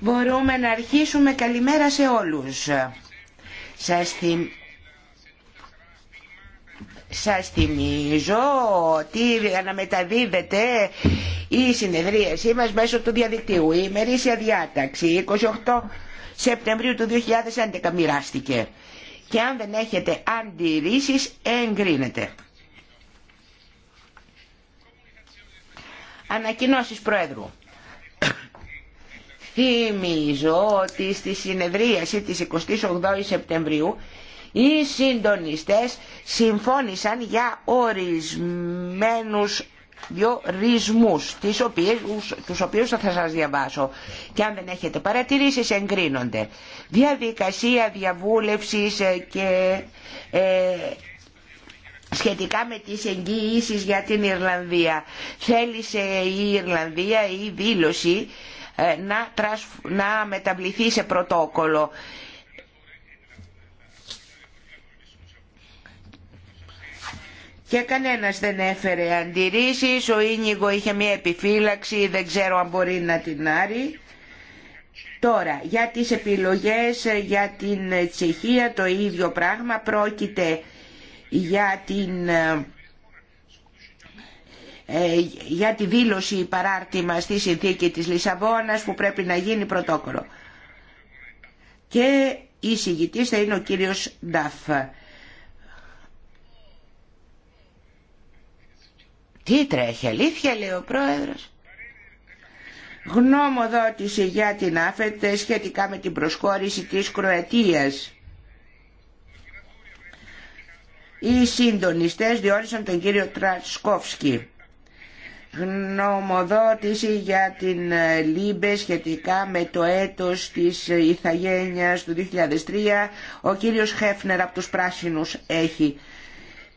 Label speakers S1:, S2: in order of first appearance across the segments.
S1: Μπορούμε να αρχίσουμε. Καλημέρα σε όλους. Σας, θυμ... Σας θυμίζω ότι αναμεταδίδεται η συνεδρίασή μας μέσω του διαδικτύου. Η ημερήσια διάταξη 28 Σεπτεμβρίου του 2011 μοιράστηκε. Και αν δεν έχετε αντιρρήσεις εγκρίνεται. Ανακοινώσεις Πρόεδρου. Θυμίζω ότι στη συνεδρίαση της 28 Σεπτεμβρίου οι συντονιστές συμφώνησαν για ορισμένους διορισμούς, τις οποίες, τους οποίους θα σας διαβάσω και αν δεν έχετε παρατηρήσεις εγκρίνονται. Διαδικασία διαβούλευσης ε, και ε, σχετικά με τις εγγυήσεις για την Ιρλανδία. Θέλησε η Ιρλανδία η δήλωση ε, να, μεταβληθεί σε πρωτόκολλο. Και κανένας δεν έφερε αντιρρήσεις, ο Ίνιγκο είχε μια επιφύλαξη, δεν ξέρω αν μπορεί να την άρει. Τώρα, για τις επιλογές για την Τσεχία το ίδιο πράγμα πρόκειται για την ε, για τη δήλωση παράρτημα στη συνθήκη της Λισαβόνας που πρέπει να γίνει πρωτόκολλο. Και η συγητής θα είναι ο κύριος Νταφ. Τι τρέχει, αλήθεια λέει ο πρόεδρος. Γνώμοδότηση για την άφετε σχετικά με την προσχώρηση της Κροατίας. Οι συντονιστές διόρισαν τον κύριο Τρασκόφσκι Γνωμοδότηση για την ε, ΛΥΜΠΕ σχετικά με το έτος της ε, Ιθαγένειας του 2003. Ο κύριος Χέφνερ από τους Πράσινους έχει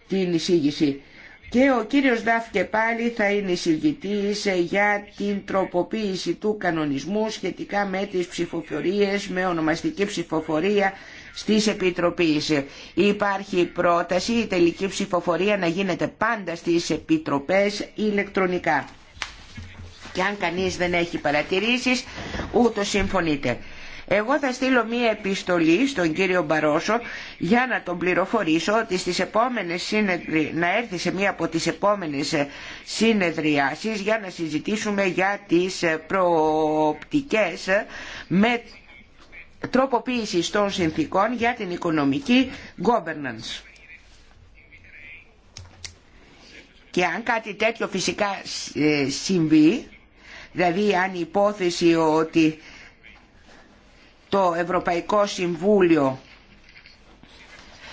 S1: την εισήγηση. Και ο κύριος Δάφ και πάλι θα είναι εισηγητής ε, για την τροποποίηση του κανονισμού σχετικά με τις ψηφοφορίες με ονομαστική ψηφοφορία στις επιτροπής. Υπάρχει πρόταση η τελική ψηφοφορία να γίνεται πάντα στις επιτροπές ηλεκτρονικά. Και αν κανείς δεν έχει παρατηρήσεις, ούτω συμφωνείτε. Εγώ θα στείλω μία επιστολή στον κύριο Μπαρόσο για να τον πληροφορήσω ότι στις επόμενες συνεδρι... να έρθει σε μία από τις επόμενες συνεδριάσεις για να συζητήσουμε για τις προοπτικές με τροποποίησης των συνθήκων για την οικονομική governance. Και αν κάτι τέτοιο φυσικά ε, συμβεί, δηλαδή αν η υπόθεση ότι το Ευρωπαϊκό Συμβούλιο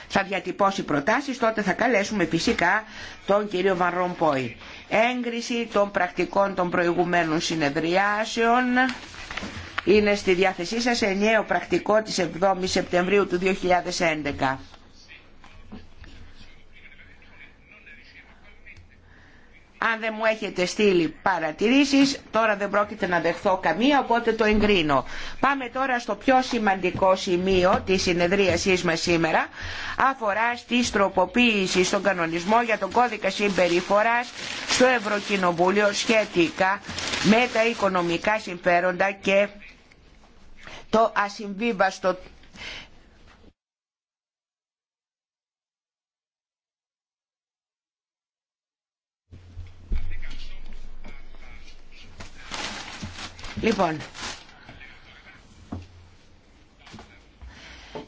S1: θα διατυπώσει προτάσεις, τότε θα καλέσουμε φυσικά τον κύριο Βαν Έγκριση των πρακτικών των προηγουμένων συνεδριάσεων. Είναι στη διάθεσή σας ενιαίο πρακτικό της 7ης Σεπτεμβρίου του 2011. Αν δεν μου έχετε στείλει παρατηρήσεις, τώρα δεν πρόκειται να δεχθώ καμία, οπότε το εγκρίνω. Πάμε τώρα στο πιο σημαντικό σημείο της συνεδρίασής μας σήμερα. Αφορά στη στροποποίηση στον κανονισμό για τον κώδικα συμπεριφοράς στο Ευρωκοινοβούλιο σχετικά με τα οικονομικά συμφέροντα και το ασυμβίβαστο Λοιπόν,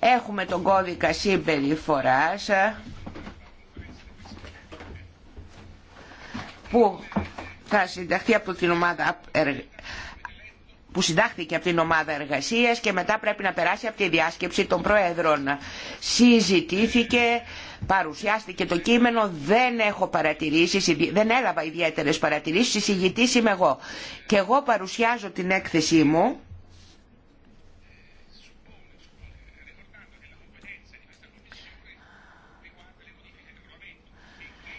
S1: έχουμε τον κώδικα συμπεριφοράς ε, που θα συνταχθεί από την ομάδα που συντάχθηκε από την ομάδα εργασίας και μετά πρέπει να περάσει από τη διάσκεψη των Προέδρων. Συζητήθηκε, παρουσιάστηκε το κείμενο, δεν έχω παρατηρήσει, δεν έλαβα ιδιαίτερες παρατηρήσεις, Συζητήσει είμαι εγώ. Και εγώ παρουσιάζω την έκθεσή μου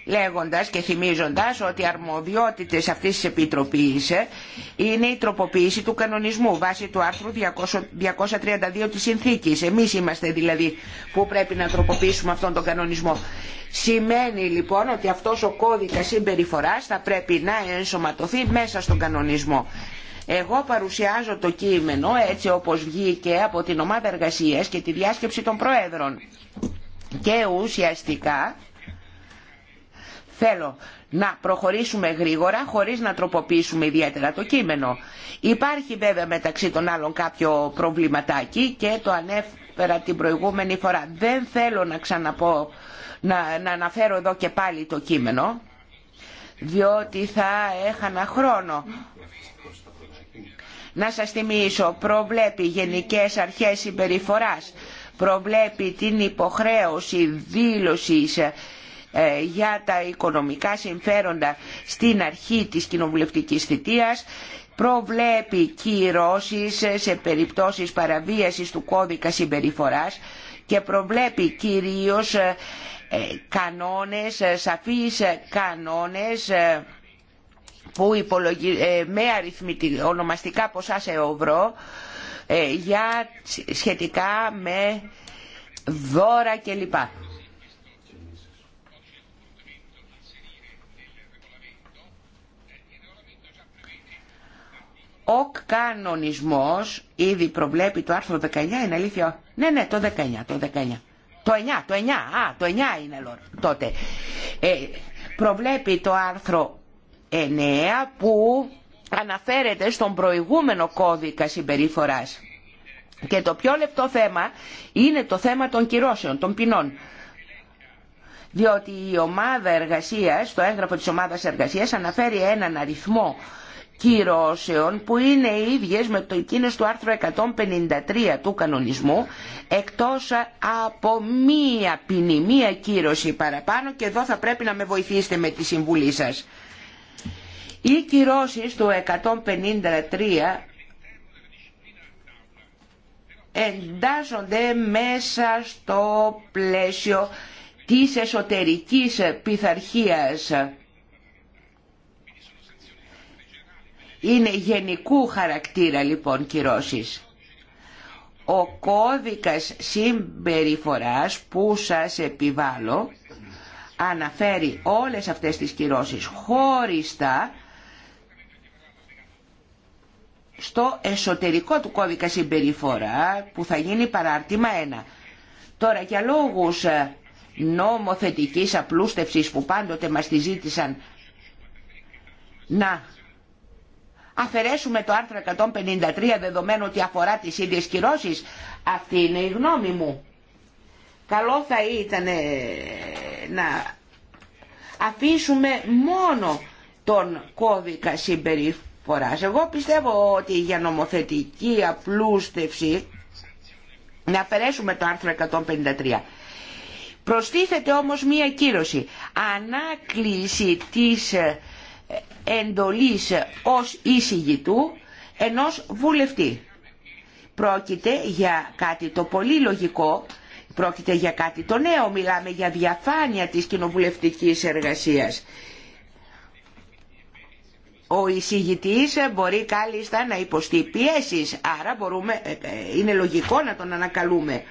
S1: λέγοντας και θυμίζοντας ότι αρμοδιότητες αυτής της Επιτροπής ε, είναι η τροποποίηση του κανονισμού βάσει του άρθρου 232 της Συνθήκης. Εμείς είμαστε δηλαδή που πρέπει να τροποποιήσουμε αυτόν τον κανονισμό. Σημαίνει λοιπόν ότι αυτός ο κώδικας συμπεριφοράς θα πρέπει να ενσωματωθεί μέσα στον κανονισμό. Εγώ παρουσιάζω το κείμενο έτσι όπως βγήκε από την ομάδα εργασίας και τη διάσκεψη των Προέδρων. Και ουσιαστικά Θέλω να προχωρήσουμε γρήγορα χωρίς να τροποποιήσουμε ιδιαίτερα το κείμενο. Υπάρχει βέβαια μεταξύ των άλλων κάποιο προβληματάκι και το ανέφερα την προηγούμενη φορά. Δεν θέλω να ξαναπώ, να, αναφέρω εδώ και πάλι το κείμενο, διότι θα έχανα χρόνο. Να σας θυμίσω, προβλέπει γενικές αρχές συμπεριφοράς, προβλέπει την υποχρέωση δήλωσης ε, για τα οικονομικά συμφέροντα στην αρχή της κοινοβουλευτικής θητείας προβλέπει κυρώσεις σε περιπτώσεις παραβίασης του κώδικα συμπεριφοράς και προβλέπει κυρίως ε, ε, κανόνες, σαφείς κανόνες που υπολογι... με αριθμητικά ονομαστικά ποσά σε ευρώ για σχετικά με δώρα κλπ. Ο κανονισμός ήδη προβλέπει το άρθρο 19, είναι αλήθεια. Ναι, ναι, το 19, το 19. Το 9, το 9, α, το 9 είναι λόρ, τότε. Ε, προβλέπει το άρθρο 9 που αναφέρεται στον προηγούμενο κώδικα συμπεριφοράς. Και το πιο λεπτό θέμα είναι το θέμα των κυρώσεων, των ποινών. Διότι η ομάδα εργασίας, το έγγραφο της ομάδας εργασίας αναφέρει έναν αριθμό κυρώσεων που είναι οι ίδιες με το εκείνες του άρθρου 153 του κανονισμού εκτός από μία ποινή, μία κύρωση παραπάνω και εδώ θα πρέπει να με βοηθήσετε με τη συμβουλή σας. Οι κυρώσεις του 153 εντάσσονται μέσα στο πλαίσιο της εσωτερικής πειθαρχίας Είναι γενικού χαρακτήρα λοιπόν κυρώσεις. Ο κώδικας συμπεριφοράς που σας επιβάλλω αναφέρει όλες αυτές τις κυρώσεις χωριστά στο εσωτερικό του κώδικα συμπεριφορά που θα γίνει παράρτημα 1. Τώρα για λόγους ε, νομοθετικής απλούστευσης που πάντοτε μας τη ζήτησαν να αφαιρέσουμε το άρθρο 153 δεδομένου ότι αφορά τις ίδιες κυρώσεις. Αυτή είναι η γνώμη μου. Καλό θα ήταν ε, να αφήσουμε μόνο τον κώδικα συμπεριφοράς. Εγώ πιστεύω ότι για νομοθετική απλούστευση να αφαιρέσουμε το άρθρο 153. Προστίθεται όμως μία κύρωση. Ανάκληση της ε, εντολής ως εισηγητού ενός βουλευτή. Πρόκειται για κάτι το πολύ λογικό, πρόκειται για κάτι το νέο, μιλάμε για διαφάνεια της κοινοβουλευτικής εργασίας. Ο εισηγητής μπορεί κάλλιστα να υποστεί πιέσεις, άρα μπορούμε, ε, ε, είναι λογικό να τον ανακαλούμε.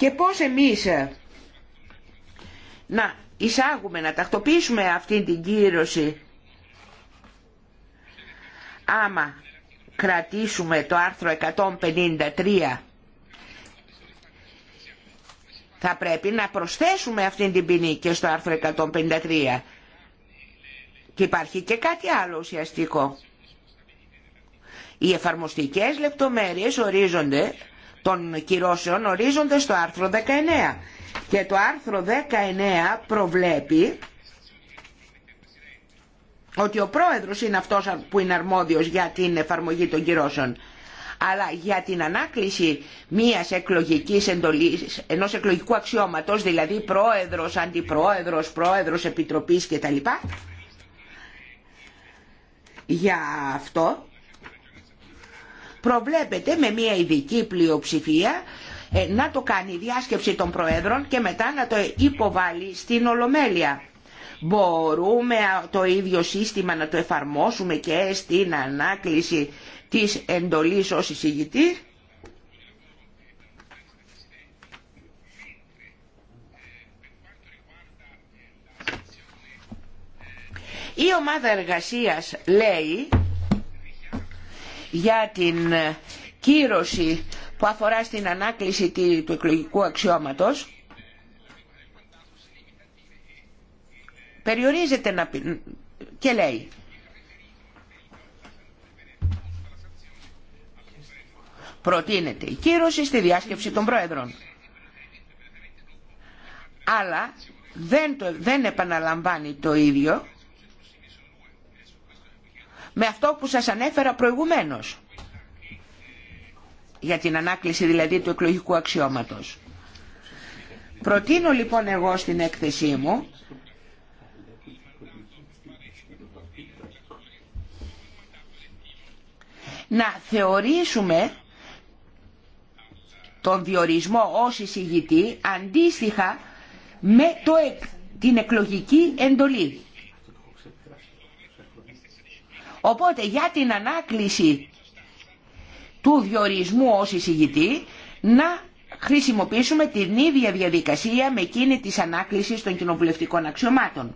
S1: και πώς εμείς ε, να εισάγουμε, να τακτοποιήσουμε αυτή την κύρωση άμα κρατήσουμε το άρθρο 153 θα πρέπει να προσθέσουμε αυτή την ποινή και στο άρθρο 153 και υπάρχει και κάτι άλλο ουσιαστικό οι εφαρμοστικές λεπτομέρειες ορίζονται των κυρώσεων ορίζονται στο άρθρο 19. Και το άρθρο 19 προβλέπει ότι ο πρόεδρος είναι αυτός που είναι αρμόδιος για την εφαρμογή των κυρώσεων. Αλλά για την ανάκληση μιας εκλογικής εντολής, ενός εκλογικού αξιώματος, δηλαδή πρόεδρος, αντιπρόεδρος, πρόεδρος επιτροπής κτλ. Για αυτό προβλέπεται με μια ειδική πλειοψηφία ε, να το κάνει η διάσκεψη των Προέδρων και μετά να το υποβάλει στην Ολομέλεια. Μπορούμε το ίδιο σύστημα να το εφαρμόσουμε και στην ανάκληση της εντολής ως εισηγητή. Η ομάδα εργασίας λέει για την ε, κύρωση που αφορά στην ανάκληση του εκλογικού αξιώματος περιορίζεται να και λέει προτείνεται η κύρωση στη διάσκεψη των πρόεδρων αλλά δεν, το, δεν επαναλαμβάνει το ίδιο με αυτό που σας ανέφερα προηγουμένως για την ανάκληση δηλαδή του εκλογικού αξιώματος. Προτείνω λοιπόν εγώ στην έκθεσή μου να θεωρήσουμε τον διορισμό ως εισηγητή αντίστοιχα με το, την εκλογική εντολή. Οπότε για την ανάκληση του διορισμού ως εισηγητή να χρησιμοποιήσουμε την ίδια διαδικασία με εκείνη της ανάκλησης των κοινοβουλευτικών αξιωμάτων.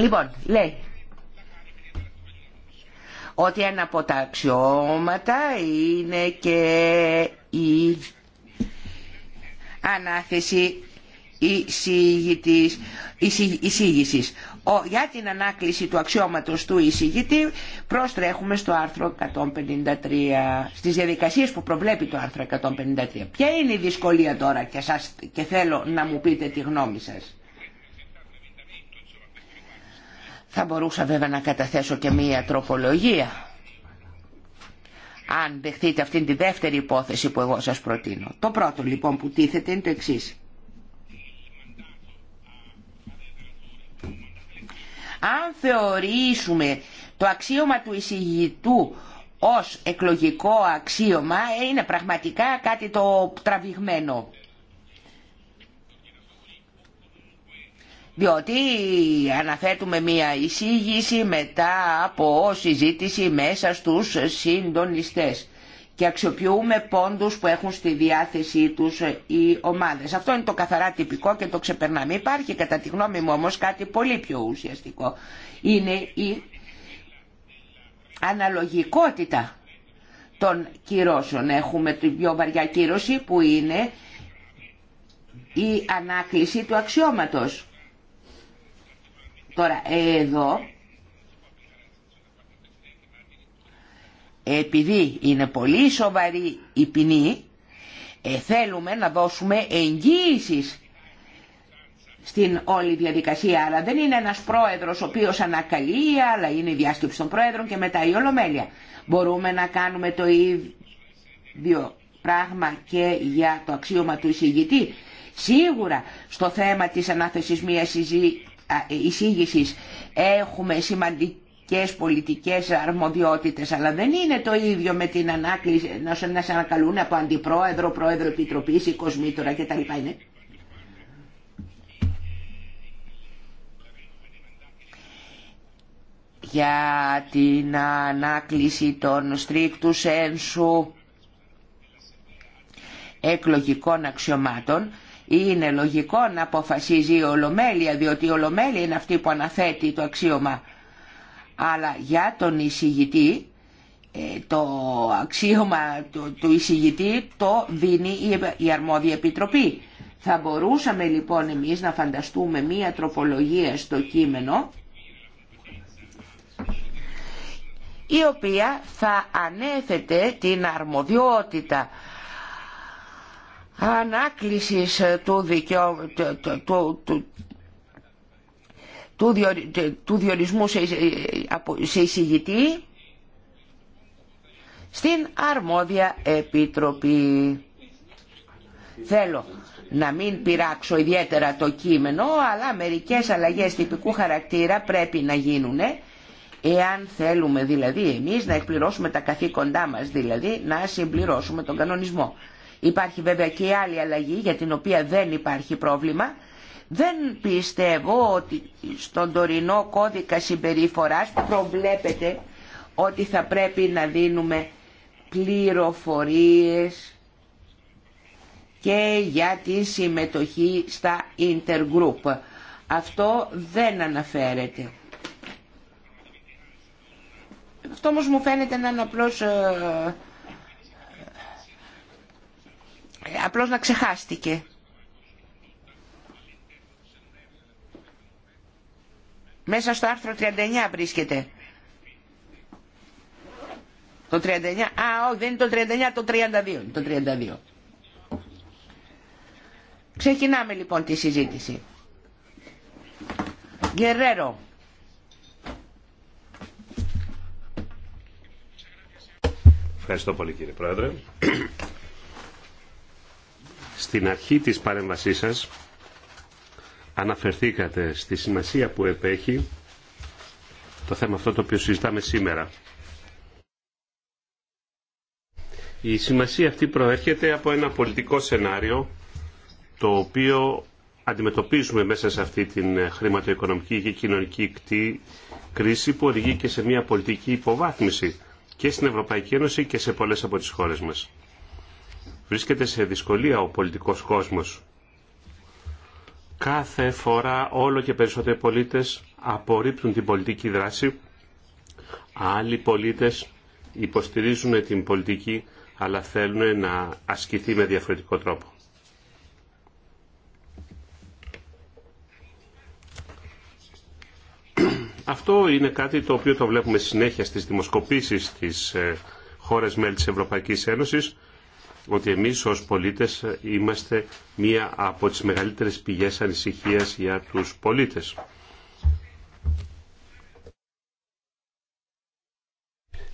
S1: Λοιπόν, λέει ότι ένα από τα αξιώματα είναι και η ανάθεση εισήγηση. για την ανάκληση του αξιώματος του εισηγητή προστρέχουμε στο άρθρο 153, στις διαδικασίες που προβλέπει το άρθρο 153. Ποια είναι η δυσκολία τώρα και, σας, και θέλω να μου πείτε τη γνώμη σας. Θα μπορούσα βέβαια να καταθέσω και μία τροπολογία αν δεχτείτε αυτήν τη δεύτερη υπόθεση που εγώ σας προτείνω. Το πρώτο λοιπόν που τίθεται είναι το εξή. Αν θεωρήσουμε το αξίωμα του εισηγητού ως εκλογικό αξίωμα ε, είναι πραγματικά κάτι το τραβηγμένο. διότι αναθέτουμε μία εισήγηση μετά από συζήτηση μέσα στους συντονιστές και αξιοποιούμε πόντους που έχουν στη διάθεσή τους οι ομάδες. Αυτό είναι το καθαρά τυπικό και το ξεπερνάμε. Υπάρχει κατά τη γνώμη μου όμως κάτι πολύ πιο ουσιαστικό. Είναι η αναλογικότητα των κυρώσεων. Έχουμε την πιο βαριά κύρωση που είναι η ανάκληση του αξιώματος. Τώρα, εδώ, επειδή είναι πολύ σοβαρή η ποινή, ε, θέλουμε να δώσουμε εγγύηση στην όλη διαδικασία. Αλλά δεν είναι ένας πρόεδρος ο οποίος ανακαλεί, αλλά είναι η διάσκεψη των πρόεδρων και μετά η Ολομέλεια. Μπορούμε να κάνουμε το ίδιο πράγμα και για το αξίωμα του εισηγητή. Σίγουρα στο θέμα της ανάθεσης μια συζήτηση εισήγησης έχουμε σημαντικές πολιτικές αρμοδιότητες αλλά δεν είναι το ίδιο με την ανάκληση να σε ανακαλούν από αντιπρόεδρο, πρόεδρο επιτροπής ή κοσμήτωρα κτλ. για την ανάκληση των στρίκτου ένσου εκλογικών αξιωμάτων είναι λογικό να αποφασίζει η Ολομέλεια, διότι η Ολομέλεια είναι αυτή που αναθέτει το αξίωμα. Αλλά για τον εισηγητή, ε, το αξίωμα του εισηγητή το δίνει η αρμόδια επιτροπή. Θα μπορούσαμε λοιπόν εμείς να φανταστούμε μία τροπολογία στο κείμενο η οποία θα ανέθετε την αρμοδιότητα ανάκλησης του, διορισμού σε, ε, σε εισηγητή στην αρμόδια επιτροπή. Θέλω να μην πειράξω ιδιαίτερα το κείμενο, αλλά μερικές αλλαγές τυπικού χαρακτήρα πρέπει να γίνουν, εάν θέλουμε δηλαδή εμείς να εκπληρώσουμε τα καθήκοντά μας, δηλαδή να συμπληρώσουμε τον κανονισμό. Υπάρχει βέβαια και η άλλη αλλαγή για την οποία δεν υπάρχει πρόβλημα. Δεν πιστεύω ότι στον τωρινό κώδικα συμπεριφοράς προβλέπεται ότι θα πρέπει να δίνουμε πληροφορίες και για τη συμμετοχή στα intergroup. Αυτό δεν αναφέρεται. Αυτό όμως μου φαίνεται να είναι απλώς ε, ε, απλώς να ξεχάστηκε. Μέσα στο άρθρο 39 βρίσκεται. Το 39, α όχι δεν είναι το 39, το 32 το 32. Ξεκινάμε λοιπόν τη συζήτηση. Γερέρο.
S2: Ευχαριστώ πολύ κύριε Πρόεδρε. Στην αρχή της παρέμβασής σας αναφερθήκατε στη σημασία που επέχει το θέμα αυτό το οποίο συζητάμε σήμερα. Η σημασία αυτή προέρχεται από ένα πολιτικό σενάριο το οποίο αντιμετωπίζουμε μέσα σε αυτή την χρηματοοικονομική και κοινωνική κρίση που οδηγεί και σε μια πολιτική υποβάθμιση και στην Ευρωπαϊκή Ένωση και σε πολλές από τις χώρες μας. Βρίσκεται σε δυσκολία ο πολιτικός κόσμος. Κάθε φορά όλο και περισσότεροι πολίτες απορρίπτουν την πολιτική δράση. Άλλοι πολίτες υποστηρίζουν την πολιτική αλλά θέλουν να ασκηθεί με διαφορετικό τρόπο. Αυτό είναι κάτι το οποίο το βλέπουμε συνέχεια στις δημοσκοπήσεις της ε, χώρες μέλη της Ευρωπαϊκής Ένωσης ότι εμείς ως πολίτες είμαστε μία από τις μεγαλύτερες πηγές ανησυχίας για τους πολίτες.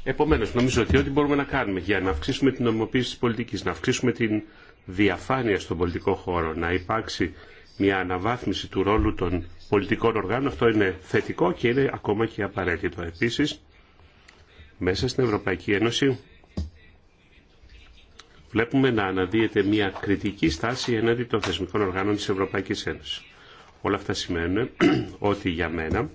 S2: Επομένως, νομίζω ότι ό,τι μπορούμε να κάνουμε για να αυξήσουμε την νομιμοποίηση της πολιτικής, να αυξήσουμε την διαφάνεια στον πολιτικό χώρο, να υπάρξει μια αναβάθμιση του ρόλου των πολιτικών οργάνων, αυτό είναι θετικό και είναι ακόμα και απαραίτητο. Επίσης, μέσα στην Ευρωπαϊκή Ένωση βλέπουμε να αναδύεται μια κριτική στάση εναντί των θεσμικών οργάνων της Ευρωπαϊκής Ένωσης. Όλα αυτά σημαίνουν ότι για μένα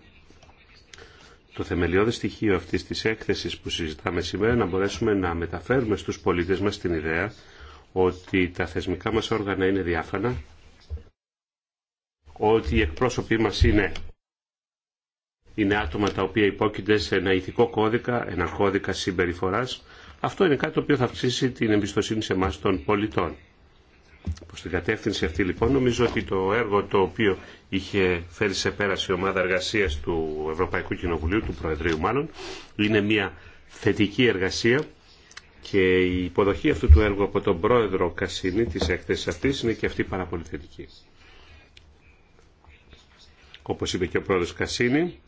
S2: το θεμελιώδες στοιχείο αυτής της έκθεσης που συζητάμε σήμερα να μπορέσουμε να μεταφέρουμε στους πολίτες μας την ιδέα ότι τα θεσμικά μας όργανα είναι διάφανα, ότι οι εκπρόσωποι μας είναι, είναι άτομα τα οποία υπόκεινται σε ένα ηθικό κώδικα, ένα κώδικα συμπεριφοράς, αυτό είναι κάτι το οποίο θα αυξήσει την εμπιστοσύνη σε εμά των πολιτών. Προ την κατεύθυνση αυτή λοιπόν νομίζω ότι το έργο το οποίο είχε φέρει σε πέραση η ομάδα εργασία του Ευρωπαϊκού Κοινοβουλίου, του Προεδρείου μάλλον, είναι μια θετική εργασία και η υποδοχή αυτού του έργου από τον πρόεδρο Κασίνη τη έκθεση αυτή είναι και αυτή πάρα πολύ θετική. Όπω είπε και ο πρόεδρο Κασίνη,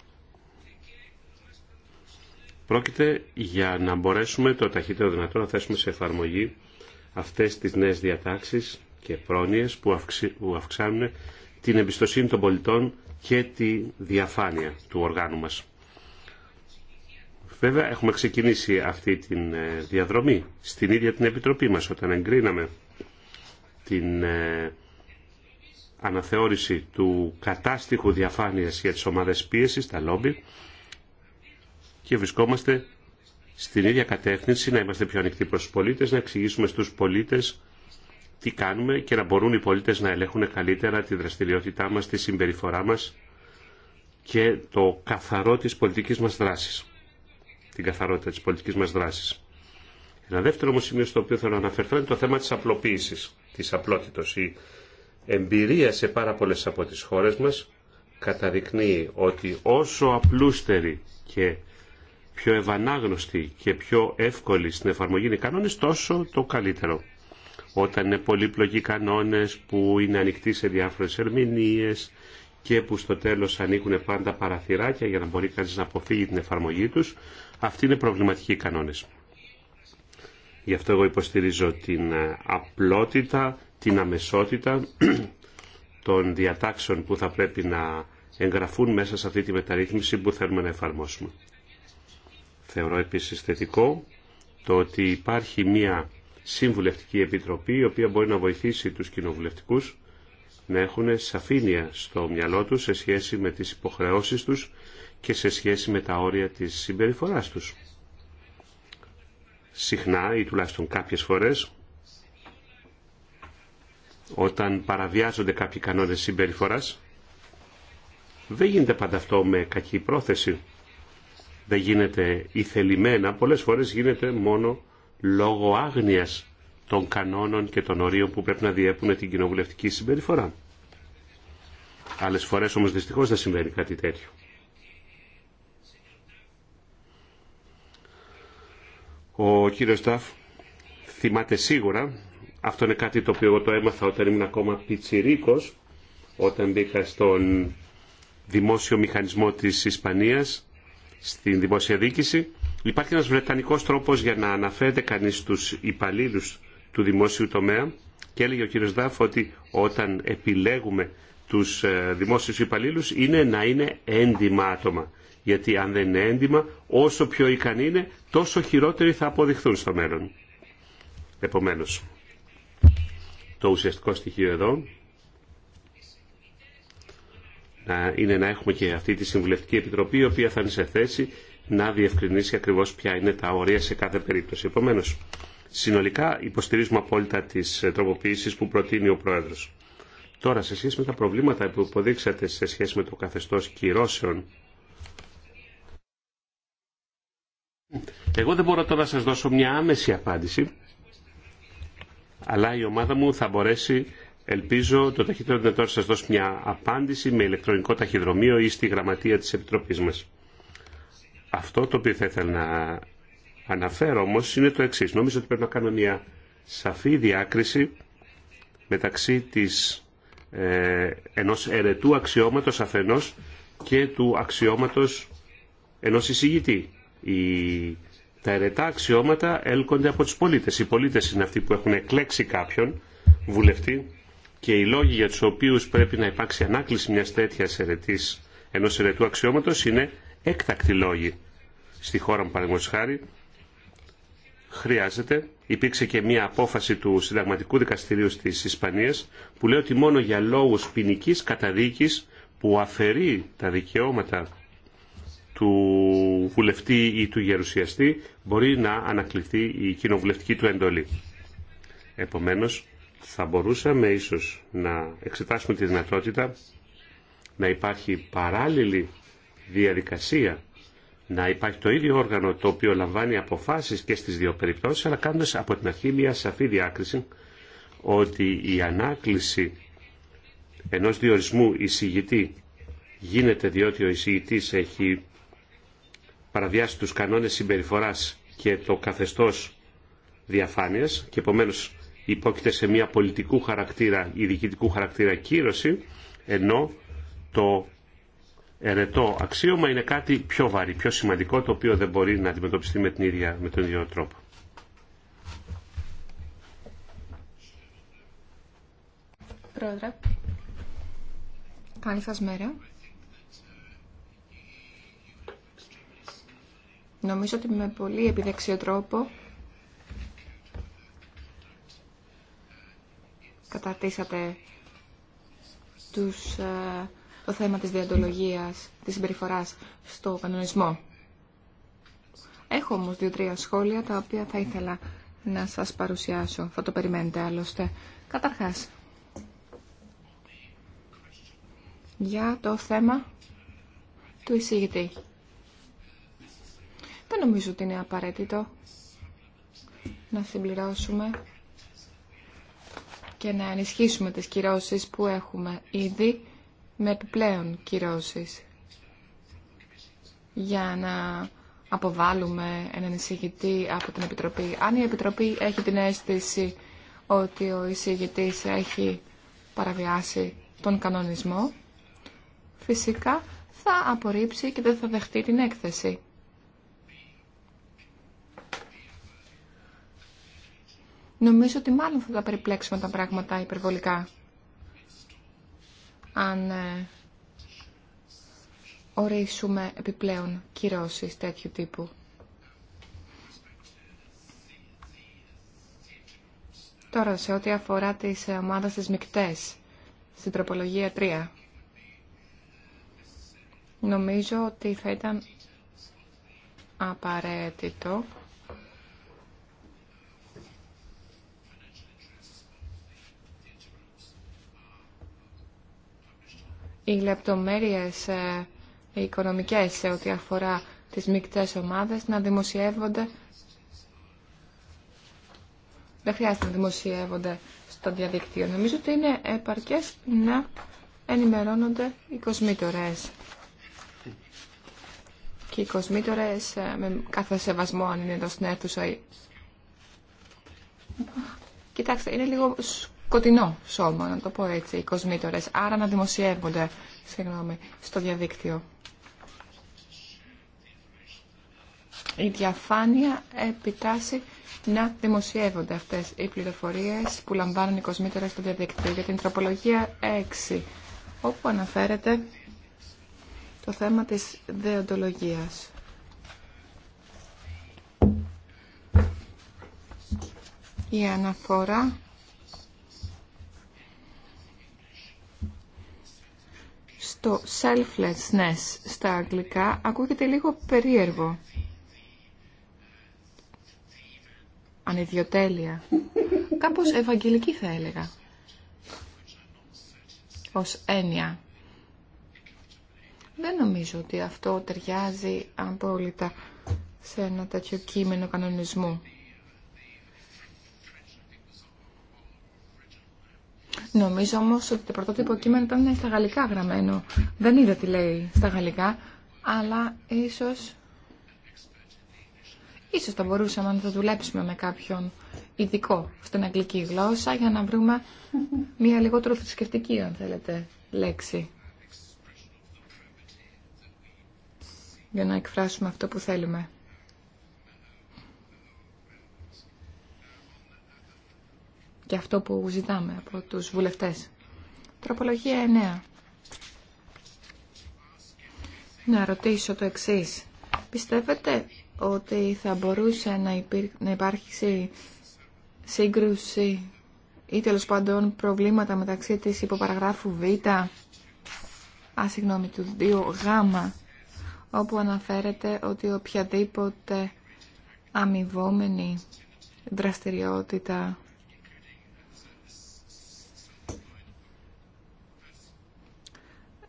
S2: Πρόκειται για να μπορέσουμε το ταχύτερο δυνατό να θέσουμε σε εφαρμογή αυτές τις νέες διατάξεις και πρόνοιες που, αυξάνουν την εμπιστοσύνη των πολιτών και τη διαφάνεια του οργάνου μας. Βέβαια έχουμε ξεκινήσει αυτή τη ε, διαδρομή στην ίδια την Επιτροπή μας όταν εγκρίναμε την ε, αναθεώρηση του κατάστοιχου διαφάνειας για τις ομάδες πίεσης, τα λόμπι, και βρισκόμαστε στην ίδια κατεύθυνση, να είμαστε πιο ανοιχτοί προς τους πολίτες, να εξηγήσουμε στους πολίτες τι κάνουμε και να μπορούν οι πολίτες να ελέγχουν καλύτερα τη δραστηριότητά μας, τη συμπεριφορά μας και το καθαρό της πολιτικής μας δράσης. Την καθαρότητα της πολιτικής μας δράσης. Ένα δεύτερο όμως σημείο στο οποίο θέλω να αναφερθώ είναι το θέμα της απλοποίησης, της απλότητος. Η εμπειρία σε πάρα πολλές από τις χώρες μας καταδεικνύει ότι όσο απλούστερη και πιο ευανάγνωστοι και πιο εύκολοι στην εφαρμογή είναι οι κανόνες, τόσο το καλύτερο. Όταν είναι πολύπλοκοι κανόνες που είναι ανοιχτοί σε διάφορες ερμηνείες και που στο τέλος ανήκουν πάντα παραθυράκια για να μπορεί κανείς να αποφύγει την εφαρμογή τους, αυτοί είναι προβληματικοί οι κανόνες. Γι' αυτό εγώ υποστηρίζω την απλότητα, την αμεσότητα των διατάξεων που θα πρέπει να εγγραφούν μέσα σε αυτή τη μεταρρύθμιση που θέλουμε να εφαρμόσουμε. Θεωρώ επίσης θετικό το ότι υπάρχει μια συμβουλευτική επιτροπή η οποία μπορεί να βοηθήσει τους κοινοβουλευτικούς να έχουν σαφήνεια στο μυαλό τους σε σχέση με τις υποχρεώσεις τους και σε σχέση με τα όρια της συμπεριφοράς τους. Συχνά ή τουλάχιστον κάποιες φορές όταν παραβιάζονται κάποιοι κανόνες συμπεριφοράς δεν γίνεται πάντα αυτό με κακή πρόθεση δεν γίνεται ηθελημένα, πολλές φορές γίνεται μόνο λόγω άγνοιας των κανόνων και των ορίων που πρέπει να διέπουν την κοινοβουλευτική συμπεριφορά. Άλλες φορές όμως δυστυχώς δεν συμβαίνει κάτι τέτοιο. Ο κύριος Σταφ θυμάται σίγουρα, αυτό είναι κάτι το οποίο εγώ το έμαθα όταν ήμουν ακόμα πιτσιρίκος, όταν μπήκα στον δημόσιο μηχανισμό της Ισπανίας, στην δημόσια δίκηση Υπάρχει ένας βρετανικός τρόπος για να αναφέρεται κανείς στους υπαλλήλους του δημόσιου τομέα και έλεγε ο κύριος Δάφ ότι όταν επιλέγουμε τους ε, δημόσιους υπαλλήλους είναι να είναι έντιμα άτομα. Γιατί αν δεν είναι έντιμα, όσο πιο ικανή είναι, τόσο χειρότεροι θα αποδειχθούν στο μέλλον. Επομένως, το ουσιαστικό στοιχείο εδώ είναι να έχουμε και αυτή τη Συμβουλευτική Επιτροπή η οποία θα είναι σε θέση να διευκρινίσει ακριβώς ποια είναι τα όρια σε κάθε περίπτωση. Επομένως, συνολικά υποστηρίζουμε απόλυτα τις τροποποιήσεις που προτείνει ο Πρόεδρος. Τώρα, σε σχέση με τα προβλήματα που υποδείξατε σε σχέση με το καθεστώς κυρώσεων, εγώ δεν μπορώ τώρα να σας δώσω μια άμεση απάντηση, αλλά η ομάδα μου θα μπορέσει Ελπίζω το ταχύτερο δυνατό να σα δώσω μια απάντηση με ηλεκτρονικό ταχυδρομείο ή στη γραμματεία της Επιτροπής μας. Αυτό το οποίο θα ήθελα να αναφέρω όμω είναι το εξής. Νομίζω ότι πρέπει να κάνω μια σαφή διάκριση μεταξύ της, ε, ενός ερετού αξιώματος αφενός και του αξιώματος ενός εισηγητή. Η, τα αιρετά αξιώματα έλκονται από του πολίτες. Οι πολίτες είναι αυτοί που έχουν εκλέξει κάποιον βουλευτή και οι λόγοι για τους οποίους πρέπει να υπάρξει ανάκληση μιας τέτοιας ερετής ενός ερετού αξιώματος είναι έκτακτη λόγοι. Στη χώρα μου παραδείγματος χάρη χρειάζεται. Υπήρξε και μια απόφαση του Συνταγματικού Δικαστηρίου της Ισπανίας που λέει ότι μόνο για λόγους ποινική καταδίκης που αφαιρεί τα δικαιώματα του βουλευτή ή του γερουσιαστή μπορεί να ανακληθεί η κοινοβουλευτική του εντολή. Επομένως, θα μπορούσαμε ίσως να εξετάσουμε τη δυνατότητα να υπάρχει παράλληλη διαδικασία, να υπάρχει το ίδιο όργανο το οποίο λαμβάνει αποφάσεις και στις δύο περιπτώσεις, αλλά κάνοντας από την αρχή μια σαφή διάκριση ότι η ανάκληση ενός διορισμού εισηγητή γίνεται διότι ο εισηγητής έχει παραβιάσει τους κανόνες συμπεριφοράς και το καθεστώς διαφάνειας και επομένως υπόκειται σε μια πολιτικού χαρακτήρα ή διοικητικού χαρακτήρα κύρωση, ενώ το ερετό αξίωμα είναι κάτι πιο βαρύ, πιο σημαντικό, το οποίο δεν μπορεί να αντιμετωπιστεί με, την ίδια, με τον ίδιο τρόπο.
S3: Πρόεδρε, καλή σας μέρα. Νομίζω ότι με πολύ επιδεξιό τρόπο καταρτήσατε τους, ε, το θέμα της διαντολογίας, της συμπεριφοράς στο κανονισμό. Έχω όμως δύο-τρία σχόλια τα οποία θα ήθελα να σας παρουσιάσω. Θα το περιμένετε άλλωστε. Καταρχάς, για το θέμα του εισηγητή. Δεν νομίζω ότι είναι απαραίτητο να συμπληρώσουμε και να ενισχύσουμε τις κυρώσεις που έχουμε ήδη με επιπλέον κυρώσεις για να αποβάλουμε έναν εισηγητή από την Επιτροπή. Αν η Επιτροπή έχει την αίσθηση ότι ο εισηγητής έχει παραβιάσει τον κανονισμό, φυσικά θα απορρίψει και δεν θα δεχτεί την έκθεση. Νομίζω ότι μάλλον θα τα περιπλέξουμε τα πράγματα υπερβολικά. Αν ε, ορίσουμε επιπλέον κυρώσεις τέτοιου τύπου. Τώρα, σε ό,τι αφορά τις ε, ομάδες της μικτές, στην τροπολογία 3, νομίζω ότι θα ήταν απαραίτητο οι λεπτομέρειες ε, οι οικονομικές σε ό,τι αφορά τις μικτές ομάδες να δημοσιεύονται δεν χρειάζεται να δημοσιεύονται στο διαδικτύο. Νομίζω ότι είναι επαρκές να ενημερώνονται οι κοσμήτορες. Και οι κοσμήτορες ε, με κάθε σεβασμό αν είναι εδώ στην αίθουσα. Κοιτάξτε, είναι λίγο σκοτεινό σώμα, να το πω έτσι, οι κοσμήτορες, άρα να δημοσιεύονται συγγνώμη, στο διαδίκτυο. Η διαφάνεια επιτάσσει να δημοσιεύονται αυτές οι πληροφορίες που λαμβάνουν οι κοσμήτορες στο διαδίκτυο. Για την τροπολογία 6, όπου αναφέρεται το θέμα της δεοντολογίας. Η αναφορά Το selflessness στα αγγλικά ακούγεται λίγο περίεργο. Ανιδιοτέλεια. Κάπως ευαγγελική θα έλεγα. Ως έννοια. Δεν νομίζω ότι αυτό ταιριάζει απόλυτα σε ένα τέτοιο κείμενο κανονισμού. Νομίζω όμω ότι το πρωτότυπο κείμενο ήταν στα γαλλικά γραμμένο. Δεν είδα τι λέει στα γαλλικά, αλλά ίσω θα μπορούσαμε να το δουλέψουμε με κάποιον ειδικό στην αγγλική γλώσσα για να βρούμε μια λιγότερο θρησκευτική, αν θέλετε, λέξη. Για να εκφράσουμε αυτό που θέλουμε. και αυτό που ζητάμε από τους βουλευτές. Τροπολογία 9. Να ρωτήσω το εξής. Πιστεύετε ότι θα μπορούσε να, υπήρ... να υπάρξει σύγκρουση ή τέλο πάντων προβλήματα μεταξύ της υποπαραγράφου Β, α, συγγνώμη, του 2Γ, όπου αναφέρεται ότι οποιαδήποτε αμοιβόμενη δραστηριότητα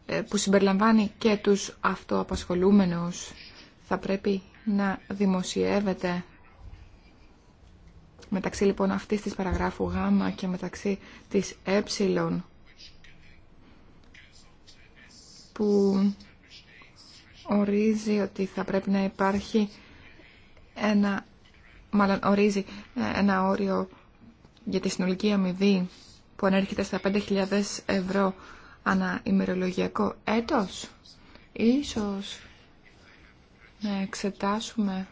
S3: Ε, που συμπεριλαμβάνει και τους αυτοαπασχολούμενους θα πρέπει να δημοσιεύεται μεταξύ λοιπόν αυτής της παραγράφου Γ και μεταξύ της Ε που ορίζει ότι θα πρέπει να υπάρχει ένα ορίζει ε, ένα όριο για τη συνολική αμοιβή που ανέρχεται στα 5.000 ευρώ ανα ημερολογιακό έτος. Ίσως να εξετάσουμε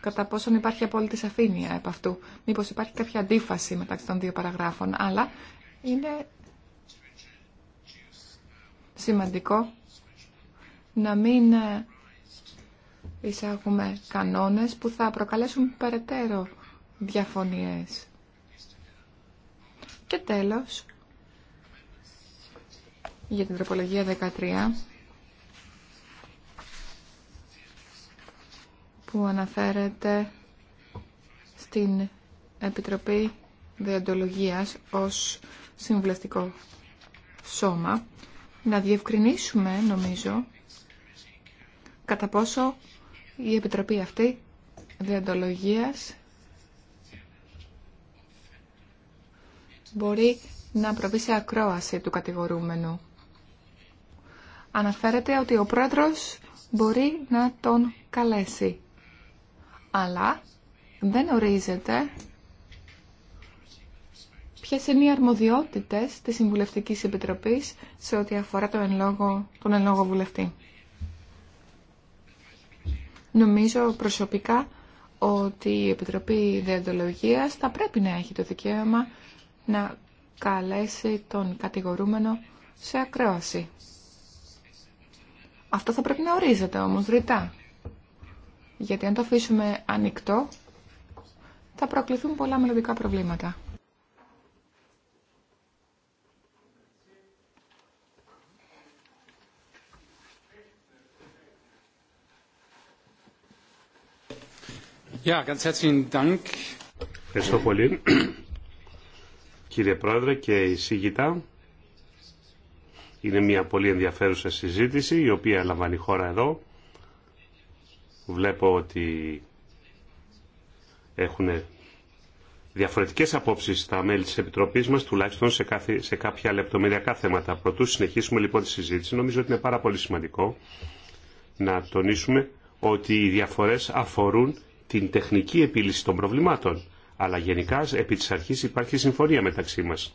S3: κατά πόσον υπάρχει απόλυτη σαφήνεια επ' αυτού. Μήπως υπάρχει κάποια αντίφαση μεταξύ των δύο παραγράφων, αλλά είναι σημαντικό να μην εισάγουμε κανόνες που θα προκαλέσουν περαιτέρω διαφωνίες. Και τέλος, για την τροπολογία 13 που αναφέρεται στην Επιτροπή Διοντολογίας ως συμβουλευτικό σώμα να διευκρινίσουμε νομίζω κατά πόσο η Επιτροπή αυτή Διοντολογίας μπορεί να προβεί σε ακρόαση του κατηγορούμενου αναφέρεται ότι ο πρόεδρος μπορεί να τον καλέσει. Αλλά δεν ορίζεται ποιες είναι οι αρμοδιότητες της Συμβουλευτικής Επιτροπής σε ό,τι αφορά τον εν λόγω, τον εν λόγω βουλευτή. Νομίζω προσωπικά ότι η Επιτροπή Διοντολογίας θα πρέπει να έχει το δικαίωμα να καλέσει τον κατηγορούμενο σε ακρόαση. Αυτό θα πρέπει να ορίζεται όμως ρητά. Γιατί αν το αφήσουμε ανοιχτό, θα προκληθούν πολλά μελλοντικά προβλήματα.
S2: Ευχαριστώ πολύ, κύριε Πρόεδρε και εισηγητά. Είναι μια πολύ ενδιαφέρουσα συζήτηση η οποία λαμβάνει χώρα εδώ. Βλέπω ότι έχουν διαφορετικές απόψεις τα μέλη της Επιτροπής μας, τουλάχιστον σε, κάθε, σε κάποια λεπτομεριακά θέματα. προτού συνεχίσουμε λοιπόν τη συζήτηση. Νομίζω ότι είναι πάρα πολύ σημαντικό να τονίσουμε ότι οι διαφορές αφορούν την τεχνική επίλυση των προβλημάτων. Αλλά γενικά επί της αρχής υπάρχει συμφωνία μεταξύ μας.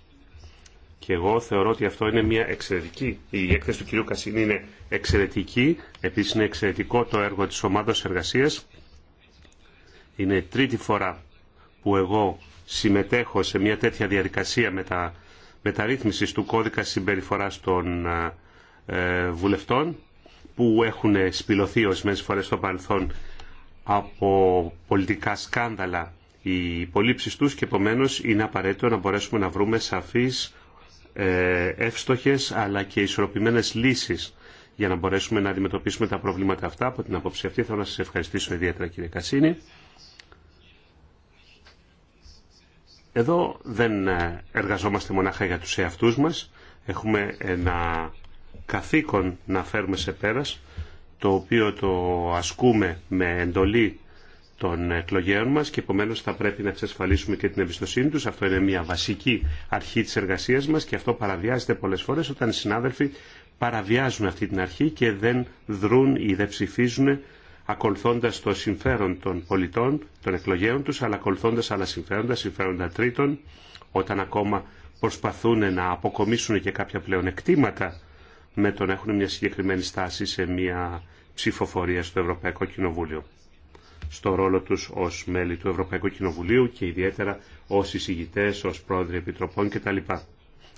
S2: Και εγώ θεωρώ ότι αυτό είναι μια εξαιρετική. Η έκθεση του κ. Κασίνη είναι εξαιρετική. Επίσης είναι εξαιρετικό το έργο της ομάδας εργασία, Είναι τρίτη φορά που εγώ συμμετέχω σε μια τέτοια διαδικασία μετα, μεταρρύθμισης του κώδικα συμπεριφοράς των ε, ε, βουλευτών που έχουν σπηλωθεί ορισμένε φορές στο παρελθόν από πολιτικά σκάνδαλα οι υπολήψει του, και επομένως είναι απαραίτητο να μπορέσουμε να βρούμε σαφεί ε, εύστοχες αλλά και ισορροπημένες λύσεις για να μπορέσουμε να αντιμετωπίσουμε τα προβλήματα αυτά. Από την απόψη αυτή θέλω να σας ευχαριστήσω ιδιαίτερα κύριε Κασίνη. Εδώ δεν ε, εργαζόμαστε μονάχα για τους εαυτούς μας. Έχουμε ένα καθήκον να φέρουμε σε πέρας, το οποίο το ασκούμε με εντολή των εκλογέων μας και επομένως θα πρέπει να εξασφαλίσουμε και την εμπιστοσύνη τους. Αυτό είναι μια βασική αρχή της εργασίας μας και αυτό παραβιάζεται πολλές φορές όταν οι συνάδελφοι παραβιάζουν αυτή την αρχή και δεν δρούν ή δεν ψηφίζουν ακολουθώντας το συμφέρον των πολιτών, των εκλογέων τους, αλλά ακολουθώντας άλλα συμφέροντα, συμφέροντα τρίτων, όταν ακόμα προσπαθούν να αποκομίσουν και κάποια πλεονεκτήματα με το να έχουν μια συγκεκριμένη στάση σε μια ψηφοφορία στο Ευρωπαϊκό Κοινοβούλιο στο ρόλο τους ως μέλη του Ευρωπαϊκού Κοινοβουλίου και ιδιαίτερα ως εισηγητές, ως πρόεδροι επιτροπών κτλ.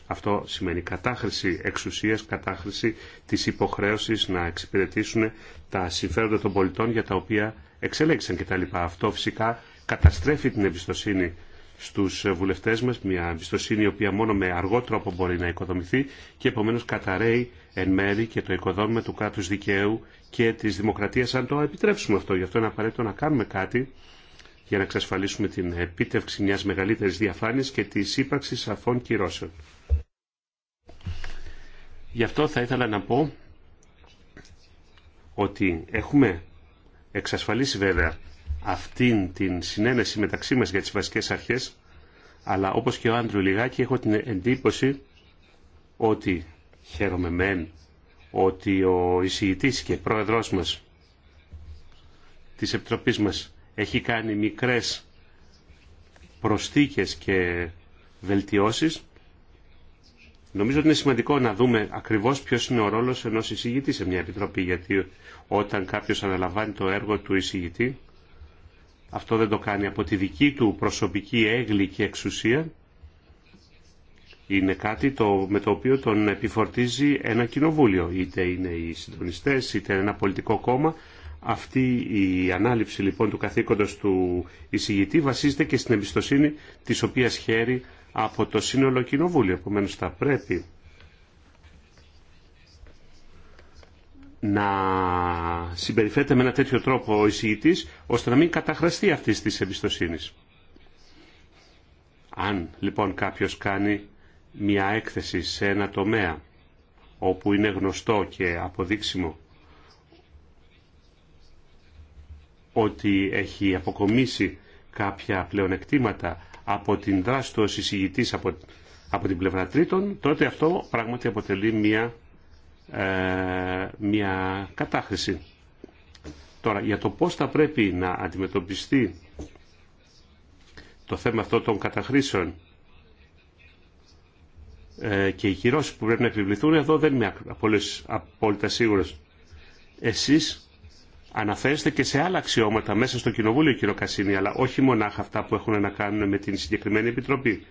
S2: Αυτό σημαίνει κατάχρηση εξουσίας, κατάχρηση της υποχρέωσης να εξυπηρετήσουν τα συμφέροντα των πολιτών για τα οποία εξελέξαν κτλ. Αυτό φυσικά καταστρέφει την εμπιστοσύνη στους βουλευτές μας, μια εμπιστοσύνη η οποία μόνο με αργό τρόπο μπορεί να οικοδομηθεί και επομένως καταραίει εν μέρη και το οικοδόμημα του κράτους δικαίου και της δημοκρατίας αν το επιτρέψουμε αυτό. Γι' αυτό είναι απαραίτητο να κάνουμε κάτι για να εξασφαλίσουμε την επίτευξη μιας μεγαλύτερης διαφάνειας και τη ύπαρξη σαφών κυρώσεων. Γι' αυτό θα ήθελα να πω ότι έχουμε εξασφαλίσει βέβαια αυτήν την συνένεση μεταξύ μας για τις βασικές αρχές, αλλά όπως και ο Άντρου Λιγάκη έχω την εντύπωση ότι Χαίρομαι μεν ότι ο εισηγητής και πρόεδρός μας της Επιτροπής μας έχει κάνει μικρές προσθήκες και βελτιώσεις. Νομίζω ότι είναι σημαντικό να δούμε ακριβώς ποιος είναι ο ρόλος ενός εισηγητή σε μια επιτροπή, γιατί όταν κάποιος αναλαμβάνει το έργο του εισηγητή, αυτό δεν το κάνει από τη δική του προσωπική έγκλη και εξουσία, είναι κάτι το, με το οποίο τον επιφορτίζει ένα κοινοβούλιο. Είτε είναι οι συντονιστές, είτε ένα πολιτικό κόμμα. Αυτή η ανάληψη λοιπόν του καθήκοντος του εισηγητή βασίζεται και στην εμπιστοσύνη της οποίας χαίρει από το σύνολο κοινοβούλιο. Επομένως θα πρέπει να συμπεριφέρεται με ένα τέτοιο τρόπο ο εισηγητής ώστε να μην καταχραστεί αυτή της εμπιστοσύνη. Αν λοιπόν κάποιος κάνει μια έκθεση σε ένα τομέα όπου είναι γνωστό και αποδείξιμο ότι έχει αποκομίσει κάποια πλεονεκτήματα από την δράση του από, από την πλευρά τρίτων, τότε αυτό πράγματι αποτελεί μια, ε, μια κατάχρηση. Τώρα, για το πώς θα πρέπει να αντιμετωπιστεί το θέμα αυτό των καταχρήσεων ε, και οι κυρώσει που πρέπει να επιβληθούν, εδώ δεν είμαι απόλυτα σίγουρος. Εσεί αναφέρεστε και σε άλλα αξιώματα μέσα στο Κοινοβούλιο, κύριο Κασίνη, αλλά όχι μονάχα αυτά που έχουν να κάνουν με την συγκεκριμένη Επιτροπή.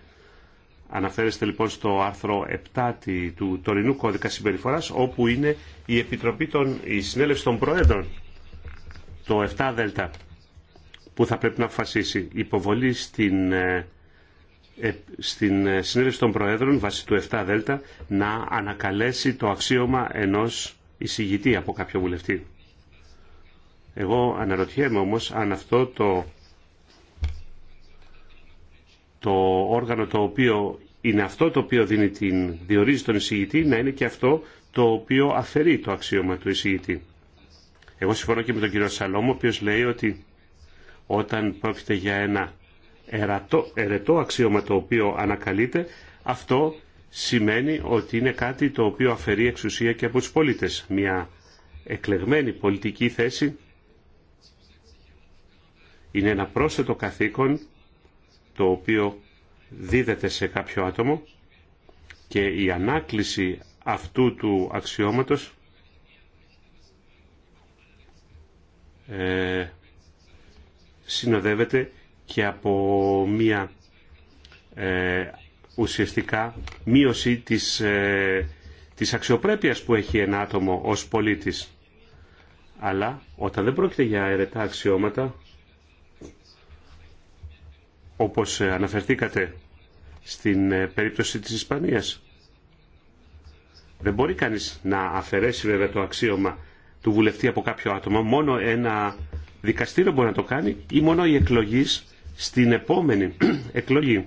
S2: Αναφέρεστε λοιπόν στο άρθρο 7 του τωρινού κώδικα συμπεριφορα όπου είναι η, Επιτροπή των, η Συνέλευση των Προέδρων, το 7 Δέλτα, που θα πρέπει να αποφασίσει υποβολή στην ε, ε, στην ε, συνέλευση των Προέδρων βάσει του 7 Δέλτα να ανακαλέσει το αξίωμα ενός εισηγητή από κάποιο βουλευτή. Εγώ αναρωτιέμαι όμως αν αυτό το, όργανο το οποίο είναι αυτό το οποίο δίνει την, διορίζει τον εισηγητή να είναι και αυτό το οποίο αφαιρεί το αξίωμα του εισηγητή. Εγώ συμφωνώ και με τον κύριο Σαλόμο, ο οποίος λέει ότι όταν πρόκειται για ένα ερετό αξίωμα το οποίο ανακαλείται, αυτό σημαίνει ότι είναι κάτι το οποίο αφαιρεί εξουσία και από τους πολίτες. Μια εκλεγμένη πολιτική θέση είναι ένα πρόσθετο καθήκον το οποίο δίδεται σε κάποιο άτομο και η ανάκληση αυτού του αξιώματος ε, συνοδεύεται και από μία ε, ουσιαστικά μείωση της, ε, της αξιοπρέπειας που έχει ένα άτομο ως πολίτης. Αλλά όταν δεν πρόκειται για αιρετά αξιώματα, όπως ε, αναφερθήκατε στην ε, περίπτωση της Ισπανίας, δεν μπορεί κανείς να αφαιρέσει βέβαια το αξίωμα του βουλευτή από κάποιο άτομο. Μόνο ένα δικαστήριο μπορεί να το κάνει ή μόνο οι εκλογείς στην επόμενη εκλογή.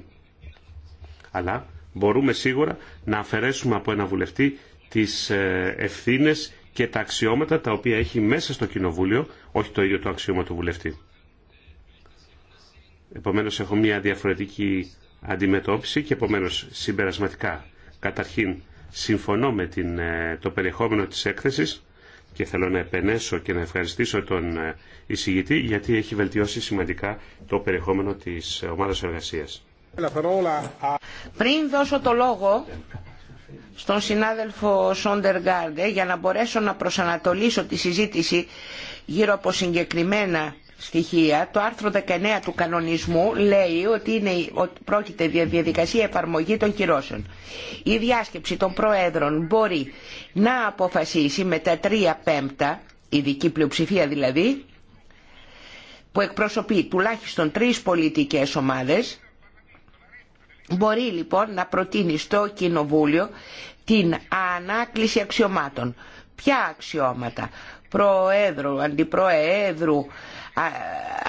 S2: Αλλά μπορούμε σίγουρα να αφαιρέσουμε από ένα βουλευτή τις ε, ευθύνες και τα αξιώματα τα οποία έχει μέσα στο Κοινοβούλιο, όχι το ίδιο το αξιώμα του βουλευτή. Επομένως έχω μια διαφορετική αντιμετώπιση και επομένως συμπερασματικά. Καταρχήν συμφωνώ με την, ε, το περιεχόμενο της έκθεσης και θέλω να επενέσω και να ευχαριστήσω τον ε, εισηγητή γιατί έχει βελτιώσει σημαντικά το περιεχόμενο της ομάδας εργασίας.
S1: Πριν δώσω το λόγο στον συνάδελφο Σόντεργάρντε για να μπορέσω να προσανατολίσω τη συζήτηση γύρω από συγκεκριμένα στοιχεία. Το άρθρο 19 του κανονισμού λέει ότι, είναι, ότι πρόκειται για διαδικασία εφαρμογή των κυρώσεων. Η διάσκεψη των προέδρων μπορεί να αποφασίσει με τα τρία πέμπτα, ειδική πλειοψηφία δηλαδή, που εκπροσωπεί τουλάχιστον τρεις πολιτικές ομάδες, μπορεί λοιπόν να προτείνει στο Κοινοβούλιο την ανάκληση αξιωμάτων. Ποια αξιώματα, προέδρου, αντιπροέδρου,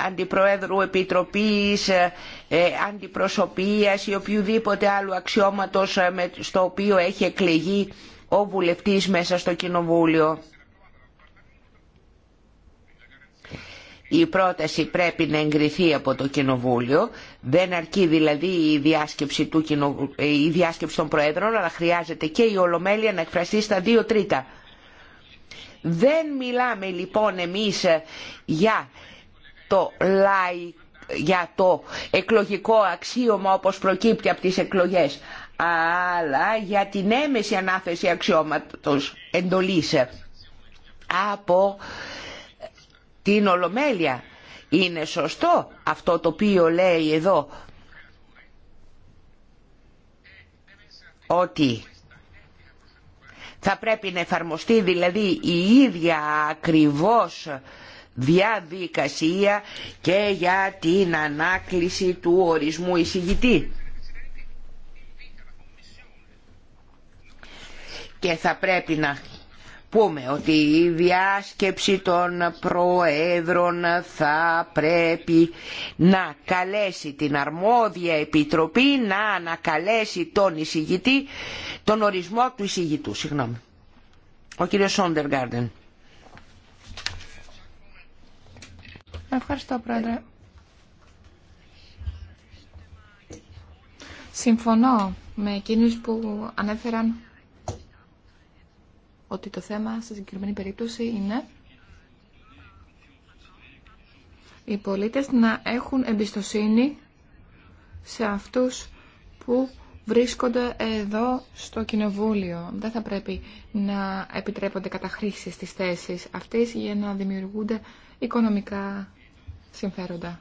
S1: αντιπροέδρου επιτροπής, ε, ε, αντιπροσωπείας ή οποιοδήποτε άλλου αξιώματος ε, στο οποίο έχει εκλεγεί ο βουλευτής μέσα στο κοινοβούλιο. Η πρόταση πρέπει να εγκριθεί από το Κοινοβούλιο. Δεν αρκεί δηλαδή η διάσκεψη, του κοινο... η διάσκεψη των Προέδρων, αλλά χρειάζεται και η Ολομέλεια να εκφραστεί στα δύο τρίτα. Δεν μιλάμε λοιπόν εμείς για το για το εκλογικό αξίωμα όπως προκύπτει από τις εκλογές αλλά για την έμεση ανάθεση αξιώματος εντολής από την Ολομέλεια. Είναι σωστό αυτό το οποίο λέει εδώ ότι θα πρέπει να εφαρμοστεί δηλαδή η ίδια ακριβώς διαδικασία και για την ανάκληση του ορισμού εισηγητή. Και θα πρέπει να πούμε ότι η διάσκεψη των προέδρων θα πρέπει να καλέσει την αρμόδια επιτροπή να ανακαλέσει τον εισηγητή, τον ορισμό του εισηγητού. Συγγνώμη. Ο κύριος Σόντεργάρντεν.
S3: Ευχαριστώ, Πρόεδρε. Συμφωνώ με εκείνους που ανέφεραν ότι το θέμα στη συγκεκριμένη περίπτωση είναι οι πολίτες να έχουν εμπιστοσύνη σε αυτούς που βρίσκονται εδώ στο Κοινοβούλιο. Δεν θα πρέπει να επιτρέπονται καταχρήσεις στις θέσεις αυτές για να δημιουργούνται οικονομικά συμφέροντα,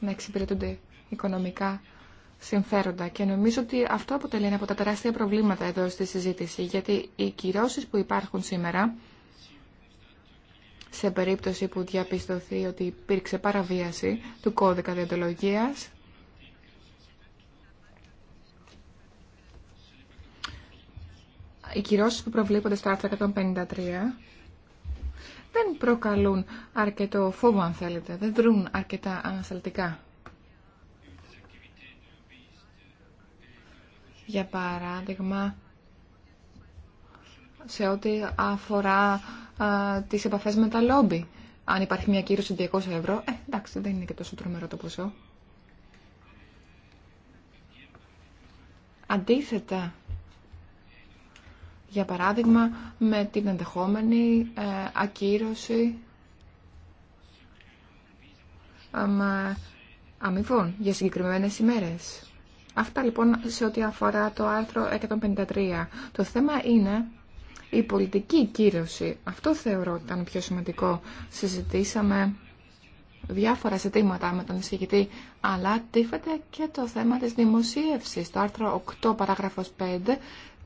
S3: να εξυπηρετούνται οικονομικά συμφέροντα. Και νομίζω ότι αυτό αποτελεί ένα από τα τεράστια προβλήματα εδώ στη συζήτηση, γιατί οι κυρώσεις που υπάρχουν σήμερα, σε περίπτωση που διαπιστωθεί ότι υπήρξε παραβίαση του κώδικα διοντολογίας, οι κυρώσεις που προβλέπονται στο άρθρο 153 δεν προκαλούν αρκετό φόβο αν θέλετε, δεν δρούν αρκετά ανασταλτικά. Για παράδειγμα, σε ό,τι αφορά α, τις επαφές με τα λόμπι. Αν υπάρχει μια κύρωση 200 ευρώ, ε, εντάξει, δεν είναι και τόσο τρομερό το ποσό. Αντίθετα, για παράδειγμα με την ενδεχόμενη ε, ακύρωση αμοιβών για συγκεκριμένες ημέρες. Αυτά λοιπόν σε ό,τι αφορά το άρθρο 153. Το θέμα είναι η πολιτική κύρωση. Αυτό θεωρώ ότι ήταν πιο σημαντικό. Συζητήσαμε διάφορα ζητήματα με τον εισηγητή, αλλά τίφεται και το θέμα της δημοσίευσης. Το άρθρο 8 παράγραφος 5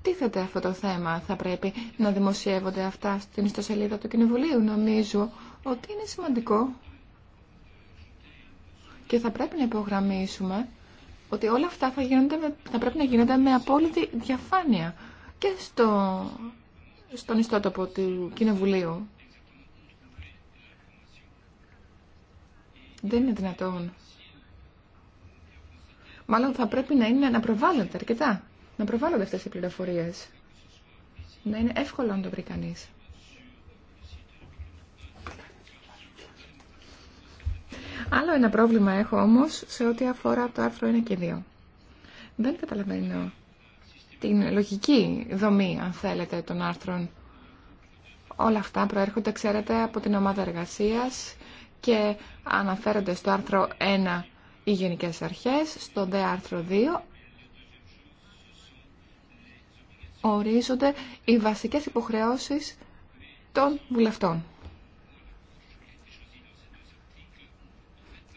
S3: τίθεται αυτό το θέμα. Θα πρέπει να δημοσιεύονται αυτά στην ιστοσελίδα του Κοινοβουλίου. Νομίζω ότι είναι σημαντικό και θα πρέπει να υπογραμμίσουμε ότι όλα αυτά θα, γίνονται θα πρέπει να γίνονται με απόλυτη διαφάνεια και στο, στον ιστότοπο του Κοινοβουλίου. Δεν είναι δυνατόν. Μάλλον θα πρέπει να είναι να αρκετά να προβάλλονται αυτές οι πληροφορίες. Να είναι εύκολο να το βρει κανεί. Άλλο ένα πρόβλημα έχω όμως σε ό,τι αφορά το άρθρο 1 και 2. Δεν καταλαβαίνω την λογική δομή, αν θέλετε, των άρθρων. Όλα αυτά προέρχονται, ξέρετε, από την ομάδα εργασίας και αναφέρονται στο άρθρο 1 οι γενικές αρχές, στο δε άρθρο 2 ορίζονται οι βασικές υποχρεώσεις των βουλευτών.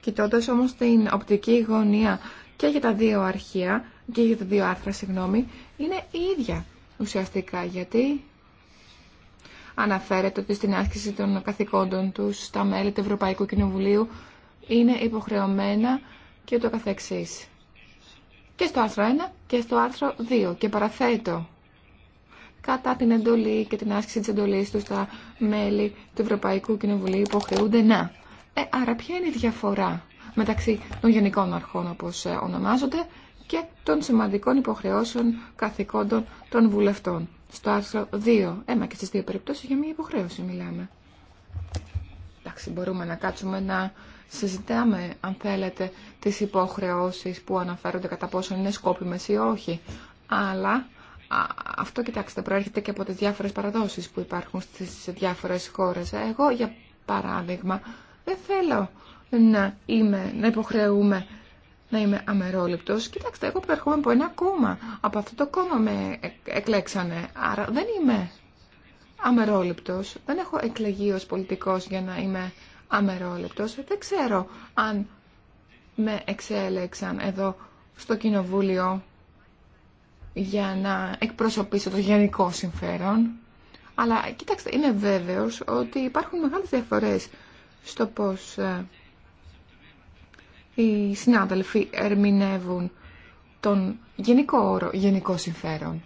S3: Κοιτώντας όμως την οπτική γωνία και για τα δύο αρχεία, και για τα δύο άρθρα, συγγνώμη, είναι η ίδια ουσιαστικά, γιατί αναφέρεται ότι στην άσκηση των καθηκόντων τους στα μέλη του Ευρωπαϊκού Κοινοβουλίου είναι υποχρεωμένα και το καθεξής. Και στο άρθρο 1 και στο άρθρο 2 και παραθέτω κατά την εντολή και την άσκηση της εντολής του στα μέλη του Ευρωπαϊκού Κοινοβουλίου υποχρεούνται να. Ε, άρα ποια είναι η διαφορά μεταξύ των γενικών αρχών όπως ε, ονομάζονται και των σημαντικών υποχρεώσεων καθηκόντων των βουλευτών. Στο άρθρο 2, έμα ε, και στις δύο περιπτώσεις για μια υποχρέωση μιλάμε. Εντάξει, μπορούμε να κάτσουμε να συζητάμε, αν θέλετε, τις υποχρεώσεις που αναφέρονται κατά πόσο είναι σκόπιμες ή όχι. Αλλά αυτό, κοιτάξτε, προέρχεται και από τις διάφορες παραδόσεις που υπάρχουν στις διάφορες χώρες. Εγώ, για παράδειγμα, δεν θέλω να, να υποχρεούμε να είμαι αμερόληπτος. Κοιτάξτε, εγώ προέρχομαι από ένα κόμμα. Από αυτό το κόμμα με εκλέξανε. Άρα δεν είμαι αμερόληπτος. Δεν έχω εκλεγεί ως πολιτικός για να είμαι αμερόληπτος. Δεν ξέρω αν με εξέλεξαν εδώ στο κοινοβούλιο για να εκπροσωπήσω το γενικό συμφέρον. Αλλά κοιτάξτε, είναι βέβαιος ότι υπάρχουν μεγάλες διαφορές στο πώς ε, οι συνάδελφοι ερμηνεύουν τον γενικό όρο γενικό συμφέρον.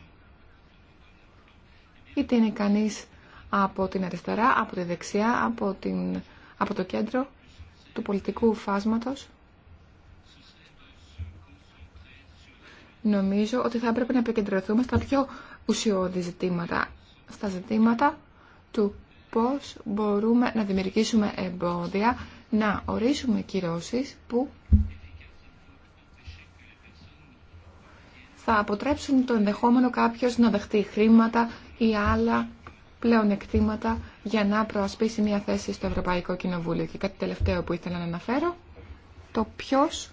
S3: Είτε είναι κανείς από την αριστερά, από τη δεξιά, από, την, από το κέντρο του πολιτικού φάσματος. Νομίζω ότι θα έπρεπε να επικεντρωθούμε στα πιο ουσιώδη ζητήματα. Στα ζητήματα του πώς μπορούμε να δημιουργήσουμε εμπόδια, να ορίσουμε κυρώσεις που θα αποτρέψουν το ενδεχόμενο κάποιος να δεχτεί χρήματα ή άλλα πλέον για να προασπίσει μια θέση στο Ευρωπαϊκό Κοινοβούλιο. Και κάτι τελευταίο που ήθελα να αναφέρω, το ποιος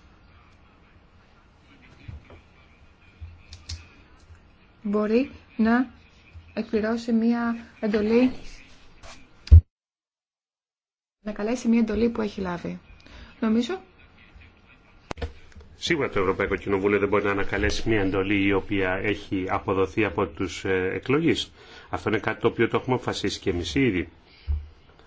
S3: μπορεί να εκπληρώσει μία εντολή να καλέσει μία εντολή που έχει λάβει. Νομίζω.
S2: Σίγουρα το Ευρωπαϊκό Κοινοβούλιο δεν μπορεί να ανακαλέσει μία εντολή η οποία έχει αποδοθεί από τους ε, εκλογείς. Αυτό είναι κάτι το οποίο το έχουμε αποφασίσει και εμείς ήδη.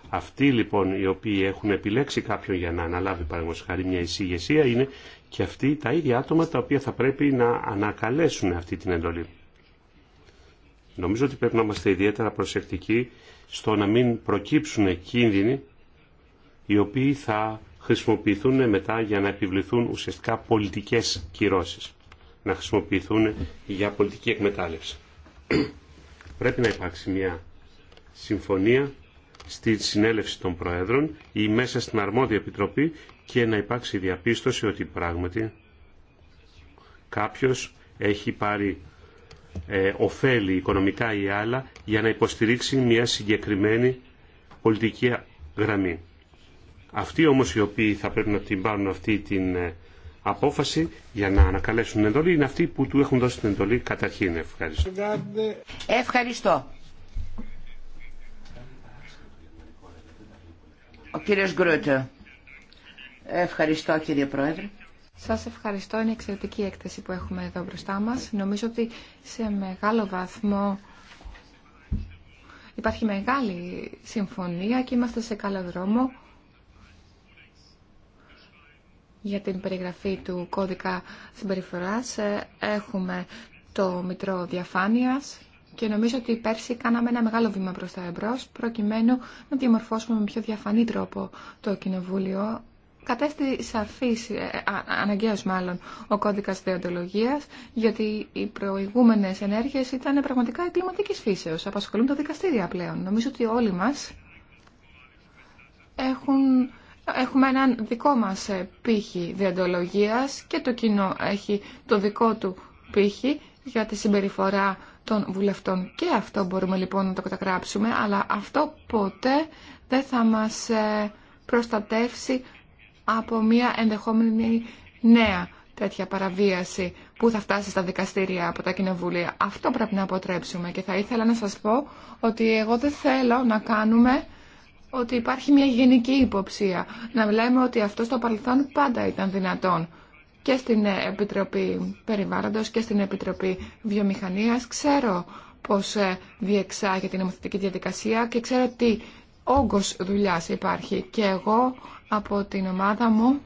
S2: Αυτοί λοιπόν οι οποίοι έχουν επιλέξει κάποιον για να αναλάβει παραγωγή χάρη μια εισηγεσία είναι και αυτοί τα ίδια άτομα τα οποία θα πρέπει να ανακαλέσουν αυτή την εντολή. Νομίζω ότι πρέπει να είμαστε ιδιαίτερα προσεκτικοί στο να μην προκύψουν κίνδυνοι οι οποίοι θα χρησιμοποιηθούν μετά για να επιβληθούν ουσιαστικά πολιτικές κυρώσεις, να χρησιμοποιηθούν για πολιτική εκμετάλλευση. Πρέπει να υπάρξει μια συμφωνία στη συνέλευση των Προέδρων ή μέσα στην αρμόδια επιτροπή και να υπάρξει διαπίστωση ότι πράγματι κάποιος έχει πάρει ε, ωφέλη οικονομικά ή άλλα για να υποστηρίξει μια συγκεκριμένη πολιτική γραμμή. Αυτοί όμως οι οποίοι θα πρέπει να την πάρουν αυτή την ε, απόφαση για να ανακαλέσουν την εντολή είναι αυτοί που του έχουν δώσει την εντολή καταρχήν. Ευχαριστώ.
S1: Ευχαριστώ. Ο κύριος Ευχαριστώ κύριε Πρόεδρε.
S3: Σας ευχαριστώ. Είναι εξαιρετική η έκθεση που έχουμε εδώ μπροστά μας. Νομίζω ότι σε μεγάλο βαθμό υπάρχει μεγάλη συμφωνία και είμαστε σε καλό δρόμο για την περιγραφή του κώδικα συμπεριφοράς. Ε, έχουμε το Μητρό Διαφάνειας και νομίζω ότι πέρσι κάναμε ένα μεγάλο βήμα προς τα εμπρός προκειμένου να διαμορφώσουμε με πιο διαφανή τρόπο το Κοινοβούλιο κατέστη σαφής, ε, αναγκαίος μάλλον, ο κώδικας διοντολογίας, γιατί οι προηγούμενες ενέργειες ήταν πραγματικά εγκληματικής φύσεως. Απασχολούν τα δικαστήρια πλέον. Νομίζω ότι όλοι μας έχουν, έχουμε έναν δικό μας ε, πύχη διοντολογίας και το κοινό έχει το δικό του πύχη για τη συμπεριφορά των βουλευτών. Και αυτό μπορούμε λοιπόν να το καταγράψουμε, αλλά αυτό ποτέ δεν θα μας ε, προστατεύσει από μια ενδεχόμενη νέα τέτοια παραβίαση που θα φτάσει στα δικαστήρια από τα κοινοβούλια. Αυτό πρέπει να αποτρέψουμε και θα ήθελα να σας πω ότι εγώ δεν θέλω να κάνουμε ότι υπάρχει μια γενική υποψία. Να λέμε ότι αυτό στο παρελθόν πάντα ήταν δυνατόν και στην Επιτροπή Περιβάλλοντος και στην Επιτροπή Βιομηχανίας. Ξέρω πώς ε, διεξάγεται η νομοθετική διαδικασία και ξέρω τι όγκος δουλειάς υπάρχει. Και εγώ από την ομάδα μου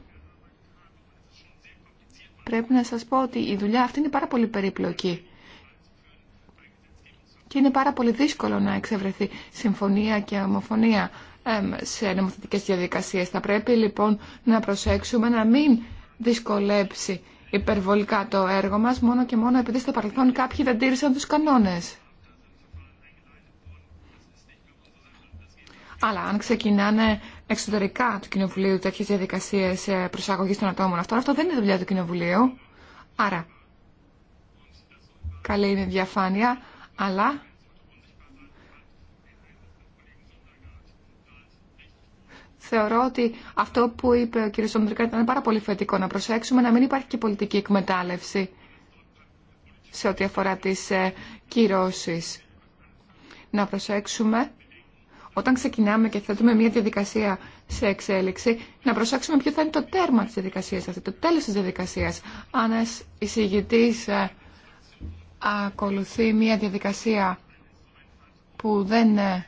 S3: πρέπει να σας πω ότι η δουλειά αυτή είναι πάρα πολύ περίπλοκη και είναι πάρα πολύ δύσκολο να εξευρεθεί συμφωνία και ομοφωνία σε νομοθετικές διαδικασίες. Θα πρέπει λοιπόν να προσέξουμε να μην δυσκολέψει υπερβολικά το έργο μας μόνο και μόνο επειδή στο παρελθόν κάποιοι δεν τήρησαν τους κανόνες. Αλλά αν ξεκινάνε εξωτερικά του Κοινοβουλίου τέτοιε διαδικασίε ε, προσαγωγή των ατόμων αυτών. Αυτό δεν είναι δουλειά του Κοινοβουλίου. Άρα, καλή είναι η διαφάνεια, αλλά θεωρώ ότι αυτό που είπε ο κ. Σομοντρικά ήταν πάρα πολύ θετικό να προσέξουμε να μην υπάρχει και πολιτική εκμετάλλευση σε ό,τι αφορά τις ε, κυρώσεις. Να προσέξουμε όταν ξεκινάμε και θέτουμε μια διαδικασία σε εξέλιξη, να προσέξουμε ποιο θα είναι το τέρμα της διαδικασίας αυτή, το τέλος της διαδικασίας. Αν ένας εισηγητής ε, ακολουθεί μια διαδικασία που δεν ε,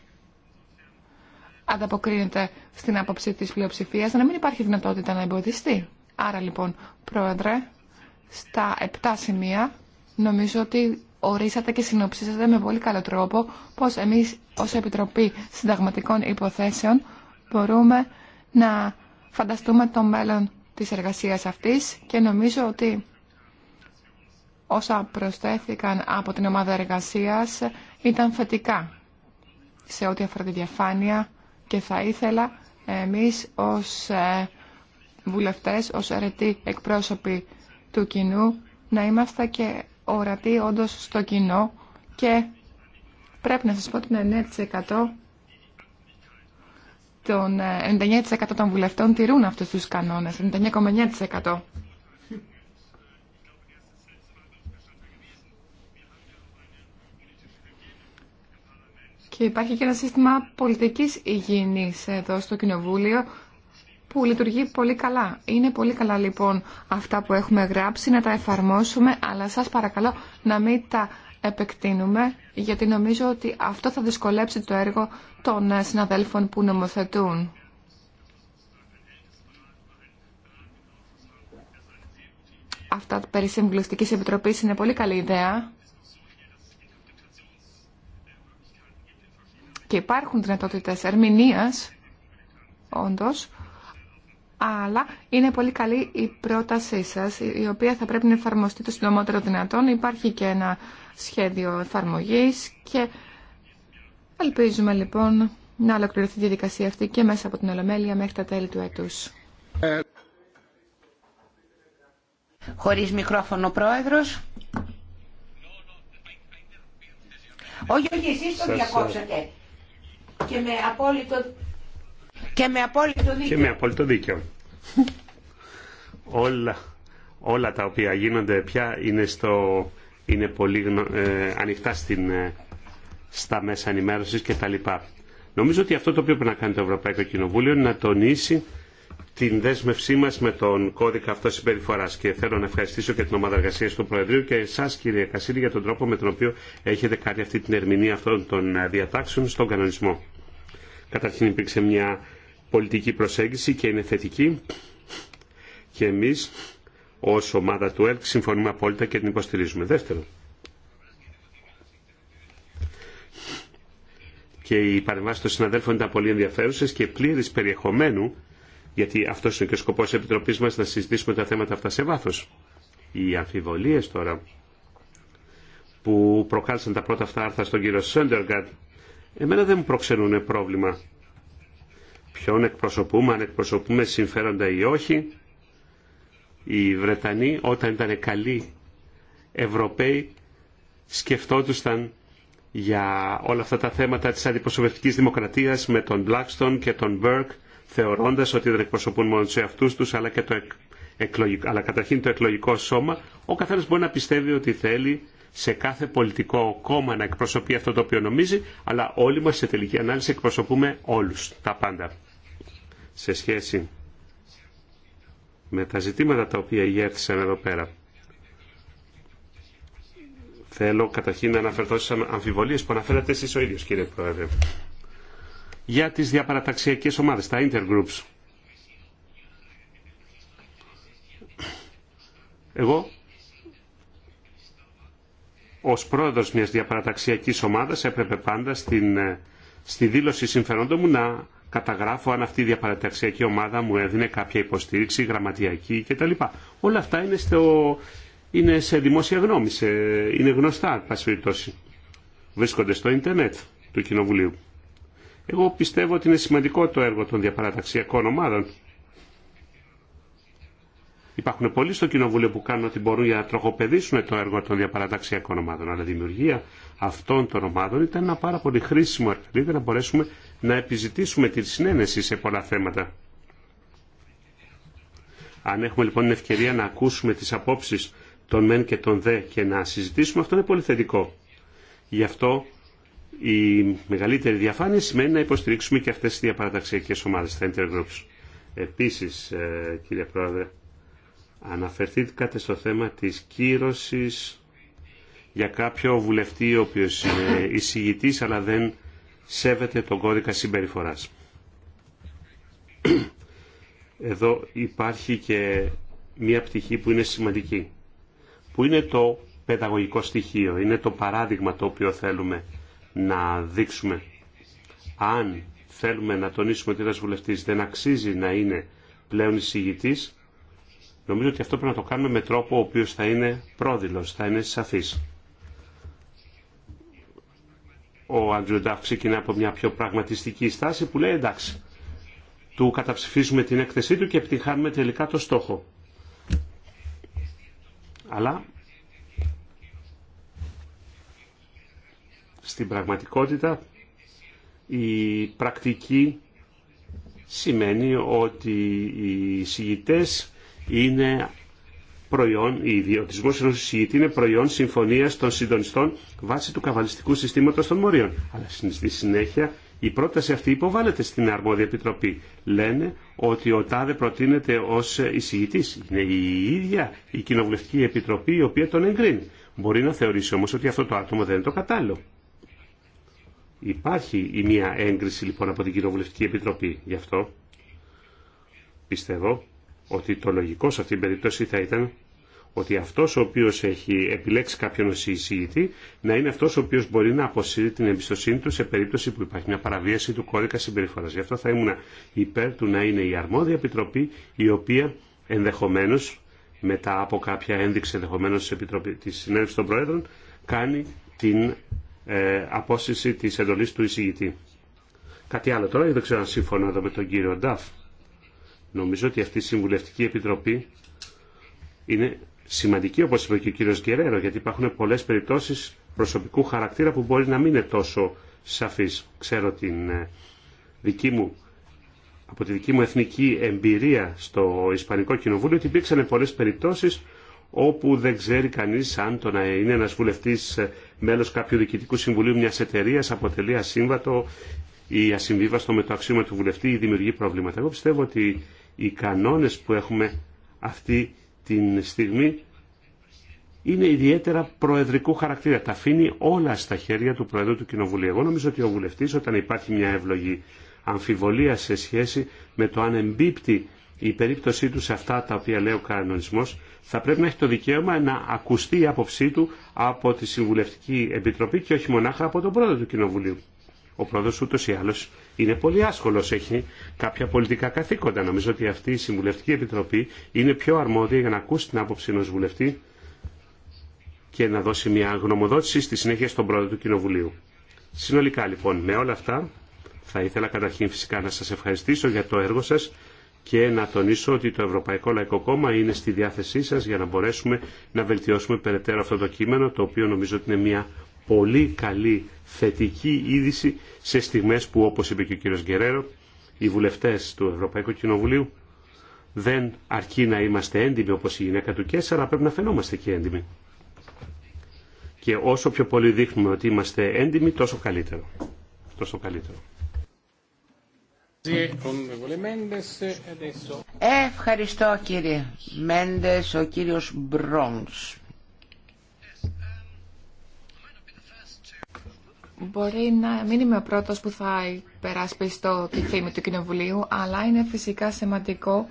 S3: ανταποκρίνεται στην άποψη της πλειοψηφίας, να μην υπάρχει δυνατότητα να εμποδιστεί. Άρα λοιπόν, Πρόεδρε, στα επτά σημεία νομίζω ότι ορίσατε και συνοψίσατε με πολύ καλό τρόπο πώς εμείς ως Επιτροπή Συνταγματικών Υποθέσεων μπορούμε να φανταστούμε το μέλλον της εργασίας αυτής και νομίζω ότι όσα προσθέθηκαν από την ομάδα εργασίας ήταν θετικά σε ό,τι αφορά τη διαφάνεια και θα ήθελα εμείς ως ε, βουλευτές, ως αιρετοί εκπρόσωποι του κοινού να είμαστε και ορατή όντω στο κοινό και πρέπει να σας πω ότι 9% των 99% ε, των βουλευτών τηρούν αυτούς τους κανόνες, 99,9%. Και υπάρχει και ένα σύστημα πολιτικής υγιεινής εδώ στο Κοινοβούλιο, που λειτουργεί πολύ καλά. Είναι πολύ καλά λοιπόν αυτά που έχουμε γράψει, να τα εφαρμόσουμε, αλλά σας παρακαλώ να μην τα επεκτείνουμε, γιατί νομίζω ότι αυτό θα δυσκολέψει το έργο των ε, συναδέλφων που νομοθετούν. Αυτά περί Συμβουλευτικής Επιτροπής είναι πολύ καλή ιδέα. Και υπάρχουν δυνατότητες ερμηνείας, όντως, αλλά είναι πολύ καλή η πρότασή σας, η οποία θα πρέπει να εφαρμοστεί το συντομότερο δυνατόν. Υπάρχει και ένα σχέδιο εφαρμογής και ελπίζουμε λοιπόν να ολοκληρωθεί η διαδικασία αυτή και μέσα από την Ολομέλεια
S1: μέχρι τα τέλη του έτους. Χωρίς μικρόφωνο πρόεδρος. Όχι, όχι, εσείς το ε, διακόψατε. Και με απόλυτο και με
S2: απόλυτο δίκαιο. όλα, τα οποία γίνονται πια είναι, στο, είναι πολύ ε, ανοιχτά στην, ε, στα μέσα ενημέρωσης κτλ. Νομίζω ότι αυτό το οποίο πρέπει να κάνει το Ευρωπαϊκό Κοινοβούλιο είναι να τονίσει την δέσμευσή μας με τον κώδικα αυτό συμπεριφορά. Και θέλω να ευχαριστήσω και την ομάδα εργασία του Προεδρείου και εσά, κύριε Κασίλη για τον τρόπο με τον οποίο έχετε κάνει αυτή την ερμηνεία αυτών των ε, διατάξεων στον κανονισμό. Καταρχήν υπήρξε μια πολιτική προσέγγιση και είναι θετική και εμείς ως ομάδα του ΕΛΚ συμφωνούμε απόλυτα και την υποστηρίζουμε. Δεύτερον, και οι παρεμβάσει των συναδέλφων ήταν πολύ ενδιαφέρουσε και πλήρη περιεχομένου, γιατί αυτό είναι και ο σκοπό τη Επιτροπή μα να συζητήσουμε τα θέματα αυτά σε βάθο. Οι αμφιβολίε τώρα που προκάλεσαν τα πρώτα αυτά άρθρα στον κύριο Σέντεργατ εμένα δεν μου προξενούν πρόβλημα. Ποιον εκπροσωπούμε, αν εκπροσωπούμε συμφέροντα ή όχι. Οι Βρετανοί όταν ήταν καλοί Ευρωπαίοι σκεφτόντουσαν για όλα αυτά τα θέματα της αντιπροσωπευτικής δημοκρατίας με τον Blackstone και τον Burke θεωρώντας ότι δεν εκπροσωπούν μόνο τους εαυτούς τους αλλά, και το εκλογικό, αλλά καταρχήν το εκλογικό σώμα ο καθένας μπορεί να πιστεύει ότι θέλει σε κάθε πολιτικό κόμμα να εκπροσωπεί αυτό το οποίο νομίζει, αλλά όλοι μας σε τελική ανάλυση εκπροσωπούμε όλους, τα πάντα. Σε σχέση με τα ζητήματα τα οποία γέρθησαν εδώ πέρα. Θέλω καταρχήν να αναφερθώ στις αμφιβολίες που αναφέρατε εσείς ο ίδιος κύριε Πρόεδρε. Για τις διαπαραταξιακές ομάδες, τα intergroups. Εγώ ως πρόεδρος μιας διαπαραταξιακής ομάδας έπρεπε πάντα στην, ε, στη δήλωση συμφερόντων μου να καταγράφω αν αυτή η διαπαραταξιακή ομάδα μου έδινε κάποια υποστήριξη, γραμματιακή κτλ. Όλα αυτά είναι, στο, είναι σε δημόσια γνώμη, σε, είναι γνωστά, πάση Βρίσκονται στο ίντερνετ του Κοινοβουλίου. Εγώ πιστεύω ότι είναι σημαντικό το έργο των διαπαραταξιακών ομάδων Υπάρχουν πολλοί στο Κοινοβούλιο που κάνουν ό,τι μπορούν για να τροχοπεδίσουν το έργο των διαπαραταξιακών ομάδων. Αλλά η δημιουργία αυτών των ομάδων ήταν ένα πάρα πολύ χρήσιμο εργαλείο για να μπορέσουμε να επιζητήσουμε τη συνένεση σε πολλά θέματα. Αν έχουμε λοιπόν την ευκαιρία να ακούσουμε τις απόψεις των μεν και των δε και να συζητήσουμε, αυτό είναι πολύ θετικό. Γι' αυτό η μεγαλύτερη διαφάνεια σημαίνει να υποστηρίξουμε και αυτές τις διαπαραταξιακές ομάδες, τα intergroups. Επίσης, ε, κύριε Πρόεδρε, Αναφερθήκατε στο θέμα της κύρωσης για κάποιο βουλευτή ο οποίος είναι εισηγητής αλλά δεν σέβεται τον κώδικα συμπεριφοράς. Εδώ υπάρχει και μία πτυχή που είναι σημαντική, που είναι το παιδαγωγικό στοιχείο, είναι το παράδειγμα το οποίο θέλουμε να δείξουμε. Αν θέλουμε να τονίσουμε ότι ένας βουλευτής δεν αξίζει να είναι πλέον εισηγητής, Νομίζω ότι αυτό πρέπει να το κάνουμε με τρόπο ο οποίος θα είναι πρόδειλος, θα είναι σαφής. Ο Άντριου Ντάφ ξεκινά από μια πιο πραγματιστική στάση που λέει εντάξει, του καταψηφίζουμε την έκθεσή του και επιτυχάνουμε τελικά το στόχο. Αλλά στην πραγματικότητα η πρακτική σημαίνει ότι οι συγητές είναι προϊόν, η ενός είναι προϊόν συμφωνίας των συντονιστών βάσει του καβαλιστικού συστήματος των μορίων. Αλλά στη συνέχεια η πρόταση αυτή υποβάλλεται στην αρμόδια επιτροπή. Λένε ότι ο ΤΑΔΕ προτείνεται ως εισηγητής. Είναι η ίδια η κοινοβουλευτική επιτροπή η οποία τον εγκρίνει. Μπορεί να θεωρήσει όμως ότι αυτό το άτομο δεν είναι το κατάλληλο. Υπάρχει η μία έγκριση λοιπόν από την κοινοβουλευτική επιτροπή γι' αυτό. Πιστεύω ότι το λογικό σε αυτήν την περίπτωση θα ήταν ότι αυτός ο οποίος έχει επιλέξει κάποιον ως εισηγητή να είναι αυτός ο οποίος μπορεί να αποσύρει την εμπιστοσύνη του σε περίπτωση που υπάρχει μια παραβίαση του κώδικα συμπεριφορά. Γι' αυτό θα ήμουν υπέρ του να είναι η αρμόδια επιτροπή η οποία ενδεχομένως μετά από κάποια ένδειξη ενδεχομένω της συνέλευσης των Προέδρων κάνει την ε, απόσυρση της εντολής του εισηγητή. Κάτι άλλο τώρα, δεν ξέρω αν σύμφωνα εδώ με τον κύριο Νταφ. Νομίζω ότι αυτή η Συμβουλευτική Επιτροπή είναι σημαντική, όπως είπε και ο κύριος Γκερέρο, γιατί υπάρχουν πολλές περιπτώσεις προσωπικού χαρακτήρα που μπορεί να μην είναι τόσο σαφής. Ξέρω την ε, δική μου, από τη δική μου εθνική εμπειρία στο Ισπανικό Κοινοβούλιο ότι υπήρξαν πολλές περιπτώσεις όπου δεν ξέρει κανείς αν το να είναι ένας βουλευτής ε, μέλος κάποιου διοικητικού συμβουλίου μιας εταιρείας αποτελεί ασύμβατο ή ασυμβίβαστο με το αξίωμα του βουλευτή ή δημιουργεί προβλήματα. Εγώ πιστεύω ότι οι κανόνες που έχουμε αυτή τη στιγμή είναι ιδιαίτερα προεδρικού χαρακτήρα. Τα αφήνει όλα στα χέρια του Προεδρού του Κοινοβουλίου. Εγώ νομίζω ότι ο βουλευτή, όταν υπάρχει μια ευλογή αμφιβολία σε σχέση με το αν εμπίπτει η περίπτωσή του σε αυτά τα οποία λέει ο κανονισμό, θα πρέπει να έχει το δικαίωμα να ακουστεί η άποψή του από τη Συμβουλευτική Επιτροπή και όχι μονάχα από τον Πρόεδρο του Κοινοβουλίου. Ο Πρόεδρο ούτω ή άλλω είναι πολύ άσχολος, έχει κάποια πολιτικά καθήκοντα. Νομίζω ότι αυτή η Συμβουλευτική Επιτροπή είναι πιο αρμόδια για να ακούσει την άποψη ενός βουλευτή και να δώσει μια γνωμοδότηση στη συνέχεια στον πρόεδρο του Κοινοβουλίου. Συνολικά λοιπόν με όλα αυτά θα ήθελα καταρχήν φυσικά να σας ευχαριστήσω για το έργο σας και να τονίσω ότι το Ευρωπαϊκό Λαϊκό Κόμμα είναι στη διάθεσή σας για να μπορέσουμε να βελτιώσουμε περαιτέρω αυτό το κείμενο το οποίο νομίζω ότι είναι μια πολύ καλή θετική είδηση σε στιγμές που όπως είπε και ο κύριος Γκερέρο οι βουλευτές του Ευρωπαϊκού Κοινοβουλίου δεν αρκεί να είμαστε έντιμοι όπως η γυναίκα του Κέσσα αλλά πρέπει να φαινόμαστε και έντιμοι. Και όσο πιο πολύ δείχνουμε ότι είμαστε έντιμοι, τόσο καλύτερο. Τόσο καλύτερο.
S1: Ευχαριστώ κύριε Μέντες, ο κύριος Μπρόνς. Μπορεί
S3: να μην είμαι ο πρώτος που θα υπερασπιστώ τη θύμη του Κοινοβουλίου, αλλά είναι φυσικά σημαντικό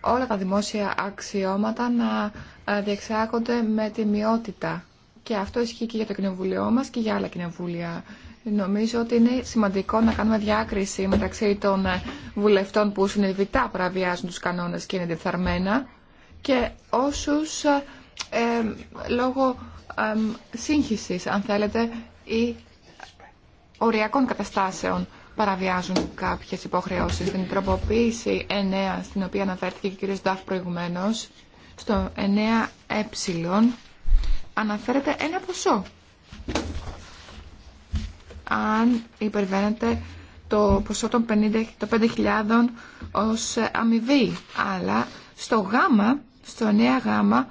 S3: όλα τα δημόσια αξιώματα να ε, διεξάγονται με τιμιότητα. Και αυτό ισχύει και για το Κοινοβουλίο μας και για άλλα κοινοβούλια. Νομίζω ότι είναι σημαντικό να κάνουμε διάκριση μεταξύ των ε, βουλευτών που συνειδητά παραβιάζουν τους κανόνες και είναι διεφθαρμένα και όσους ε, ε, λόγω ε, σύγχυσης, αν θέλετε, ή οριακών καταστάσεων παραβιάζουν κάποιες υποχρεώσεις. Στην τροποποίηση 9, στην οποία αναφέρθηκε και ο κ. Νταφ προηγουμένως, στο 9 ε αναφέρεται ένα ποσό. Αν υπερβαίνεται το ποσό των 50, το 5.000 ως αμοιβή. Αλλά στο γάμα, στο 9 γάμα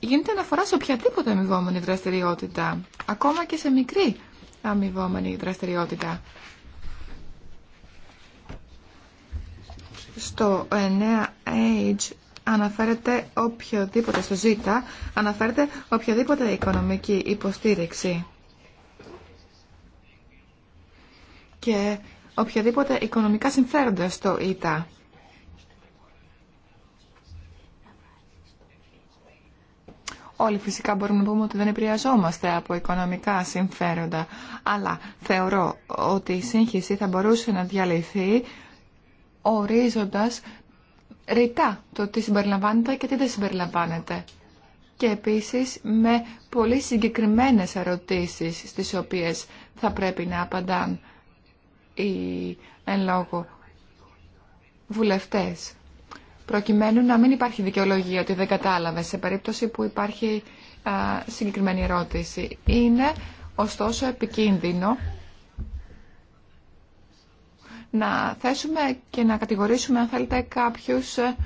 S3: γίνεται αναφορά σε οποιαδήποτε αμοιβόμενη δραστηριότητα, ακόμα και σε μικρή αμοιβόμενη δραστηριότητα. Στο 9H αναφέρεται οποιοδήποτε, στο Z αναφέρεται οποιαδήποτε οικονομική υποστήριξη. Και οποιαδήποτε οικονομικά συμφέροντα στο ΙΤΑ. Όλοι φυσικά μπορούμε να πούμε ότι δεν επηρεαζόμαστε από οικονομικά συμφέροντα, αλλά θεωρώ ότι η σύγχυση θα μπορούσε να διαλυθεί ορίζοντας ρητά το τι συμπεριλαμβάνεται και τι δεν συμπεριλαμβάνεται. Και επίσης με πολύ συγκεκριμένες ερωτήσεις στις οποίες θα πρέπει να απαντάν οι εν λόγω βουλευτές προκειμένου να μην υπάρχει δικαιολογία ότι δεν κατάλαβε σε περίπτωση που υπάρχει συγκεκριμένη ερώτηση. Είναι ωστόσο επικίνδυνο να θέσουμε και να κατηγορήσουμε αν θέλετε κάποιους ε,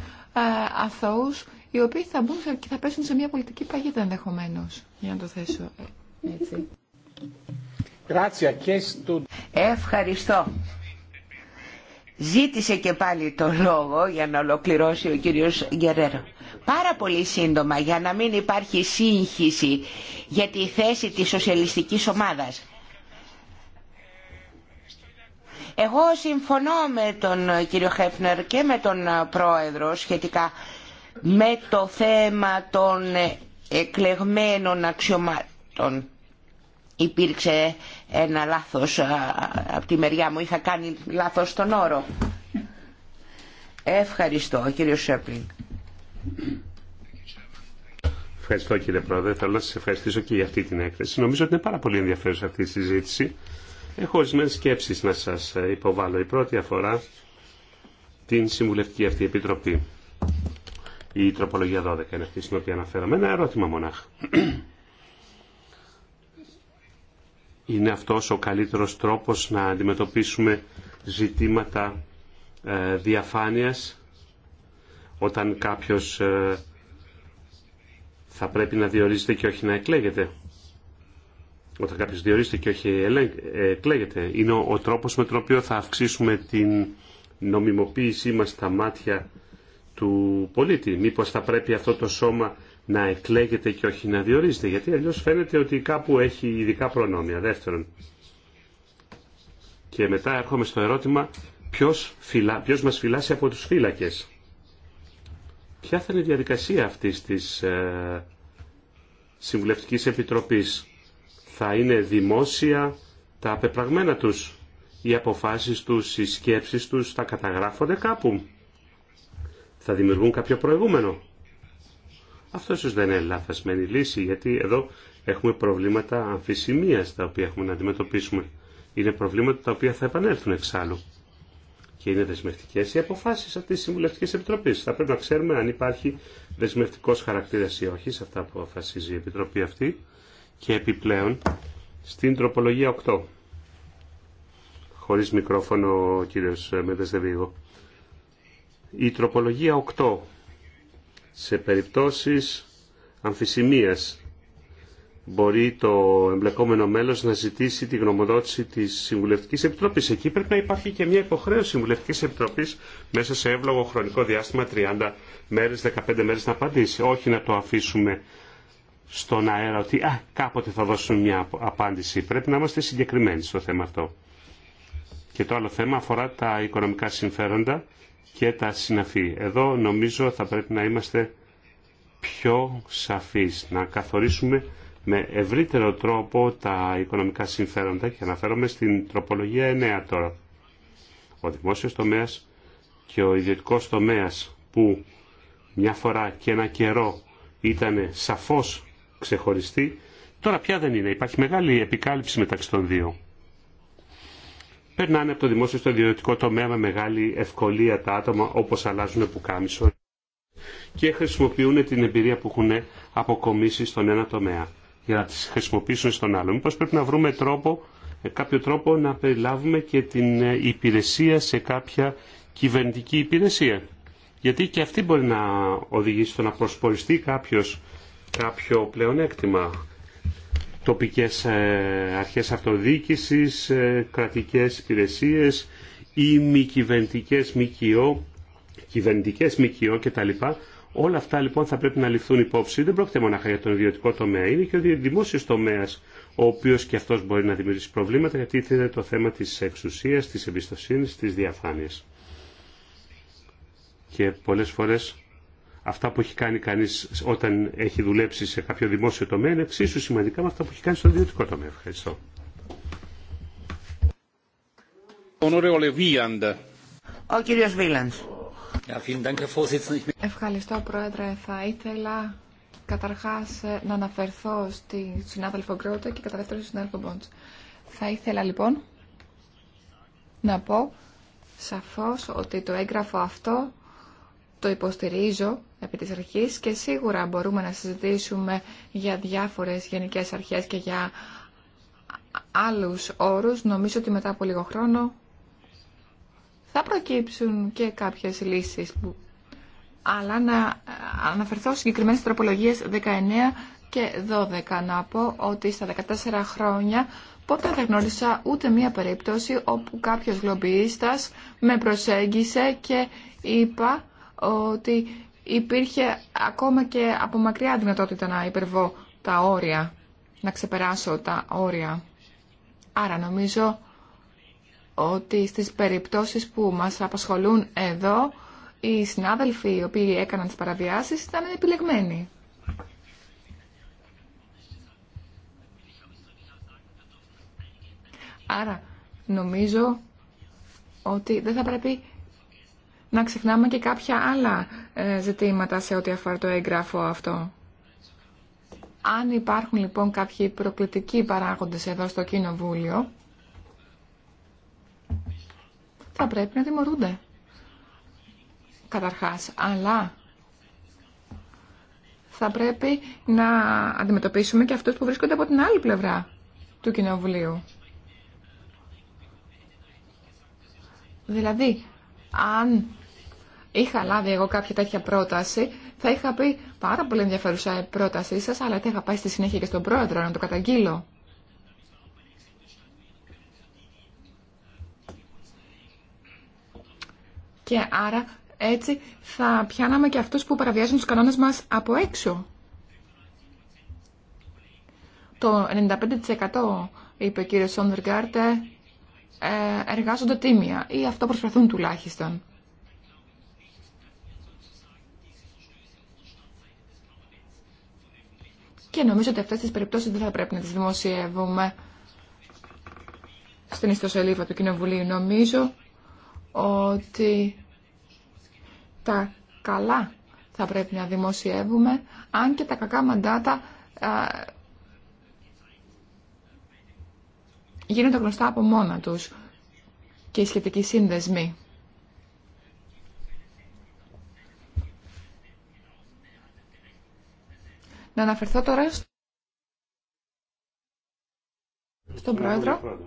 S3: αθώους οι οποίοι θα μπουν και θα πέσουν σε μια πολιτική παγίδα ενδεχομένω. για να το θέσω
S1: ε, έτσι. Ευχαριστώ. Ζήτησε και πάλι το λόγο για να ολοκληρώσει ο κύριος Γκερέρο. Πάρα πολύ σύντομα για να μην υπάρχει σύγχυση για τη θέση της σοσιαλιστικής ομάδας. Εγώ συμφωνώ με τον κύριο Χέφνερ και με τον πρόεδρο σχετικά με το θέμα των εκλεγμένων αξιωμάτων υπήρξε ένα λάθος από τη μεριά μου, είχα κάνει λάθος τον όρο. Ευχαριστώ κύριο Σέπλινγκ.
S2: Ευχαριστώ κύριε Πρόεδρε. Θέλω να σα ευχαριστήσω και για αυτή την έκθεση. Νομίζω ότι είναι πάρα πολύ ενδιαφέρουσα αυτή η συζήτηση. Έχω ορισμένε σκέψει να σα υποβάλω. Η πρώτη αφορά την συμβουλευτική αυτή επιτροπή. Η τροπολογία 12 είναι αυτή στην οποία αναφέρομαι. Ένα ερώτημα μονάχα είναι αυτός ο καλύτερος τρόπος να αντιμετωπίσουμε ζητήματα ε, διαφάνειας όταν κάποιος ε, θα πρέπει να διορίζεται και όχι να εκλέγεται. Όταν κάποιος διορίζεται και όχι εκλέγεται. Είναι ο τρόπος με τον οποίο θα αυξήσουμε την νομιμοποίησή μας στα μάτια του πολίτη. Μήπως θα πρέπει αυτό το σώμα να εκλέγετε και όχι να διορίζετε γιατί αλλιώς φαίνεται ότι κάπου έχει ειδικά προνόμια. Δεύτερον, και μετά έρχομαι στο ερώτημα ποιος, φυλά, ποιος μας φυλάσει από τους φύλακες. Ποια θα είναι η διαδικασία αυτής της ε, Συμβουλευτικής Επιτροπής. Θα είναι δημόσια τα απεπραγμένα τους, οι αποφάσεις τους, οι σκέψεις τους, θα καταγράφονται κάπου. Θα δημιουργούν κάποιο προηγούμενο. Αυτό ίσως δεν είναι λάθασμένη λύση, γιατί εδώ έχουμε προβλήματα αμφισημίας τα οποία έχουμε να αντιμετωπίσουμε. Είναι προβλήματα τα οποία θα επανέλθουν εξάλλου. Και είναι δεσμευτικέ οι αποφάσει αυτή τη Συμβουλευτική Επιτροπή. Θα πρέπει να ξέρουμε αν υπάρχει δεσμευτικό χαρακτήρα ή όχι σε αυτά που αποφασίζει η Επιτροπή αυτή. Και επιπλέον στην τροπολογία 8. Χωρί μικρόφωνο ο κύριο Μέντες Δεβίγο. Η τροπολογία 8 σε περιπτώσεις αμφισημίας μπορεί το εμπλεκόμενο μέλος να ζητήσει τη γνωμοδότηση της Συμβουλευτικής Επιτροπής. Εκεί πρέπει να υπάρχει και μια υποχρέωση Συμβουλευτικής Επιτροπής μέσα σε εύλογο χρονικό διάστημα 30 μέρες, 15 μέρες να απαντήσει. Όχι να το αφήσουμε στον αέρα ότι α, κάποτε θα δώσουν μια απάντηση. Πρέπει να είμαστε συγκεκριμένοι στο θέμα αυτό. Και το άλλο θέμα αφορά τα οικονομικά συμφέροντα και τα συναφή. Εδώ νομίζω θα πρέπει να είμαστε πιο σαφείς, να καθορίσουμε με ευρύτερο τρόπο τα οικονομικά συμφέροντα και αναφέρομαι στην τροπολογία 9 τώρα. Ο δημόσιος τομέας και ο ιδιωτικός τομέας που μια φορά και ένα καιρό ήταν σαφώς ξεχωριστή. τώρα πια δεν είναι. Υπάρχει μεγάλη επικάλυψη μεταξύ των δύο περνάνε από το δημόσιο στο ιδιωτικό τομέα με μεγάλη ευκολία τα άτομα όπως αλλάζουν πουκάμισο και χρησιμοποιούν την εμπειρία που έχουν αποκομίσει στον ένα τομέα για να τις χρησιμοποιήσουν στον άλλο. Μήπως πρέπει να βρούμε τρόπο, κάποιο τρόπο να περιλάβουμε και την υπηρεσία σε κάποια κυβερνητική υπηρεσία. Γιατί και αυτή μπορεί να οδηγήσει στο να προσποριστεί κάποιος κάποιο πλεονέκτημα τοπικές ε, αρχές αυτοδιοίκησης, ε, κρατικές υπηρεσίες ή μη κυβερνητικές ΜΚΟ, κυβερνητικές ΜΚΟ κτλ. Όλα αυτά λοιπόν θα πρέπει να ληφθούν υπόψη. Δεν πρόκειται μόνο για τον ιδιωτικό τομέα, είναι και ο δημόσιος τομέας ο οποίος και αυτός μπορεί να δημιουργήσει προβλήματα, γιατί είναι το θέμα της εξουσίας, της εμπιστοσύνη, της διαφάνειας. Και πολλές φορές αυτά που έχει κάνει κανείς όταν έχει δουλέψει σε κάποιο δημόσιο τομέα είναι εξίσου σημαντικά με αυτά που έχει κάνει στον ιδιωτικό τομέα. Ευχαριστώ. Ο
S3: κύριος Βίλαντ. Ευχαριστώ Πρόεδρε. Θα ήθελα καταρχάς ε, να αναφερθώ στη συνάδελφο Γκρότε και κατά στη συνάδελφο Μπόντς. Θα ήθελα λοιπόν να πω σαφώς ότι το έγγραφο αυτό το υποστηρίζω επί της αρχής και σίγουρα μπορούμε να συζητήσουμε για διάφορες γενικές αρχές και για άλλους όρους. Νομίζω ότι μετά από λίγο χρόνο θα προκύψουν και κάποιες λύσεις. Αλλά να αναφερθώ συγκεκριμένες τροπολογίες 19 και 12. Να πω ότι στα 14 χρόνια ποτέ δεν γνώρισα ούτε μία περίπτωση όπου κάποιος γλωμπιίστας με προσέγγισε και είπα ότι υπήρχε ακόμα και από μακριά δυνατότητα να υπερβώ τα όρια, να ξεπεράσω τα όρια. Άρα νομίζω ότι στις περιπτώσεις που μας απασχολούν εδώ, οι συνάδελφοι οι οποίοι έκαναν τις παραβιάσεις ήταν επιλεγμένοι. Άρα νομίζω ότι δεν θα πρέπει να ξεχνάμε και κάποια άλλα ε, ζητήματα σε ό,τι αφορά το έγγραφο αυτό. Αν υπάρχουν λοιπόν κάποιοι προκλητικοί παράγοντες εδώ στο Κοινοβούλιο, θα πρέπει να τιμωρούνται. Καταρχάς, αλλά θα πρέπει να αντιμετωπίσουμε και αυτούς που βρίσκονται από την άλλη πλευρά του Κοινοβουλίου. Δηλαδή, αν είχα λάβει εγώ κάποια τέτοια πρόταση, θα είχα πει πάρα πολύ ενδιαφέρουσα η πρότασή σας, αλλά θα είχα πάει στη συνέχεια και στον πρόεδρο να το καταγγείλω. Και άρα έτσι θα πιάναμε και αυτούς που παραβιάζουν τους κανόνες μας από έξω. Το 95% είπε ο κύριος Σόνδεργκάρτε ε, εργάζονται τίμια ή αυτό προσπαθούν τουλάχιστον. Και νομίζω ότι αυτές τις περιπτώσεις δεν θα πρέπει να τις δημοσιεύουμε στην ιστοσελίδα του Κοινοβουλίου. Νομίζω ότι τα καλά θα πρέπει να δημοσιεύουμε, αν και τα κακά μαντάτα γίνονται γνωστά από μόνα τους και οι σχετικοί σύνδεσμοι. Να αναφερθώ τώρα στον Πρόεδρο.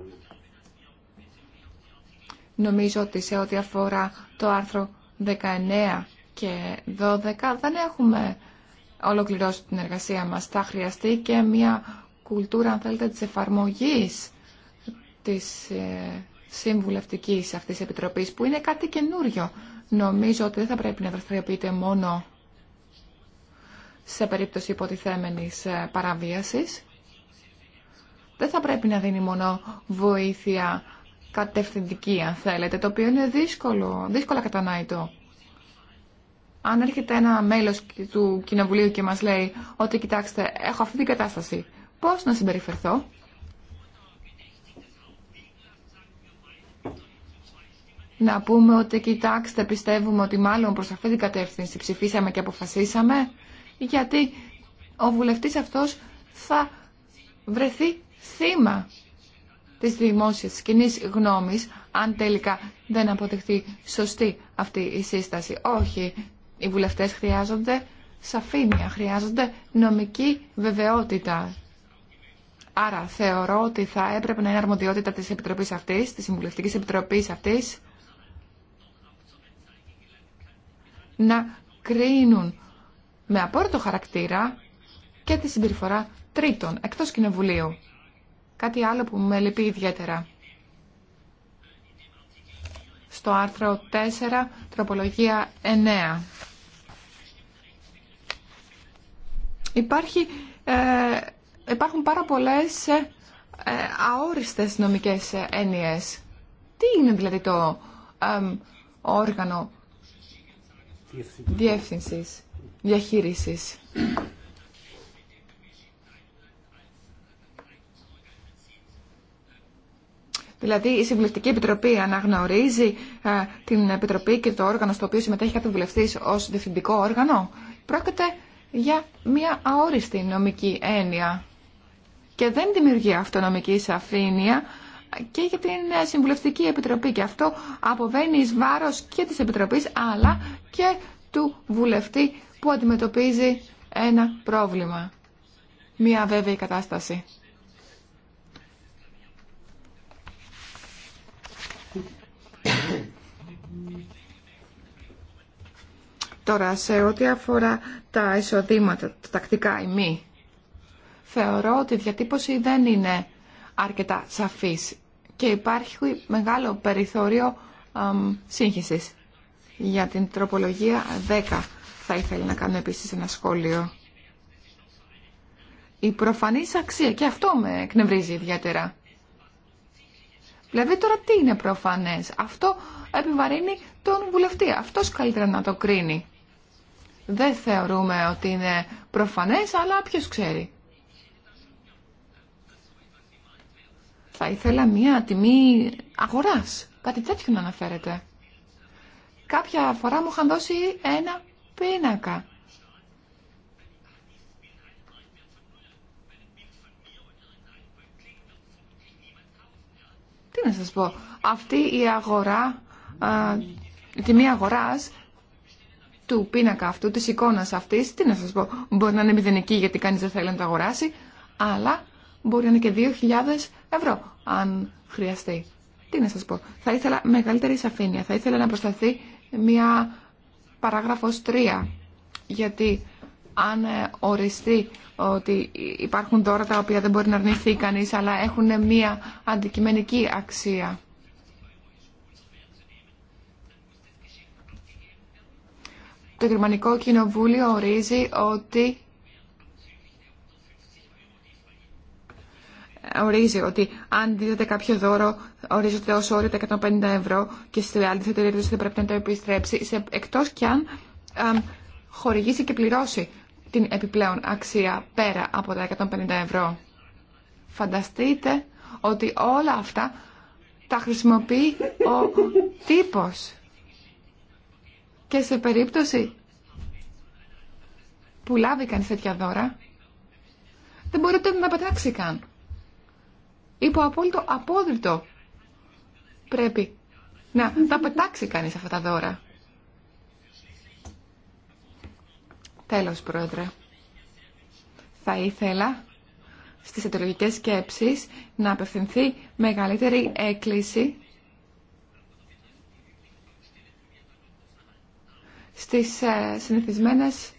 S3: Νομίζω ότι σε ό,τι αφορά το άρθρο 19 και 12 δεν έχουμε ολοκληρώσει την εργασία μας. Θα χρειαστεί και μια κουλτούρα, αν θέλετε, της εφαρμογής της ε, συμβουλευτικής αυτής επιτροπής, που είναι κάτι καινούριο. Νομίζω ότι δεν θα πρέπει να δραστηριοποιείται μόνο σε περίπτωση υποτιθέμενης ε, παραβίασης. Δεν θα πρέπει να δίνει μόνο βοήθεια κατευθυντική, αν θέλετε, το οποίο είναι δύσκολο, δύσκολα κατανάητο. Αν έρχεται ένα μέλος του Κοινοβουλίου και μας λέει ότι κοιτάξτε, έχω αυτή την κατάσταση, πώς να συμπεριφερθώ. Να πούμε ότι κοιτάξτε, πιστεύουμε ότι μάλλον προς αυτή την κατεύθυνση ψηφίσαμε και αποφασίσαμε γιατί ο βουλευτής αυτός θα βρεθεί θύμα της δημόσιας κοινή γνώμης αν τελικά δεν αποτεχθεί σωστή αυτή η σύσταση. Όχι, οι βουλευτές χρειάζονται σαφήνεια, χρειάζονται νομική βεβαιότητα. Άρα θεωρώ ότι θα έπρεπε να είναι αρμοδιότητα της Επιτροπής αυτής, της Συμβουλευτικής Επιτροπής αυτής, να κρίνουν με απόρριτο χαρακτήρα και τη συμπεριφορά τρίτων εκτός κοινοβουλίου. Κάτι άλλο που με λυπεί ιδιαίτερα. Στο άρθρο 4, τροπολογία 9. Υπάρχει, ε, υπάρχουν πάρα πολλές ε, αόριστες νομικές ε, έννοιες. Τι είναι δηλαδή το όργανο διευθύνσης διαχείρισης. Δηλαδή η Συμβουλευτική Επιτροπή αναγνωρίζει ε, την Επιτροπή και το όργανο στο οποίο συμμετέχει κάθε βουλευτή ω διευθυντικό όργανο. Πρόκειται για μια αόριστη νομική έννοια. Και δεν δημιουργεί αυτονομική σαφήνεια και για την ε, Συμβουλευτική Επιτροπή. Και αυτό αποβαίνει ει βάρο και της επιτροπή, αλλά και του βουλευτή που αντιμετωπίζει ένα πρόβλημα, μια βέβαιη κατάσταση. Τώρα, σε ό,τι αφορά τα εισοδήματα, τα τακτικά ή μη, θεωρώ ότι η διατύπωση δεν είναι αρκετά σαφής και υπάρχει μεγάλο περιθώριο σύγχυσης. Για την τροπολογία 10 θα ήθελα να κάνω επίσης ένα σχόλιο. Η προφανής αξία, και αυτό με εκνευρίζει ιδιαίτερα. Δηλαδή τώρα τι είναι προφανές. Αυτό επιβαρύνει τον βουλευτή. Αυτός καλύτερα να το κρίνει. Δεν θεωρούμε ότι είναι προφανές, αλλά ποιος ξέρει. Θα ήθελα μία τιμή αγοράς. Κάτι τέτοιο να αναφέρεται κάποια φορά μου είχαν δώσει ένα πίνακα. Τι να σας πω, αυτή η αγορά, α, η τιμή αγοράς του πίνακα αυτού, της εικόνας αυτής, τι να σας πω, μπορεί να είναι μηδενική γιατί κανείς δεν θέλει να το αγοράσει, αλλά μπορεί να είναι και 2.000 ευρώ αν χρειαστεί. Τι να σας πω, θα ήθελα μεγαλύτερη σαφήνεια, θα ήθελα να προσταθεί μια παράγραφος 3. Γιατί αν ε, οριστεί ότι υπάρχουν δώρα τα οποία δεν μπορεί να αρνηθεί κανείς, αλλά έχουν μια αντικειμενική αξία. Το Γερμανικό Κοινοβούλιο ορίζει ότι ορίζει ότι αν δίδεται κάποιο δώρο, ορίζεται ως όριο τα 150 ευρώ και στη άλλη περίπτωση δεν πρέπει να το επιστρέψει, σε, εκτός κι αν χορηγήσει και πληρώσει την επιπλέον αξία πέρα από τα 150 ευρώ. Φανταστείτε ότι όλα αυτά τα χρησιμοποιεί ο τύπος. Και σε περίπτωση που λάβει κανείς τέτοια δώρα, δεν μπορείτε να πετάξει καν υπό απόλυτο απόδειτο πρέπει να τα πετάξει κανείς αυτά τα δώρα. Τέλος, Πρόεδρε. Θα ήθελα στις και σκέψεις να απευθυνθεί μεγαλύτερη έκκληση στις ε, συνηθισμένες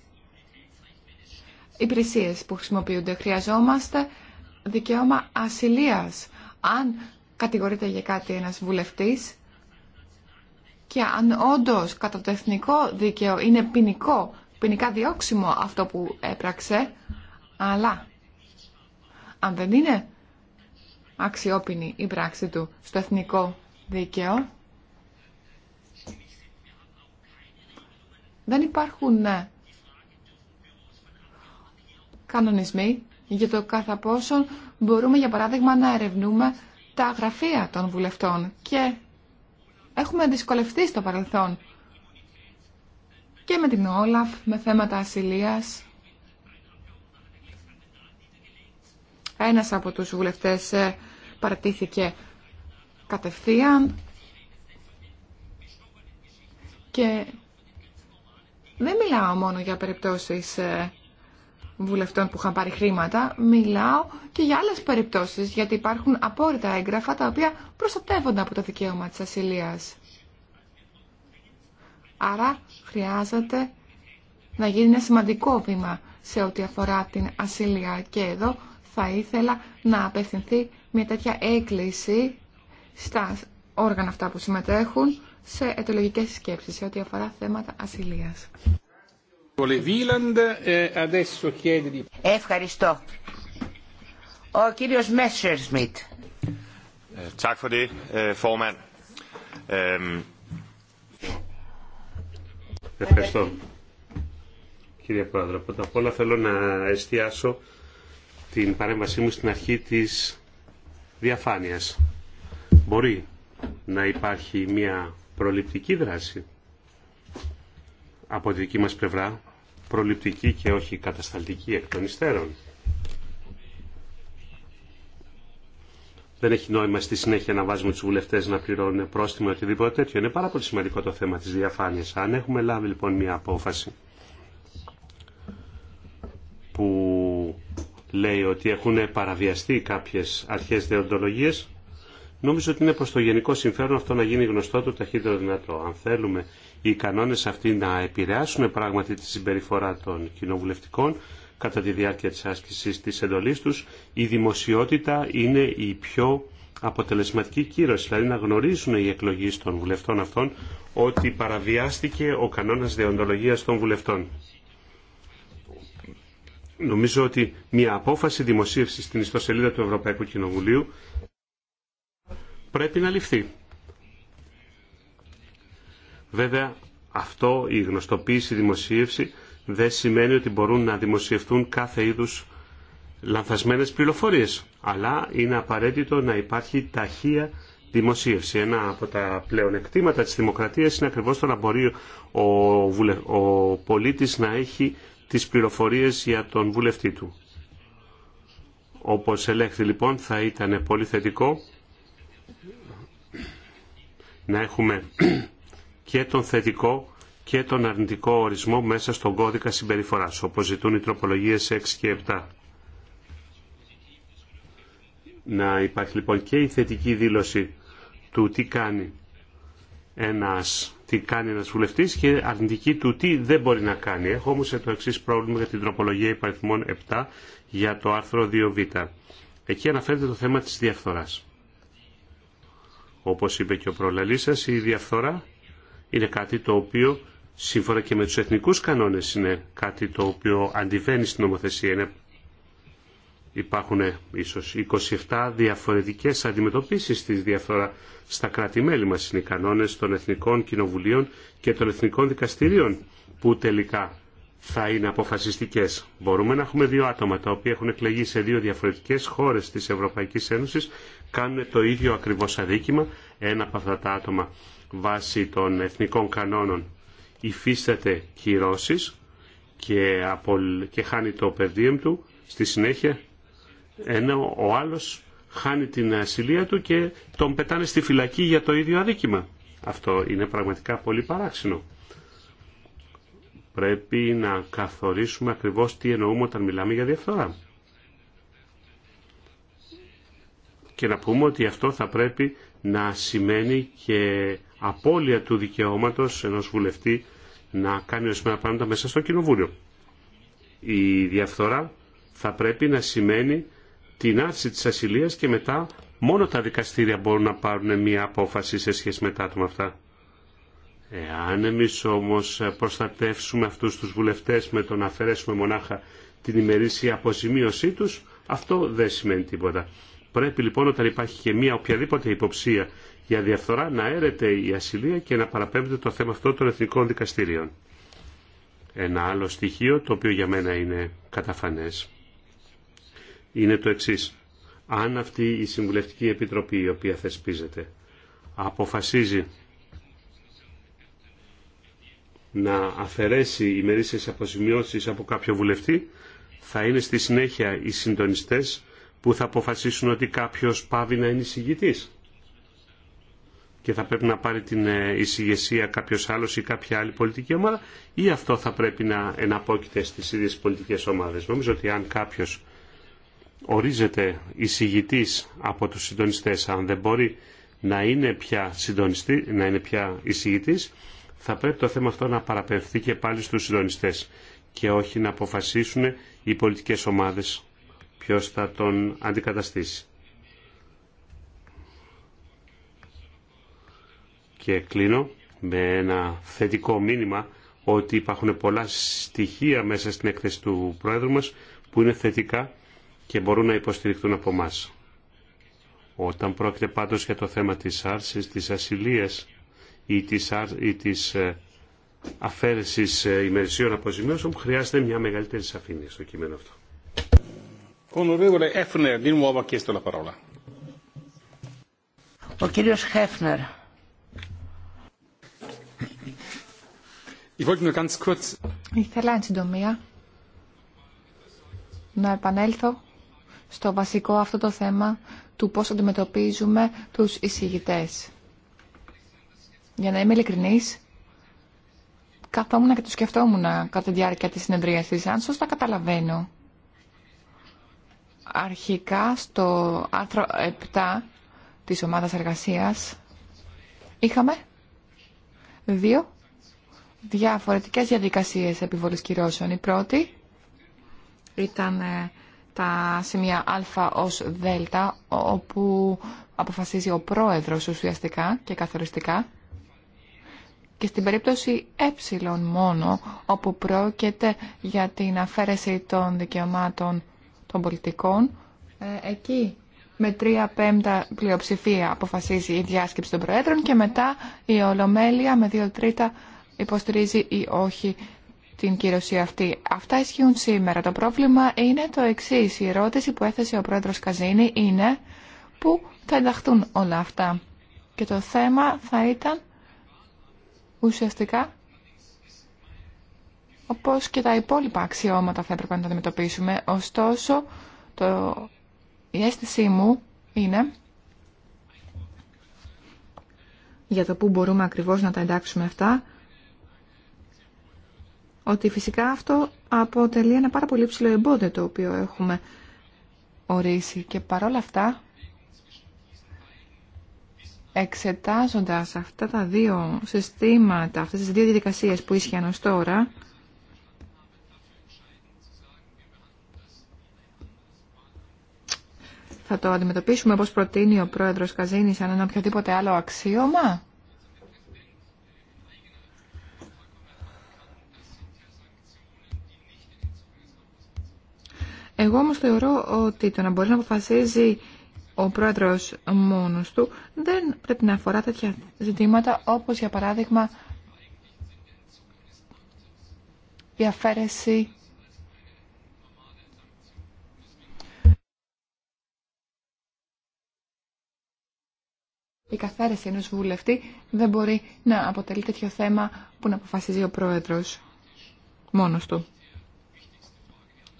S3: υπηρεσίες που χρησιμοποιούνται. Χρειαζόμαστε δικαίωμα ασυλίας. Αν κατηγορείται για κάτι ένας βουλευτής και αν όντως κατά το εθνικό δίκαιο είναι ποινικό, ποινικά διώξιμο αυτό που έπραξε, αλλά αν δεν είναι αξιόπινη η πράξη του στο εθνικό δίκαιο, δεν υπάρχουν ε, κανονισμοί για το κάθε πόσο μπορούμε για παράδειγμα να ερευνούμε τα γραφεία των βουλευτών και έχουμε δυσκολευτεί στο παρελθόν και με την Όλαφ, με θέματα ασυλίας. Ένας από τους βουλευτές ε, παρατήθηκε κατευθείαν και δεν μιλάω μόνο για περιπτώσεις ε, βουλευτών που είχαν πάρει χρήματα, μιλάω και για άλλες περιπτώσεις, γιατί υπάρχουν απόρριτα έγγραφα τα οποία προστατεύονται από το δικαίωμα της ασυλίας. Άρα χρειάζεται να γίνει ένα σημαντικό βήμα σε ό,τι αφορά την ασυλία και εδώ θα ήθελα να απευθυνθεί μια τέτοια έκκληση στα όργανα αυτά που συμμετέχουν σε ετολογικές σκέψεις σε ό,τι αφορά θέματα ασυλίας.
S1: Eh, Ευχαριστώ. Ο κύριος Μέσσερσμιτ.
S2: Ε, Ευχαριστώ. Κύριε Πρόεδρε, πρώτα απ' όλα θέλω να εστιάσω την παρέμβασή μου στην αρχή της διαφάνειας. Μπορεί να υπάρχει μια προληπτική δράση από τη δική μας πλευρά προληπτική και όχι κατασταλτική εκ των υστέρων. Δεν έχει νόημα στη συνέχεια να βάζουμε τους βουλευτές να πληρώνουν πρόστιμο οτιδήποτε τέτοιο. Είναι πάρα πολύ σημαντικό το θέμα της διαφάνειας. Αν έχουμε λάβει λοιπόν μια απόφαση που λέει ότι έχουν παραβιαστεί κάποιες αρχές διοντολογίες... Νομίζω ότι είναι προ το γενικό συμφέρον αυτό να γίνει γνωστό το ταχύτερο δυνατό. Αν θέλουμε οι κανόνε αυτοί να επηρεάσουν πράγματι τη συμπεριφορά των κοινοβουλευτικών κατά τη διάρκεια τη άσκηση τη εντολή του, η δημοσιότητα είναι η πιο αποτελεσματική κύρωση, δηλαδή να γνωρίζουν οι εκλογείς των βουλευτών αυτών ότι παραβιάστηκε ο κανόνα δεοντολογίας των βουλευτών. Νομίζω ότι μια απόφαση δημοσίευση στην ιστοσελίδα του Ευρωπαϊκού Κοινοβουλίου πρέπει να ληφθεί. Βέβαια, αυτό η γνωστοποίηση, δημοσίευση δεν σημαίνει ότι μπορούν να δημοσιευτούν κάθε είδους λανθασμένες πληροφορίες, αλλά είναι απαραίτητο να υπάρχει ταχεία δημοσίευση. Ένα από τα πλεονεκτήματα της δημοκρατίας είναι ακριβώς το να μπορεί ο, βουλε... ο πολίτης να έχει τις πληροφορίες για τον βουλευτή του. Όπως ελέγχθη λοιπόν θα ήταν πολύ θετικό να έχουμε και τον θετικό και τον αρνητικό ορισμό μέσα στον κώδικα συμπεριφοράς, όπως ζητούν οι τροπολογίες 6 και 7. Να υπάρχει λοιπόν και η θετική δήλωση του τι κάνει ένας, τι κάνει ένας βουλευτής και αρνητική του τι δεν μπορεί να κάνει. Έχω όμως το εξή πρόβλημα για την τροπολογία υπαριθμών 7 για το άρθρο 2β. Εκεί αναφέρεται το θέμα της διαφθοράς. Όπως είπε και ο προλαλής σας, η διαφθορά είναι κάτι το οποίο σύμφωνα και με τους εθνικούς κανόνες είναι κάτι το οποίο αντιβαίνει στην νομοθεσία. Είναι... Υπάρχουν ίσως 27 διαφορετικές αντιμετωπίσεις της διαφθορά στα κράτη-μέλη μας. Είναι οι κανόνες των εθνικών κοινοβουλίων και των εθνικών δικαστηρίων που τελικά θα είναι αποφασιστικές. Μπορούμε να έχουμε δύο άτομα τα οποία έχουν εκλεγεί σε δύο διαφορετικές χώρες της Ευρωπαϊκής Ένωσης, κάνουν το ίδιο ακριβώς αδίκημα. Ένα από αυτά τα άτομα βάσει των εθνικών κανόνων υφίσταται κυρώσεις και, και χάνει το περδίεμ του στη συνέχεια, ενώ ο άλλος χάνει την ασυλία του και τον πετάνε στη φυλακή για το ίδιο αδίκημα. Αυτό είναι πραγματικά πολύ παράξενο πρέπει να καθορίσουμε ακριβώς τι εννοούμε όταν μιλάμε για διαφθορά. Και να πούμε ότι αυτό θα πρέπει να σημαίνει και απώλεια του δικαιώματος ενός βουλευτή να κάνει ορισμένα πράγματα μέσα στο κοινοβούλιο. Η διαφθορά θα πρέπει να σημαίνει την άρση της ασυλίας και μετά μόνο τα δικαστήρια μπορούν να πάρουν μια απόφαση σε σχέση με τα άτομα αυτά. Εάν εμείς όμως προστατεύσουμε αυτούς τους βουλευτές με το να αφαιρέσουμε μονάχα την ημερήσια αποζημίωσή τους, αυτό δεν σημαίνει τίποτα. Πρέπει λοιπόν όταν υπάρχει και μία οποιαδήποτε υποψία για διαφθορά να έρεται η ασυλία και να παραπέμπεται το θέμα αυτό των εθνικών δικαστήριων. Ένα άλλο στοιχείο το οποίο για μένα είναι καταφανές είναι το εξής. Αν αυτή η Συμβουλευτική Επιτροπή η οποία θεσπίζεται αποφασίζει να αφαιρέσει ημερήσει αποζημιώσει από κάποιο βουλευτή, θα είναι στη συνέχεια οι συντονιστές που θα αποφασίσουν ότι κάποιος πάβει να είναι εισηγητή. και θα πρέπει να πάρει την ε, εισηγεσία κάποιο άλλο ή κάποια άλλη πολιτική ομάδα ή αυτό θα πρέπει να εναπόκειται στις ίδιες πολιτικές ομάδε Νομίζω ότι αν κάποιο ορίζεται εισηγητή από του συντονιστέ, αν δεν μπορεί να είναι πια, να είναι πια εισηγητής, θα πρέπει το θέμα αυτό να παραπευθεί και πάλι στους συντονιστές και όχι να αποφασίσουν οι πολιτικές ομάδες ποιος θα τον αντικαταστήσει. Και κλείνω με ένα θετικό μήνυμα ότι υπάρχουν πολλά στοιχεία μέσα στην έκθεση του Πρόεδρου μας που είναι θετικά και μπορούν να υποστηριχθούν από εμά. Όταν πρόκειται πάντως για το θέμα της άρσης, της ασυλίας, ή της, ή της ε, αφαίρεσης ε, ημερησίων αποζημιώσεων χρειάζεται μια μεγαλύτερη σαφήνεια στο κείμενο αυτό.
S1: Ο κύριος Χέφνερ.
S3: Ήθελα εν συντομία να επανέλθω στο βασικό αυτό το θέμα του πώς αντιμετωπίζουμε τους εισηγητές. Για να είμαι ειλικρινή, καθόμουν και το σκεφτόμουν κατά τη διάρκεια της συνεδρίασης, αν σωστά καταλαβαίνω. Αρχικά στο άρθρο 7 της ομάδας εργασίας είχαμε δύο διαφορετικές διαδικασίες επιβολής κυρώσεων. Η πρώτη ήταν ε, τα σημεία α ως δ, όπου αποφασίζει ο πρόεδρος ουσιαστικά και καθοριστικά και στην περίπτωση ε μόνο, όπου πρόκειται για την αφαίρεση των δικαιωμάτων των πολιτικών, ε, εκεί με τρία πέμπτα πλειοψηφία αποφασίζει η διάσκεψη των Προέδρων και μετά η Ολομέλεια με δύο τρίτα υποστηρίζει ή όχι την κύρωση αυτή. Αυτά ισχύουν σήμερα. Το πρόβλημα είναι το εξή. Η ερώτηση που έθεσε ο Πρόεδρος Καζίνη είναι πού θα ενταχθούν όλα αυτά. Και το θέμα θα ήταν ουσιαστικά όπως και τα υπόλοιπα αξιώματα θα έπρεπε να τα αντιμετωπίσουμε. Ωστόσο, το... η αίσθησή μου είναι για το που μπορούμε ακριβώς να τα εντάξουμε αυτά, ότι φυσικά αυτό αποτελεί ένα πάρα πολύ ψηλό εμπόδιο το οποίο έχουμε ορίσει και παρόλα αυτά Εξετάζοντας αυτά τα δύο συστήματα, αυτές τις δύο διαδικασίες που ίσχυαν ως τώρα, θα το αντιμετωπίσουμε όπως προτείνει ο πρόεδρος Καζίνης σαν ένα οποιοδήποτε άλλο αξίωμα. Εγώ όμως θεωρώ ότι το να μπορεί να αποφασίζει ο πρόεδρος μόνος του δεν πρέπει να αφορά τέτοια ζητήματα όπως για παράδειγμα η αφαίρεση η καθαίρεση ενός βουλευτή δεν μπορεί να αποτελεί τέτοιο θέμα που να αποφασίζει ο πρόεδρος μόνος του.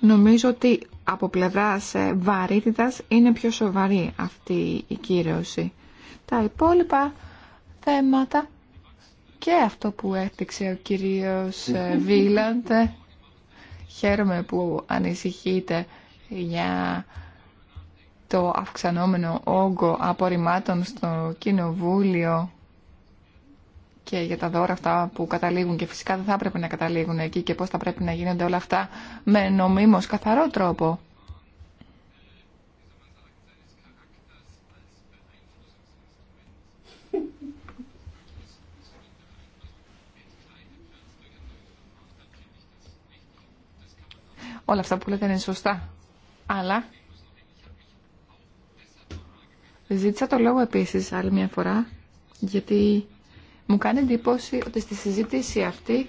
S3: Νομίζω ότι από πλευράς ε, βαρύτητας είναι πιο σοβαρή αυτή η κύρωση. Τα υπόλοιπα θέματα και αυτό που έθιξε ο κύριος ε, Βίλαντ. Ε, χαίρομαι που ανησυχείτε για το αυξανόμενο όγκο απορριμμάτων στο Κοινοβούλιο και για τα δώρα αυτά που καταλήγουν και φυσικά δεν θα πρέπει να καταλήγουν εκεί και πώς θα πρέπει να γίνονται όλα αυτά με νομίμως καθαρό τρόπο. Όλα αυτά που λέτε είναι σωστά. Αλλά ζήτησα το λόγο επίσης άλλη μια φορά γιατί μου κάνει εντύπωση ότι στη συζήτηση αυτή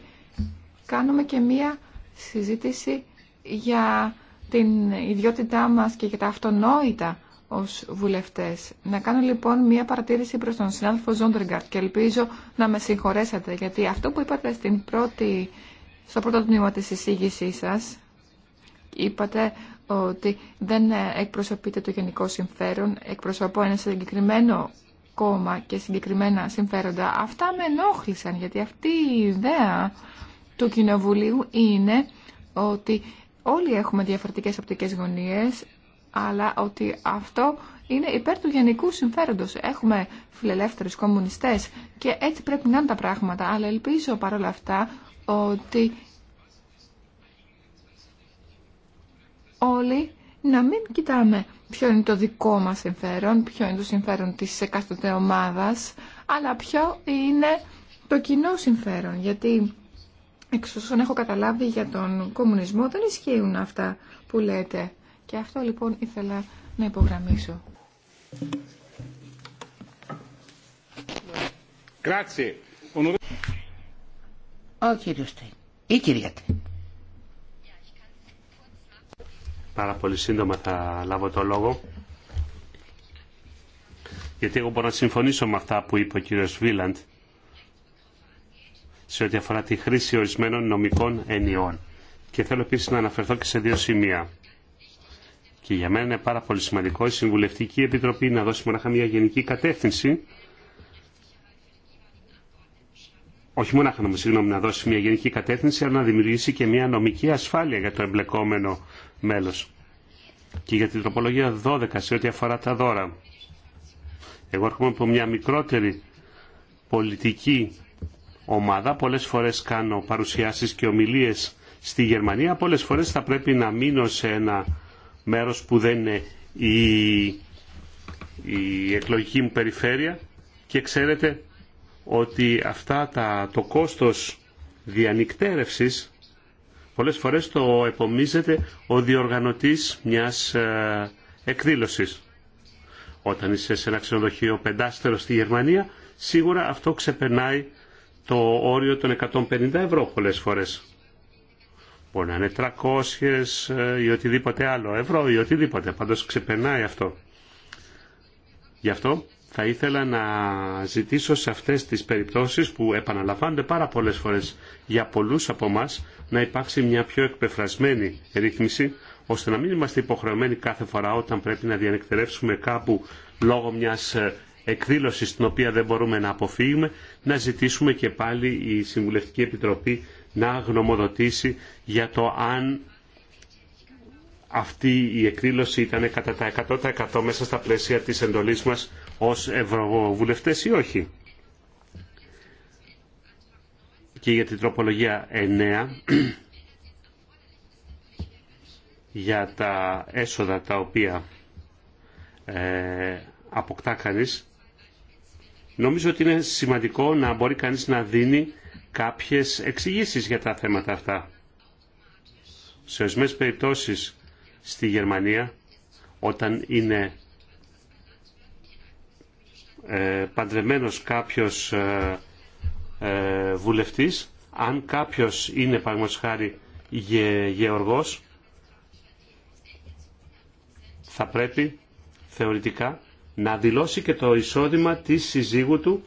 S3: κάνουμε και μία συζήτηση για την ιδιότητά μας και για τα αυτονόητα ως βουλευτές. Να κάνω λοιπόν μία παρατήρηση προς τον συνάδελφο Ζόντεργκαρτ και ελπίζω να με συγχωρέσατε γιατί αυτό που είπατε στην πρώτη, στο πρώτο τμήμα της εισήγησής σας είπατε ότι δεν εκπροσωπείτε το γενικό συμφέρον, εκπροσωπώ ένα συγκεκριμένο κόμμα και συγκεκριμένα συμφέροντα. Αυτά με ενόχλησαν γιατί αυτή η ιδέα του Κοινοβουλίου είναι ότι όλοι έχουμε διαφορετικές οπτικές γωνίες αλλά ότι αυτό είναι υπέρ του γενικού συμφέροντος. Έχουμε φιλελεύθερους κομμουνιστές και έτσι πρέπει να είναι τα πράγματα. Αλλά ελπίζω παρόλα αυτά ότι όλοι να μην κοιτάμε ποιο είναι το δικό μας συμφέρον, ποιο είναι το συμφέρον της εκάστοτε ομάδας, αλλά ποιο είναι το κοινό συμφέρον. Γιατί, εξ όσων έχω καταλάβει για τον κομμουνισμό, δεν ισχύουν αυτά που λέτε. Και αυτό λοιπόν ήθελα να υπογραμμίσω.
S1: Ο κύριος Τέιν. Η κυρία
S2: Πάρα πολύ σύντομα θα λάβω το λόγο. Γιατί εγώ μπορώ να συμφωνήσω με αυτά που είπε ο κύριος Βίλαντ σε ό,τι αφορά τη χρήση ορισμένων νομικών ενιών. Και θέλω επίσης να αναφερθώ και σε δύο σημεία. Και για μένα είναι πάρα πολύ σημαντικό η Συμβουλευτική Επιτροπή να δώσει μονάχα μια γενική κατεύθυνση όχι μόνο συγγνώμη, να δώσει μια γενική κατεύθυνση, αλλά να δημιουργήσει και μια νομική ασφάλεια για το εμπλεκόμενο μέλος. Και για την τροπολογία 12 σε ό,τι αφορά τα δώρα. Εγώ έρχομαι από μια μικρότερη πολιτική ομάδα. Πολλές φορές κάνω παρουσιάσεις και ομιλίες στη Γερμανία. Πολλές φορές θα πρέπει να μείνω σε ένα μέρο που δεν είναι η, η εκλογική μου περιφέρεια. Και ξέρετε, ότι αυτά τα, το κόστος διανυκτέρευσης πολλές φορές το επομίζεται ο διοργανωτής μιας ε, εκδήλωσης. Όταν είσαι σε ένα ξενοδοχείο πεντάστερο στη Γερμανία, σίγουρα αυτό ξεπερνάει το όριο των 150 ευρώ πολλές φορές. Μπορεί να είναι 300 ε, ή οτιδήποτε άλλο ευρώ ή οτιδήποτε, πάντως ξεπερνάει αυτό. Γι' αυτό θα ήθελα να ζητήσω σε αυτές τις περιπτώσεις που επαναλαμβάνονται πάρα πολλές φορές για πολλούς από εμά να υπάρξει μια πιο εκπεφρασμένη ρύθμιση ώστε να μην είμαστε υποχρεωμένοι κάθε φορά όταν πρέπει να διανεκτερεύσουμε κάπου λόγω μιας ε, εκδήλωσης την οποία δεν μπορούμε να αποφύγουμε να ζητήσουμε και πάλι η Συμβουλευτική Επιτροπή να γνωμοδοτήσει για το αν αυτή η εκδήλωση ήταν κατά τα 100% μέσα στα πλαίσια της εντολής μας ως ευρωβουλευτές ή όχι. Και για την τροπολογία 9, για τα έσοδα τα οποία ε, αποκτά κανείς, νομίζω ότι είναι σημαντικό να μπορεί κανείς να δίνει κάποιες εξηγήσεις για τα θέματα αυτά. Σε ορισμένε περιπτώσεις στη Γερμανία, όταν είναι ε, παντρεμένος κάποιος ε, ε, βουλευτής, αν κάποιος είναι παραδείγματος χάρη γε, γεωργός, θα πρέπει θεωρητικά να δηλώσει και το εισόδημα της συζύγου του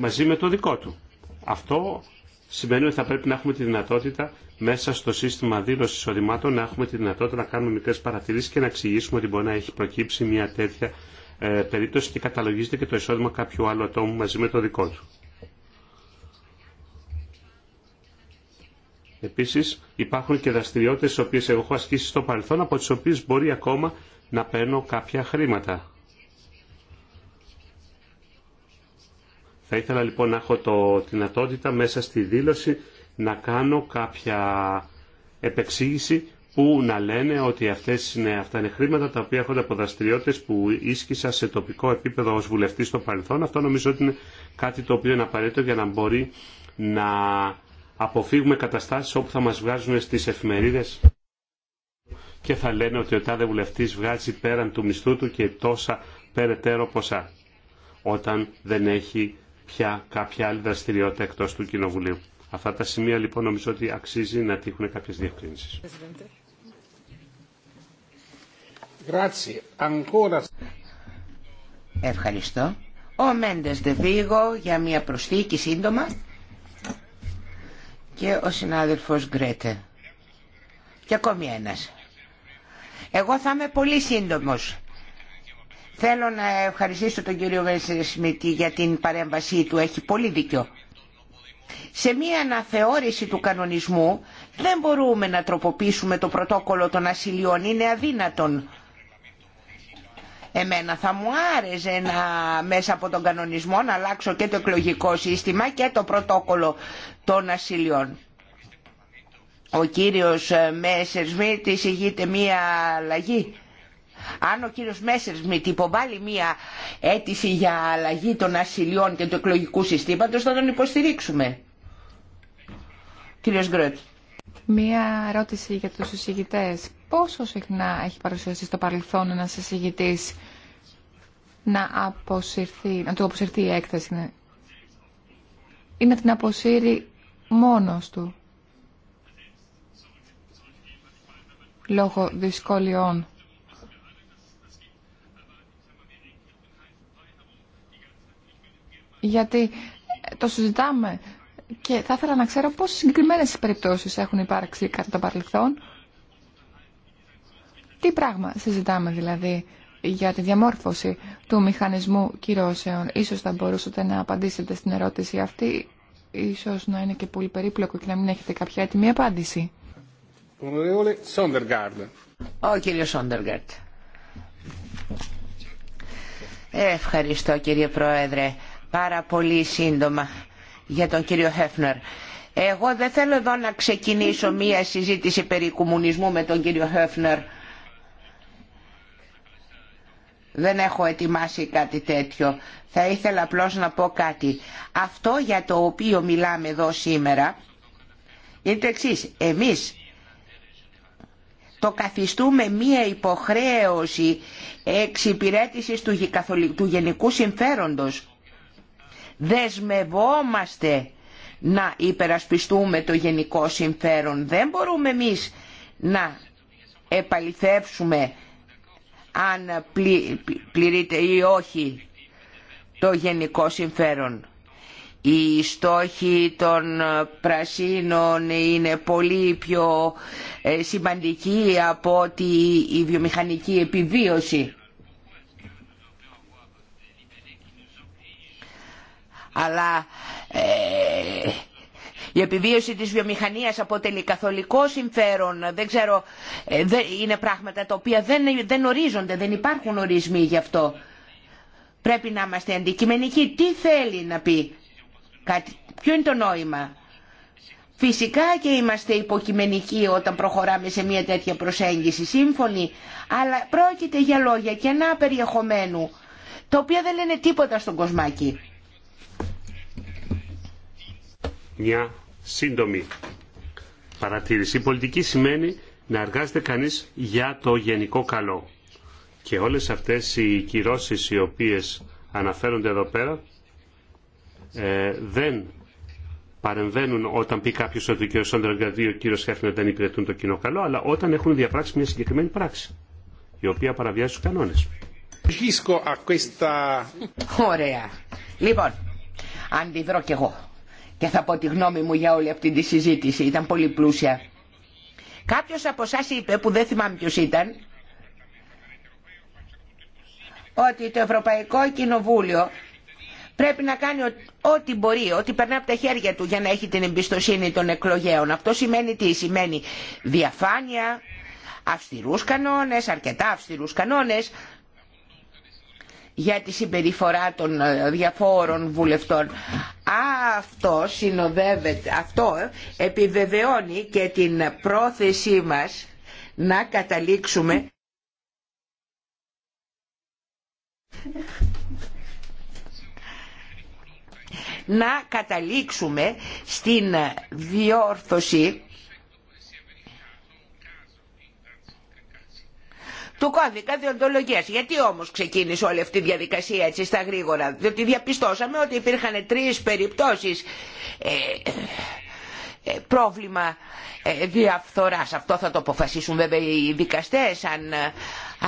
S2: μαζί με το δικό του. Αυτό σημαίνει ότι θα πρέπει να έχουμε τη δυνατότητα μέσα στο σύστημα δήλωση εισοδημάτων να έχουμε τη δυνατότητα να κάνουμε μικρές παρατηρήσεις και να εξηγήσουμε ότι μπορεί να έχει προκύψει μια τέτοια ε, περίπτωση και καταλογίζεται και το εισόδημα κάποιου άλλου ατόμου μαζί με το δικό του. Επίσης υπάρχουν και δραστηριότητες τις οποίες εγώ έχω ασκήσει στο παρελθόν από τις οποίες μπορεί ακόμα να παίρνω κάποια χρήματα. Θα ήθελα λοιπόν να έχω το, τη δυνατότητα μέσα στη δήλωση να κάνω κάποια επεξήγηση που να λένε ότι αυτές είναι, αυτά είναι χρήματα τα οποία έρχονται από δραστηριότητε που ίσχυσα σε τοπικό επίπεδο ως βουλευτής στο παρελθόν. Αυτό νομίζω ότι είναι κάτι το οποίο είναι απαραίτητο για να μπορεί να αποφύγουμε καταστάσεις όπου θα μας βγάζουν στις εφημερίδες και θα λένε ότι ο τάδε βουλευτής βγάζει πέραν του μισθού του και τόσα περαιτέρω ποσά όταν δεν έχει πια κάποια άλλη δραστηριότητα εκτός του Κοινοβουλίου. Αυτά τα σημεία λοιπόν νομίζω ότι αξίζει να τύχουν κάποιες διευκρίνησεις.
S1: Ευχαριστώ. Ο Μέντες Δεβίγο για μια προσθήκη σύντομα και ο συνάδελφος Γκρέτε. Και ακόμη ένας. Εγώ θα είμαι πολύ σύντομος. Θέλω να ευχαριστήσω τον κύριο Βέσσερ Σμίτη για την παρέμβασή του. Έχει πολύ δίκιο. Σε μία αναθεώρηση του κανονισμού δεν μπορούμε να τροποποιήσουμε το πρωτόκολλο των ασυλιών. Είναι αδύνατον. Εμένα θα μου άρεσε να, μέσα από τον κανονισμό να αλλάξω και το εκλογικό σύστημα και το πρωτόκολλο των ασυλιών. Ο κύριος Μέσερ εισηγείται μία αλλαγή. Αν ο κύριος Μέσερ υποβάλει μία αίτηση για αλλαγή των ασυλιών και του εκλογικού συστήματος θα τον υποστηρίξουμε. Κύριος Γκρότ.
S3: Μία ερώτηση για τους εισηγητές. Πόσο συχνά έχει παρουσιαστεί στο παρελθόν ένας εισηγητής να, αποσυρθεί, να του αποσυρθεί η έκθεση ναι. ή να την αποσύρει μόνος του λόγω δυσκολιών. Γιατί το συζητάμε και θα ήθελα να ξέρω πόσες συγκεκριμένες περιπτώσεις έχουν υπάρξει κατά το παρελθόν. Τι πράγμα συζητάμε δηλαδή για τη διαμόρφωση του μηχανισμού κυρώσεων. Ίσως θα μπορούσατε να απαντήσετε στην ερώτηση αυτή. Ίσως να είναι και πολύ περίπλοκο και να μην έχετε κάποια έτοιμη απάντηση.
S1: Ο κύριος Σόντεργαρτ. Ευχαριστώ κύριε Πρόεδρε. Πάρα πολύ σύντομα για τον κύριο Χέφνερ. Εγώ δεν θέλω εδώ να ξεκινήσω μία συζήτηση περί κομμουνισμού με τον κύριο Χέφνερ. Δεν έχω ετοιμάσει κάτι τέτοιο. Θα ήθελα απλώς να πω κάτι. Αυτό για το οποίο μιλάμε εδώ σήμερα είναι το εξής. Εμείς το καθιστούμε μία υποχρέωση εξυπηρέτησης του, του γενικού συμφέροντος δεσμευόμαστε να υπερασπιστούμε το γενικό συμφέρον. Δεν μπορούμε εμείς να επαληθεύσουμε αν πληρείται ή όχι το γενικό συμφέρον. Οι στόχοι των πρασίνων είναι πολύ πιο ε, σημαντικοί από ότι η βιομηχανική επιβίωση. αλλά ε, η επιβίωση της βιομηχανίας αποτελεί καθολικό συμφέρον, δεν ξέρω, ε, είναι πράγματα τα οποία δεν, δεν ορίζονται, δεν υπάρχουν ορισμοί γι' αυτό. Πρέπει να είμαστε αντικειμενικοί. Τι θέλει να πει κάτι, ποιο είναι το νόημα. Φυσικά και είμαστε υποκειμενικοί όταν προχωράμε σε μια τέτοια προσέγγιση, σύμφωνη αλλά πρόκειται για λόγια κενά περιεχομένου, τα οποία δεν λένε τίποτα στον κοσμάκι
S2: μια σύντομη παρατήρηση. Η πολιτική σημαίνει να εργάζεται κανείς για το γενικό καλό. Και όλες αυτές οι κυρώσεις οι οποίες αναφέρονται εδώ πέρα ε, δεν παρεμβαίνουν όταν πει κάποιο ότι ο κ. Σόντεργαρντ και ο κ. Χέφνερ δεν υπηρετούν το κοινό καλό, αλλά όταν έχουν διαπράξει μια συγκεκριμένη πράξη,
S1: η οποία παραβιάζει του κανόνε. Ωραία. Λοιπόν, αντιδρώ κι εγώ και θα πω τη γνώμη μου για όλη αυτή τη συζήτηση, ήταν πολύ πλούσια. Κάποιος από εσά είπε, που δεν θυμάμαι ποιος ήταν, ότι το Ευρωπαϊκό Κοινοβούλιο πρέπει να κάνει ό,τι μπορεί, ό,τι περνά από τα χέρια του για να έχει την εμπιστοσύνη των εκλογέων. Αυτό σημαίνει τι, σημαίνει διαφάνεια, αυστηρούς κανόνες, αρκετά αυστηρούς κανόνες, για τη συμπεριφορά των ε, διαφόρων βουλευτών. Αυτό συνοδεύεται, αυτό ε, επιβεβαιώνει και την πρόθεσή μας να καταλήξουμε να καταλήξουμε στην διόρθωση του κώδικα διοντολογία. Γιατί όμω ξεκίνησε όλη αυτή η διαδικασία έτσι στα γρήγορα. Διότι διαπιστώσαμε ότι υπήρχαν τρεις περιπτώσεις ε, ε, πρόβλημα ε, διαφθοράς. Αυτό θα το αποφασίσουν βέβαια οι δικαστέ, αν,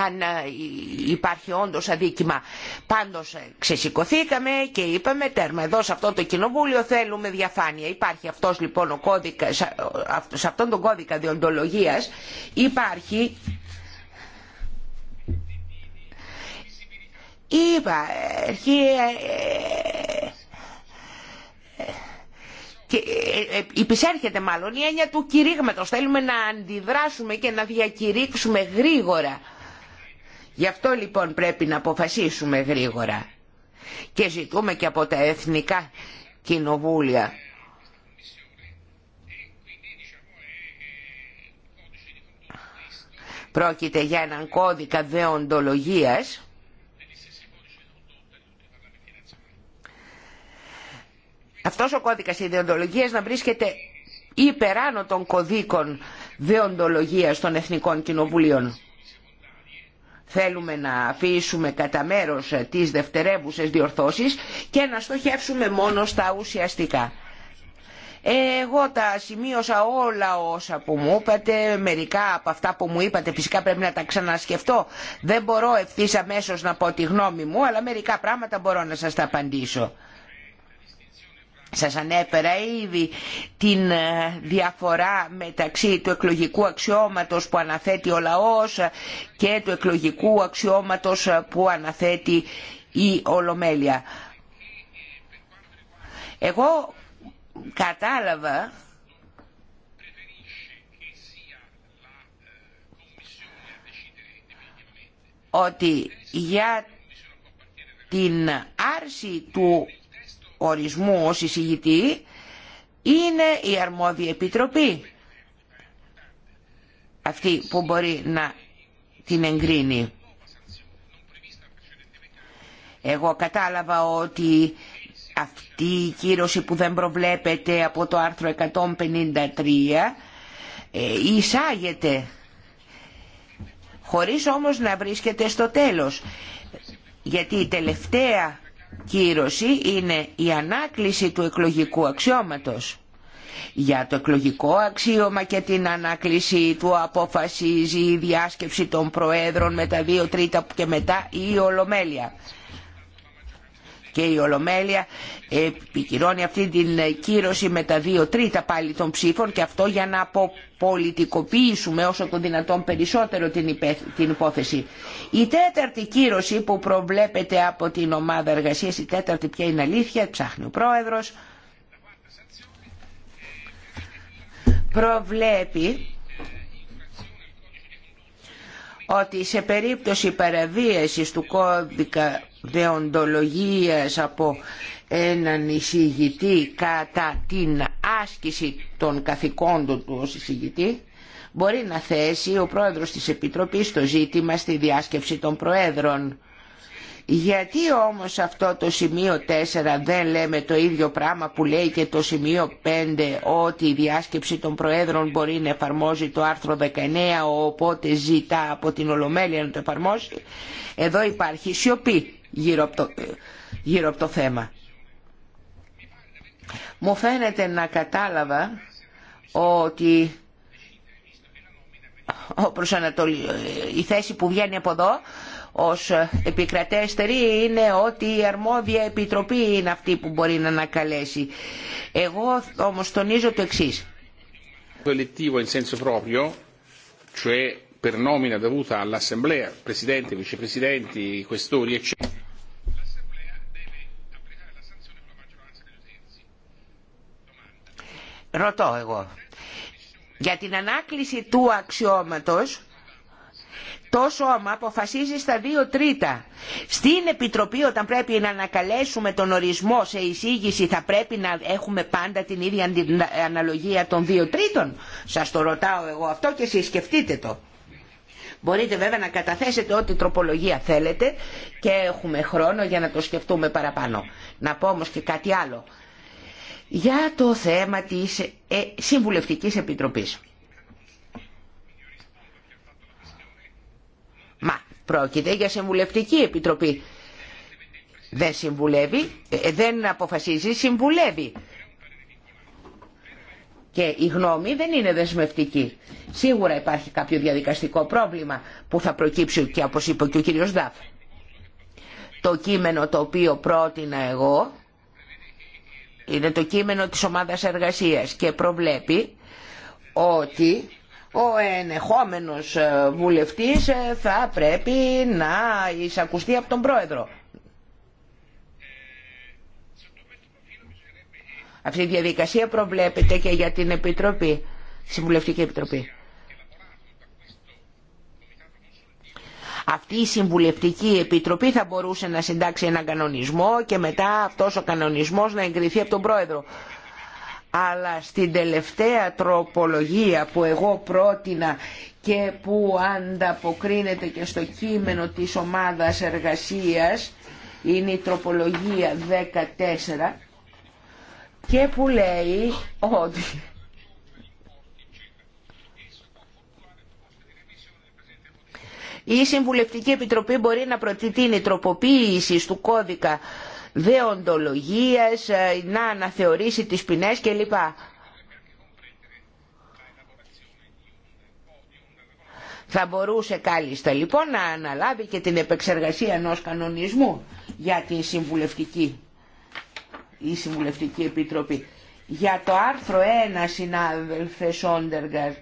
S1: αν υπάρχει όντω αδίκημα. Πάντως ξεσηκωθήκαμε και είπαμε τέρμα εδώ σε αυτό το κοινοβούλιο θέλουμε διαφάνεια. Υπάρχει αυτό λοιπόν ο κώδικα, σε αυτόν τον κώδικα διοντολογία υπάρχει Είπα... Ε, ε, και ε, υπησέρχεται μάλλον η έννοια του κηρύγματος. Θέλουμε να αντιδράσουμε και να διακηρύξουμε γρήγορα. Γι' αυτό λοιπόν πρέπει να αποφασίσουμε γρήγορα. Και ζητούμε και από τα εθνικά κοινοβούλια. Πρόκειται για έναν κώδικα δεοντολογίας αυτός ο κώδικας ιδεοντολογίας να βρίσκεται υπεράνω των κωδίκων δεοντολογίας των Εθνικών Κοινοβουλίων. Θέλουμε να αφήσουμε κατά μέρο ε, τις δευτερεύουσες διορθώσεις και να στοχεύσουμε μόνο στα ουσιαστικά. Εγώ τα σημείωσα όλα όσα που μου είπατε, μερικά από αυτά που μου είπατε φυσικά πρέπει να τα ξανασκεφτώ. Δεν μπορώ ευθύ αμέσω να πω τη γνώμη μου, αλλά μερικά πράγματα μπορώ να σας τα απαντήσω. Σας ανέφερα ήδη την ε, διαφορά μεταξύ του εκλογικού αξιώματος που αναθέτει ο λαός και του εκλογικού αξιώματος ε, που αναθέτει η Ολομέλεια. Εγώ κατάλαβα ότι για την άρση του ορισμού ως εισηγητή είναι η αρμόδια επιτροπή αυτή που μπορεί να την εγκρίνει. Εγώ κατάλαβα ότι αυτή η κύρωση που δεν προβλέπεται από το άρθρο 153 ε, εισάγεται χωρίς όμως να βρίσκεται στο τέλος γιατί η τελευταία κύρωση είναι η ανάκληση του εκλογικού αξιώματος. Για το εκλογικό αξίωμα και την ανάκληση του αποφασίζει η διάσκεψη των Προέδρων με τα δύο τρίτα και μετά η Ολομέλεια και η Ολομέλεια ε, επικυρώνει αυτή την ε, κύρωση με τα δύο τρίτα πάλι των ψήφων και αυτό για να αποπολιτικοποιήσουμε όσο το δυνατόν περισσότερο την υπόθεση. Η τέταρτη κύρωση που προβλέπεται από την ομάδα εργασίας, η τέταρτη πια είναι αλήθεια, ψάχνει ο πρόεδρος, προβλέπει ότι σε περίπτωση παραβίασης του κώδικα δεοντολογίας από έναν εισηγητή κατά την άσκηση των καθηκόντων του ως εισηγητή μπορεί να θέσει ο πρόεδρος της Επιτροπής το ζήτημα στη διάσκεψη των προέδρων. Γιατί όμως αυτό το σημείο 4 δεν λέμε το ίδιο πράγμα που λέει και το σημείο 5 ότι η διάσκεψη των Προέδρων μπορεί να εφαρμόζει το άρθρο 19 οπότε ζητά από την Ολομέλεια να το εφαρμόσει. Εδώ υπάρχει σιωπή γύρω από το, γύρω από το θέμα. Μου φαίνεται να κατάλαβα ότι ο η θέση που βγαίνει από εδώ ως επικρατέστερη είναι ότι η αρμόδια επιτροπή είναι αυτή που μπορεί να ανακαλέσει. Εγώ όμως τονίζω το εξής.
S2: Το in senso proprio, cioè per nomina dovuta all'Assemblea, Presidente, Vicepresidenti, Questori, eccetera.
S1: Ρωτώ εγώ. Για την ανάκληση του αξιώματος το σώμα αποφασίζει στα δύο τρίτα. Στην Επιτροπή όταν πρέπει να ανακαλέσουμε τον ορισμό σε εισήγηση θα πρέπει να έχουμε πάντα την ίδια αναλογία των δύο τρίτων. Σας το ρωτάω εγώ αυτό και εσείς σκεφτείτε το. Μπορείτε βέβαια να καταθέσετε ό,τι τροπολογία θέλετε και έχουμε χρόνο για να το σκεφτούμε παραπάνω. Να πω όμως και κάτι άλλο για το θέμα της ε, Συμβουλευτικής Επιτροπής. Μα πρόκειται για Συμβουλευτική Επιτροπή. Δεν συμβουλεύει, ε, δεν αποφασίζει, συμβουλεύει. Και η γνώμη δεν είναι δεσμευτική. Σίγουρα υπάρχει κάποιο διαδικαστικό πρόβλημα που θα προκύψει και όπως είπε και ο κύριος Ντάφ. Το κείμενο το οποίο πρότεινα εγώ είναι το κείμενο της ομάδας εργασίας και προβλέπει ότι ο ενεχόμενος ε, βουλευτής ε, θα πρέπει να εισακουστεί από τον πρόεδρο. Αυτή η διαδικασία προβλέπεται και για την Επιτροπή, Συμβουλευτική Επιτροπή. αυτή η συμβουλευτική επιτροπή θα μπορούσε να συντάξει έναν κανονισμό και μετά αυτός ο κανονισμός να εγκριθεί από τον πρόεδρο αλλά στην τελευταία τροπολογία που εγώ πρότεινα και που ανταποκρίνεται και στο κείμενο της ομάδας εργασίας είναι η τροπολογία 14 και που λέει ότι Η Συμβουλευτική Επιτροπή μπορεί να προτείνει τροποποίηση του κώδικα δεοντολογίας, ε, να αναθεωρήσει τις ποινές κλπ. Θα μπορούσε κάλλιστα λοιπόν να αναλάβει και την επεξεργασία ενός κανονισμού για την Συμβουλευτική, η Συμβουλευτική Επιτροπή. Για το άρθρο 1, συνάδελφε Σόντεργαρτ,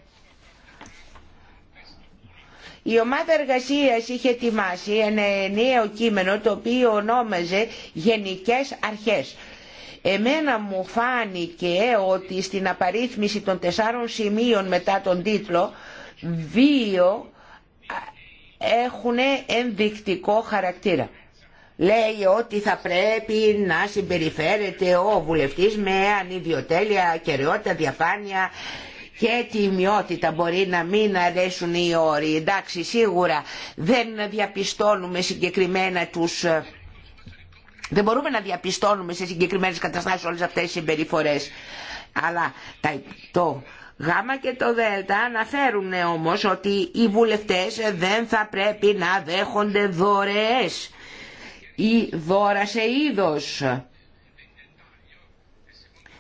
S1: η ομάδα εργασίας είχε ετοιμάσει ένα νέο κείμενο το οποίο ονόμαζε «Γενικές Αρχές». Εμένα μου φάνηκε ότι στην απαρίθμηση των τεσσάρων σημείων μετά τον τίτλο δύο έχουν ενδεικτικό χαρακτήρα. Λέει ότι θα πρέπει να συμπεριφέρεται ο βουλευτής με ανιδιοτέλεια, κεραιότητα, διαφάνεια, και τι ημιότητα μπορεί να μην αρέσουν οι όροι. Εντάξει, σίγουρα δεν διαπιστώνουμε συγκεκριμένα τους... Ε, δεν μπορούμε να διαπιστώνουμε σε συγκεκριμένες καταστάσεις όλες αυτές τις συμπεριφορές. Αλλά το Γ και το Δ αναφέρουν όμως ότι οι βουλευτές δεν θα πρέπει να δέχονται δωρεές ή δώρα σε είδος.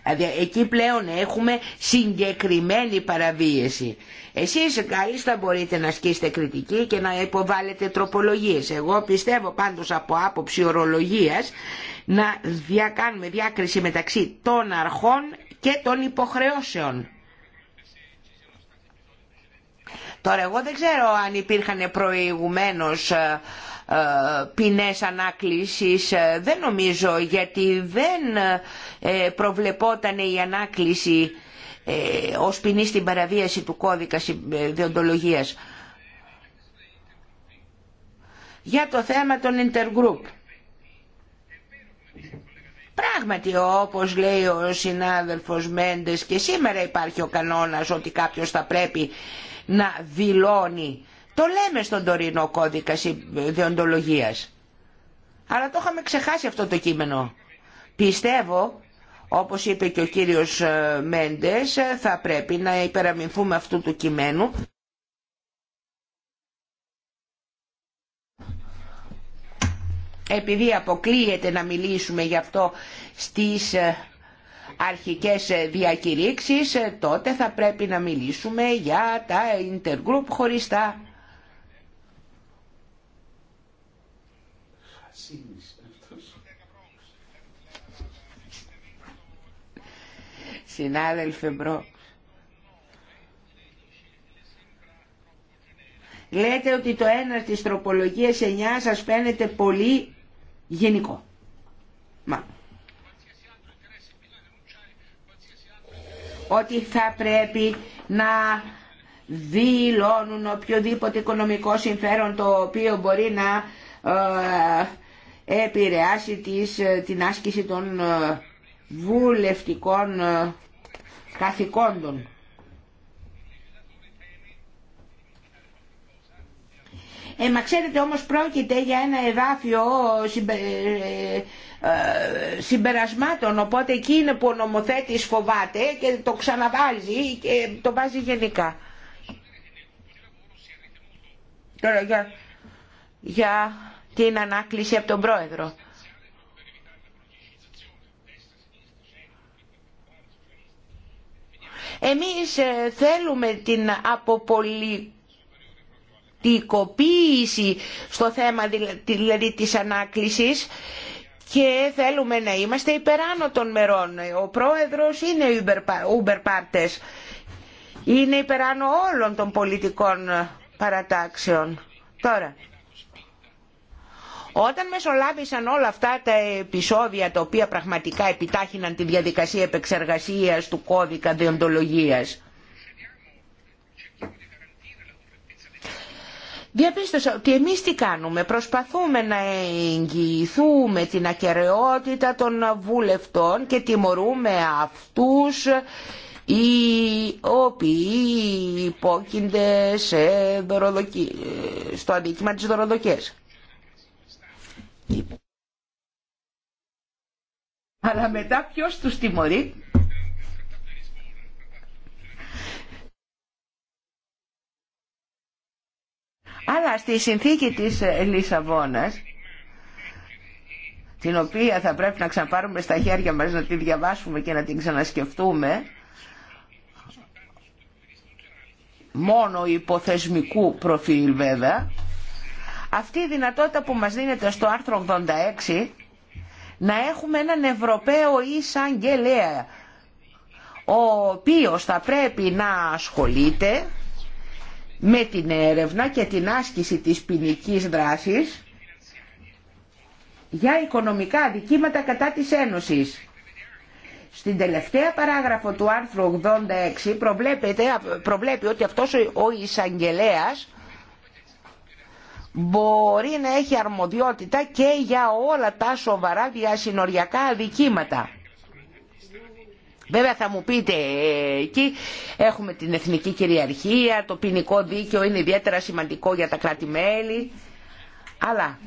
S1: Δηλαδή εκεί πλέον έχουμε συγκεκριμένη παραβίαση. Εσείς κάλλιστα μπορείτε να ασκήσετε κριτική και να υποβάλλετε τροπολογίες. Εγώ πιστεύω πάντως από άποψη ορολογίας να διακάνουμε διάκριση μεταξύ των αρχών και των υποχρεώσεων. Τώρα εγώ δεν ξέρω αν υπήρχαν προηγουμένως ε, ε, ποινές ανάκλησης ε, δεν νομίζω γιατί δεν ε, προβλεπόταν η ανάκληση ως ποινή στην παραβίαση του κώδικα διοντολογίας. Για το θέμα των Intergroup. Πράγματι όπως λέει ο συνάδελφος Μέντες και σήμερα υπάρχει ο κανόνας ότι κάποιος θα πρέπει να δηλώνει το λέμε στον τωρινό κώδικα διοντολογίας. Αλλά το είχαμε ξεχάσει αυτό το κείμενο. Πιστεύω, όπως είπε και ο κύριος ε, Μέντες, ε, θα πρέπει να υπεραμυνθούμε αυτού του κειμένου. Επειδή αποκλείεται να μιλήσουμε γι' αυτό στις ε, αρχικές διακηρύξεις, τότε θα πρέπει να μιλήσουμε για τα intergroup χωριστά. Συνάδελφε Μπρο, λέτε ότι το ένα της τροπολογίας εννιά σας φαίνεται πολύ γενικό. Μα. Ότι θα πρέπει να δηλώνουν οποιοδήποτε οικονομικό συμφέρον το οποίο μπορεί να ε, επηρεάσει της ε, την άσκηση των ε, βουλευτικών καθηκόντων. Ε, μα ξέρετε όμως πρόκειται για ένα εδάφιο συμπερασμάτων, οπότε είναι που ο νομοθέτης φοβάται και το ξαναβάζει και το βάζει γενικά. Τώρα για για την ανάκληση από τον πρόεδρο. Εμείς ε, θέλουμε την αποπολιτικοποίηση στο θέμα δηλαδή της ανάκλησης και θέλουμε να είμαστε υπεράνω των μερών. Ο πρόεδρος είναι Uber Είναι υπεράνω όλων των πολιτικών παρατάξεων. Τώρα, όταν μεσολάβησαν όλα αυτά τα επεισόδια τα οποία πραγματικά επιτάχυναν τη διαδικασία επεξεργασίας του κώδικα διοντολογίας, Διαπίστωσα ότι εμείς τι κάνουμε, προσπαθούμε να εγγυηθούμε την ακαιρεότητα των βουλευτών και τιμωρούμε αυτούς οι οποίοι υπόκεινται στο αντίκημα της δωροδοκίας. Αλλά μετά ποιος τους τιμωρεί. Αλλά στη συνθήκη της Λισαβόνας, την οποία θα πρέπει να ξαναπάρουμε στα χέρια μας, να τη διαβάσουμε και να την ξανασκεφτούμε, μόνο υποθεσμικού προφίλ βέβαια, αυτή η δυνατότητα που μας δίνεται στο άρθρο 86 να έχουμε έναν Ευρωπαίο εισαγγελέα ο οποίος θα πρέπει να ασχολείται με την έρευνα και την άσκηση της ποινική δράσης για οικονομικά δικήματα κατά της Ένωσης. Στην τελευταία παράγραφο του άρθρου 86 προβλέπει ότι αυτός ο εισαγγελέας μπορεί να έχει αρμοδιότητα και για όλα τα σοβαρά διασυνοριακά αδικήματα. Βέβαια θα μου πείτε ε, εκεί έχουμε την εθνική κυριαρχία, το ποινικό δίκαιο είναι ιδιαίτερα σημαντικό για τα κράτη-μέλη. Αλλά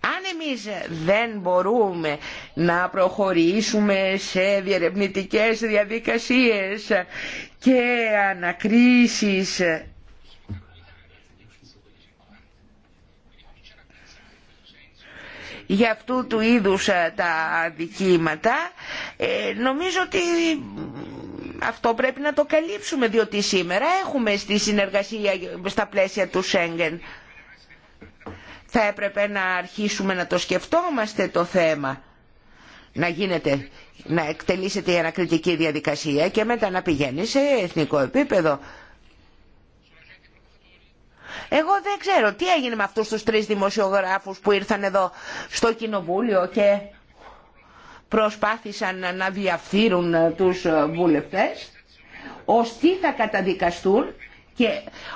S1: αν εμείς δεν μπορούμε να προχωρήσουμε σε διερευνητικές διαδικασίες και ανακρίσεις για αυτού του είδους ε, τα αδικήματα ε, νομίζω ότι αυτό πρέπει να το καλύψουμε διότι σήμερα έχουμε στη συνεργασία στα πλαίσια του Σέγγεν θα έπρεπε να αρχίσουμε να το σκεφτόμαστε το θέμα να γίνεται να εκτελήσεται η ανακριτική διαδικασία και μετά να πηγαίνει σε εθνικό επίπεδο εγώ δεν ξέρω τι έγινε με αυτούς τους τρεις δημοσιογράφους που ήρθαν εδώ στο κοινοβούλιο και προσπάθησαν να διαφθείρουν ε, τους ε, βουλευτές ως τι θα καταδικαστούν και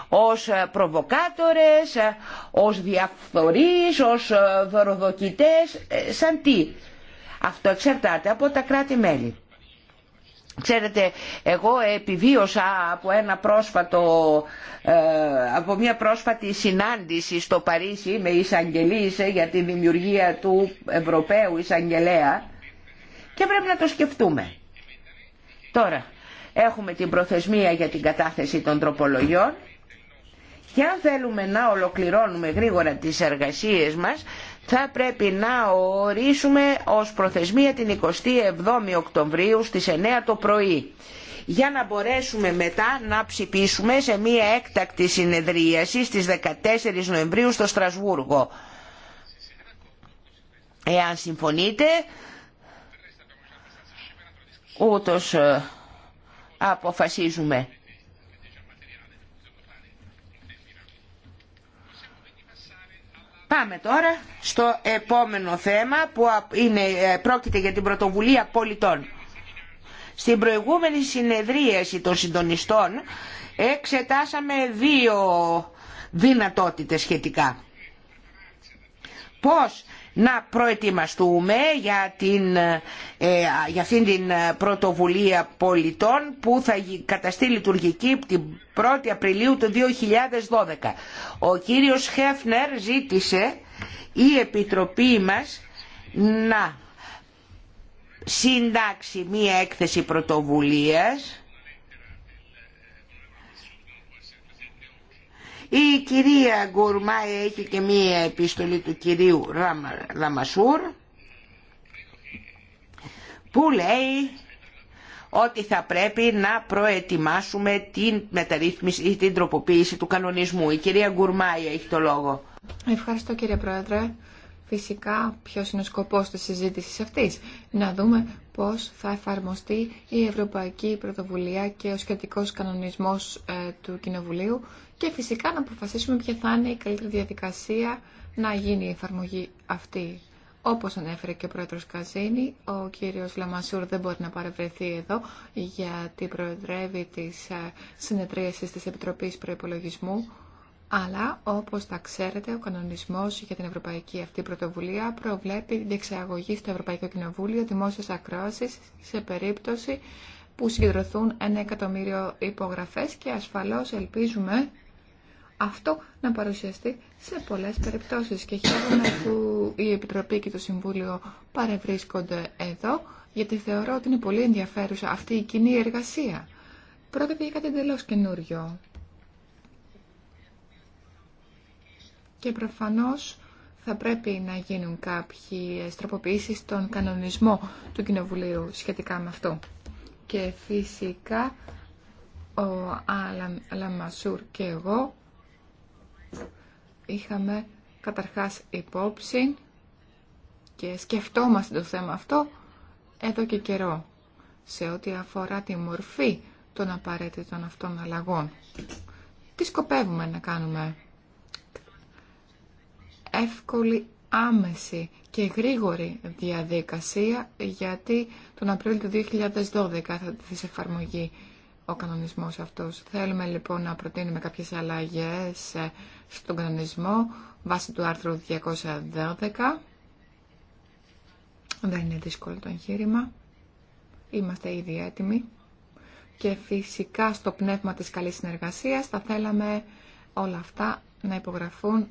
S1: ως ε, προβοκάτορες, ως διαφθορείς, ως δωροδοκητές, σαν τι. Αυτό εξαρτάται από τα κράτη-μέλη. Ξέρετε, εγώ επιβίωσα από, ένα πρόσφατο, ε, από μια πρόσφατη συνάντηση στο Παρίσι με εισαγγελείς για τη δημιουργία του Ευρωπαίου εισαγγελέα και πρέπει να το σκεφτούμε. Τώρα, έχουμε την προθεσμία για την κατάθεση των τροπολογιών και αν θέλουμε να ολοκληρώνουμε γρήγορα τις εργασίες μας θα πρέπει να ορίσουμε ως προθεσμία την 27η Οκτωβρίου στις 9 το πρωί για να μπορέσουμε μετά να ψηφίσουμε σε μία έκτακτη συνεδρίαση στις 14 Νοεμβρίου στο Στρασβούργο. Εάν συμφωνείτε, ούτως ε, αποφασίζουμε. Πάμε τώρα στο επόμενο θέμα που είναι, ε, πρόκειται για την πρωτοβουλία πολιτών. Στην προηγούμενη συνεδρίαση των συντονιστών εξετάσαμε δύο δυνατότητες σχετικά. Πώς να προετοιμαστούμε για, την, ε, για αυτήν την πρωτοβουλία πολιτών που θα καταστεί λειτουργική την 1η Απριλίου του 2012. Ο κύριος Χέφνερ ζήτησε η Επιτροπή μας να συντάξει μία έκθεση πρωτοβουλίας Η κυρία Γκουρμάη έχει και μία επιστολή του κυρίου Ραμασούρ που λέει ότι θα πρέπει να προετοιμάσουμε την μεταρρύθμιση ή την τροποποίηση του κανονισμού. Η κυρία Γκουρμάη έχει το λόγο.
S3: Ευχαριστώ κύριε Πρόεδρε φυσικά ποιος είναι ο σκοπός της συζήτησης αυτής. Να δούμε πώς θα εφαρμοστεί η Ευρωπαϊκή Πρωτοβουλία και ο σχετικός κανονισμός ε, του Κοινοβουλίου και φυσικά να αποφασίσουμε ποια θα είναι η καλύτερη διαδικασία να γίνει η εφαρμογή αυτή. Όπως ανέφερε και ο πρόεδρος Καζίνη, ο κύριος Λαμασούρ δεν μπορεί να παρευρεθεί εδώ γιατί προεδρεύει τις ε, συνεδρίες της Επιτροπής Προϋπολογισμού αλλά, όπως τα ξέρετε, ο κανονισμός για την Ευρωπαϊκή αυτή πρωτοβουλία προβλέπει την διεξαγωγή στο Ευρωπαϊκό Κοινοβούλιο δημόσιας ακρόασης σε περίπτωση που συγκεντρωθούν ένα εκατομμύριο υπογραφές και ασφαλώς ελπίζουμε αυτό να παρουσιαστεί σε πολλές περιπτώσεις. Και χαίρομαι που η Επιτροπή και το Συμβούλιο παρευρίσκονται εδώ, γιατί θεωρώ ότι είναι πολύ ενδιαφέρουσα αυτή η κοινή εργασία. Πρώτα, πήγε κάτι εντελώ καινούριο. και προφανώς θα πρέπει να γίνουν κάποιοι τροποποιήσεις στον κανονισμό του Κοινοβουλίου σχετικά με αυτό. Και φυσικά ο Άλαν Λαμασούρ και εγώ είχαμε καταρχάς υπόψη και σκεφτόμαστε το θέμα αυτό εδώ και καιρό σε ό,τι αφορά τη μορφή των απαραίτητων αυτών αλλαγών. Τι σκοπεύουμε να κάνουμε εύκολη, άμεση και γρήγορη διαδικασία γιατί τον Απρίλιο του 2012 θα τη εφαρμογή ο κανονισμός αυτός. Θέλουμε λοιπόν να προτείνουμε κάποιες αλλαγές ε, στον κανονισμό βάσει του άρθρου 212. Δεν είναι δύσκολο το εγχείρημα. Είμαστε ήδη έτοιμοι. Και φυσικά στο πνεύμα της καλής συνεργασίας θα θέλαμε όλα αυτά να υπογραφούν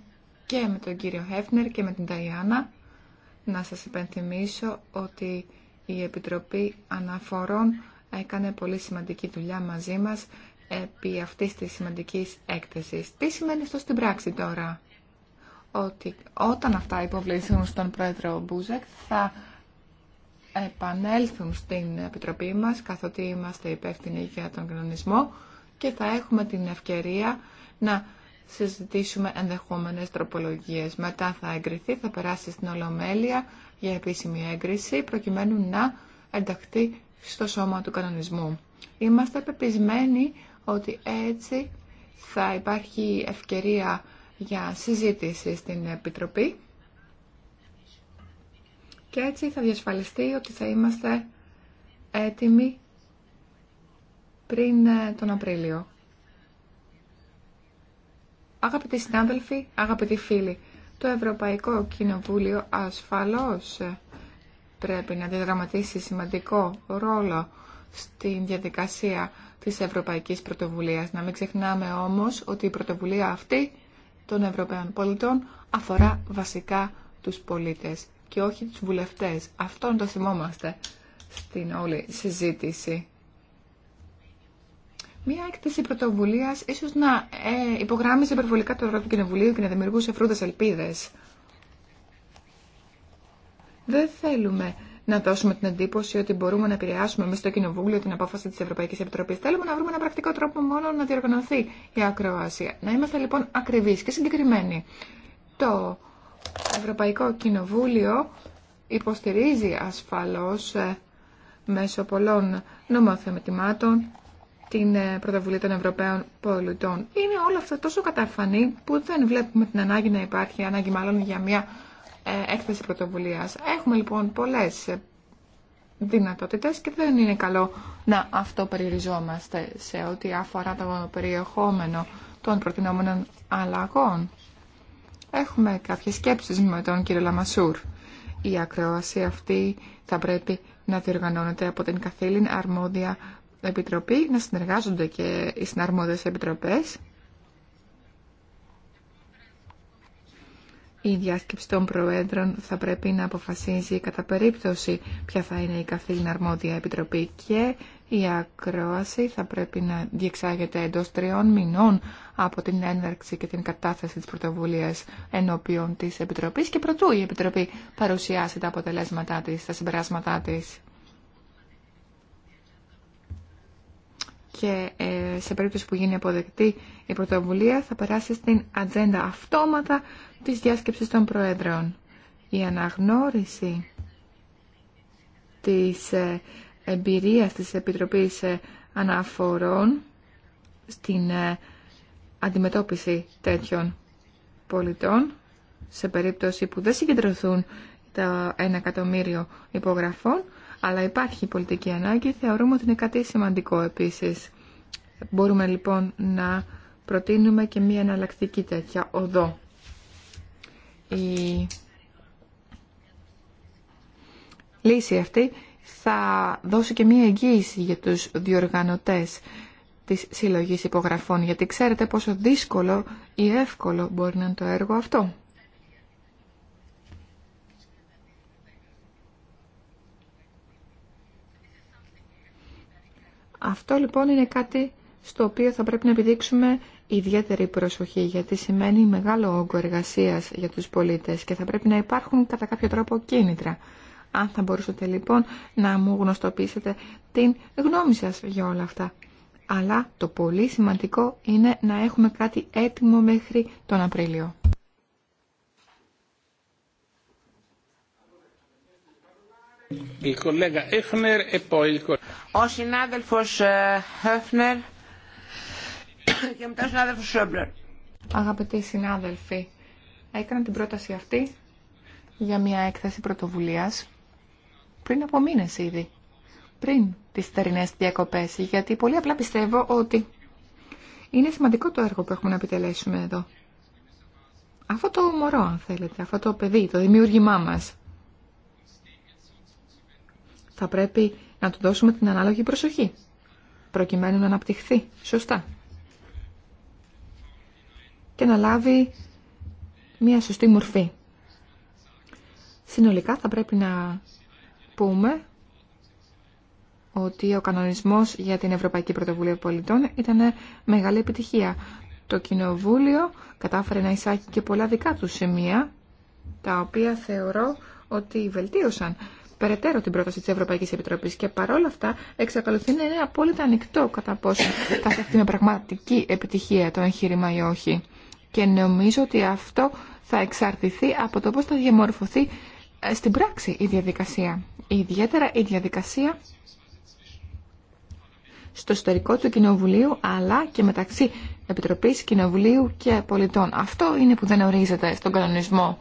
S3: και με τον κύριο Χέφνερ και με την Ταϊάννα να σας υπενθυμίσω ότι η Επιτροπή Αναφορών έκανε πολύ σημαντική δουλειά μαζί μας επί αυτής της σημαντικής έκθεσης. Τι σημαίνει αυτό στην πράξη τώρα? Ότι όταν αυτά υποβληθούν στον πρόεδρο Μπούζεκ θα επανέλθουν στην Επιτροπή μας καθότι είμαστε υπεύθυνοι για τον κοινωνισμό και θα έχουμε την ευκαιρία να συζητήσουμε ενδεχόμενες τροπολογίες. Μετά θα εγκριθεί, θα περάσει στην Ολομέλεια για επίσημη έγκριση, προκειμένου να ενταχθεί στο σώμα του κανονισμού. Είμαστε πεπισμένοι ότι έτσι θα υπάρχει ευκαιρία για συζήτηση στην Επιτροπή και έτσι θα διασφαλιστεί ότι θα είμαστε έτοιμοι πριν τον Απρίλιο. Αγαπητοί συνάδελφοι, αγαπητοί φίλοι, το Ευρωπαϊκό Κοινοβούλιο ασφαλώς ε, πρέπει να διαδραματίσει σημαντικό ρόλο στην διαδικασία της Ευρωπαϊκής Πρωτοβουλίας. Να μην ξεχνάμε όμως ότι η πρωτοβουλία αυτή των Ευρωπαίων πολιτών αφορά βασικά τους πολίτες και όχι τους βουλευτές. Αυτόν το θυμόμαστε στην όλη συζήτηση. Μία έκθεση πρωτοβουλία ίσω να ε, υπογράμμιζε υπερβολικά το ρόλο του Κοινοβουλίου και να δημιουργούσε φρούτε ελπίδε. Δεν θέλουμε να δώσουμε την εντύπωση ότι μπορούμε να επηρεάσουμε εμεί στο Κοινοβούλιο την απόφαση τη Ευρωπαϊκή Επιτροπή. Θέλουμε να βρούμε ένα πρακτικό τρόπο μόνο να διοργανωθεί η ακροασία. Να είμαστε λοιπόν ακριβεί και συγκεκριμένοι. Το Ευρωπαϊκό Κοινοβούλιο υποστηρίζει ασφαλώς ε, μέσω πολλών νομοθεμετημάτων την ε, πρωτοβουλία των Ευρωπαίων πολιτών. Είναι όλα αυτά τόσο καταφανή που δεν βλέπουμε την ανάγκη να υπάρχει, ανάγκη μάλλον για μια ε, έκθεση πρωτοβουλίας. Έχουμε λοιπόν πολλές ε, δυνατότητε και δεν είναι καλό να αυτοπεριοριζόμαστε σε ό,τι αφορά το περιεχόμενο των προτινόμενων αλλαγών. Έχουμε κάποιες σκέψεις με τον κύριο Λαμασούρ. Η ακρόαση αυτή θα πρέπει να διοργανώνεται από την καθήλυν αρμόδια Επιτροπή, να συνεργάζονται και οι συναρμόδιες επιτροπές. Η διάσκεψη των Προέδρων θα πρέπει να αποφασίζει κατά περίπτωση ποια θα είναι η καθήλυνα αρμόδια επιτροπή και η ακρόαση θα πρέπει να διεξάγεται εντός τριών μηνών από την έναρξη και την κατάθεση της πρωτοβουλίας ενώπιον της Επιτροπής και προτού η Επιτροπή παρουσιάσει τα αποτελέσματά της, τα συμπεράσματά της. και ε, σε περίπτωση που γίνει αποδεκτή η πρωτοβουλία θα περάσει στην ατζέντα αυτόματα της διάσκεψης των Προέδρων. Η αναγνώριση της ε, εμπειρίας της Επιτροπής ε, Αναφορών στην αντιμετώπιση τέτοιων πολιτών σε περίπτωση που δεν συγκεντρωθούν τα 1 εκατομμύριο υπογραφών αλλά υπάρχει πολιτική ανάγκη, θεωρούμε ότι είναι κάτι σημαντικό επίσης. Μπορούμε λοιπόν να προτείνουμε και μία εναλλακτική τέτοια οδό. Η λύση αυτή θα δώσει και μία εγγύηση για τους διοργανωτές της συλλογής υπογραφών, γιατί ξέρετε πόσο δύσκολο ή εύκολο μπορεί να είναι το έργο αυτό. Αυτό λοιπόν είναι κάτι στο οποίο θα πρέπει να επιδείξουμε ιδιαίτερη προσοχή γιατί σημαίνει μεγάλο όγκο εργασία για τους πολίτες και θα πρέπει να υπάρχουν κατά κάποιο τρόπο κίνητρα. Αν θα μπορούσατε λοιπόν να μου γνωστοποιήσετε την γνώμη σας για όλα αυτά. Αλλά το πολύ σημαντικό είναι να έχουμε κάτι έτοιμο μέχρι τον Απρίλιο.
S1: Ο συνάδελφος ε, Χέφνερ και μετά ο συνάδελφος Σόμπλερ. Αγαπητοί συνάδελφοι,
S3: έκανα την πρόταση αυτή για μια έκθεση πρωτοβουλίας πριν από μήνες ήδη, πριν τις θερινές διακοπές, γιατί πολύ απλά πιστεύω ότι είναι σημαντικό το έργο που έχουμε να επιτελέσουμε εδώ. Αυτό το μωρό, αν θέλετε, αυτό το παιδί, το δημιούργημά μας, θα πρέπει να του δώσουμε την ανάλογη προσοχή, προκειμένου να αναπτυχθεί σωστά και να λάβει μια σωστή μορφή. Συνολικά θα πρέπει να πούμε ότι ο κανονισμός για την Ευρωπαϊκή Πρωτοβουλία Πολιτών ήταν μεγάλη επιτυχία. Το Κοινοβούλιο κατάφερε να εισάγει και πολλά δικά του σημεία, τα οποία θεωρώ ότι βελτίωσαν περαιτέρω την πρόταση τη Ευρωπαϊκή Επιτροπή και παρόλα αυτά εξακολουθεί να είναι απόλυτα ανοιχτό κατά πόσο θα στεφτεί με πραγματική επιτυχία το εγχείρημα ή όχι. Και νομίζω ότι αυτό θα εξαρτηθεί από το πώ θα διαμορφωθεί ε, στην πράξη η διαδικασία. Ιδιαίτερα η διαδικασία στο εσωτερικό του Κοινοβουλίου αλλά και μεταξύ Επιτροπής Κοινοβουλίου και Πολιτών. Αυτό είναι που δεν ορίζεται στον κανονισμό.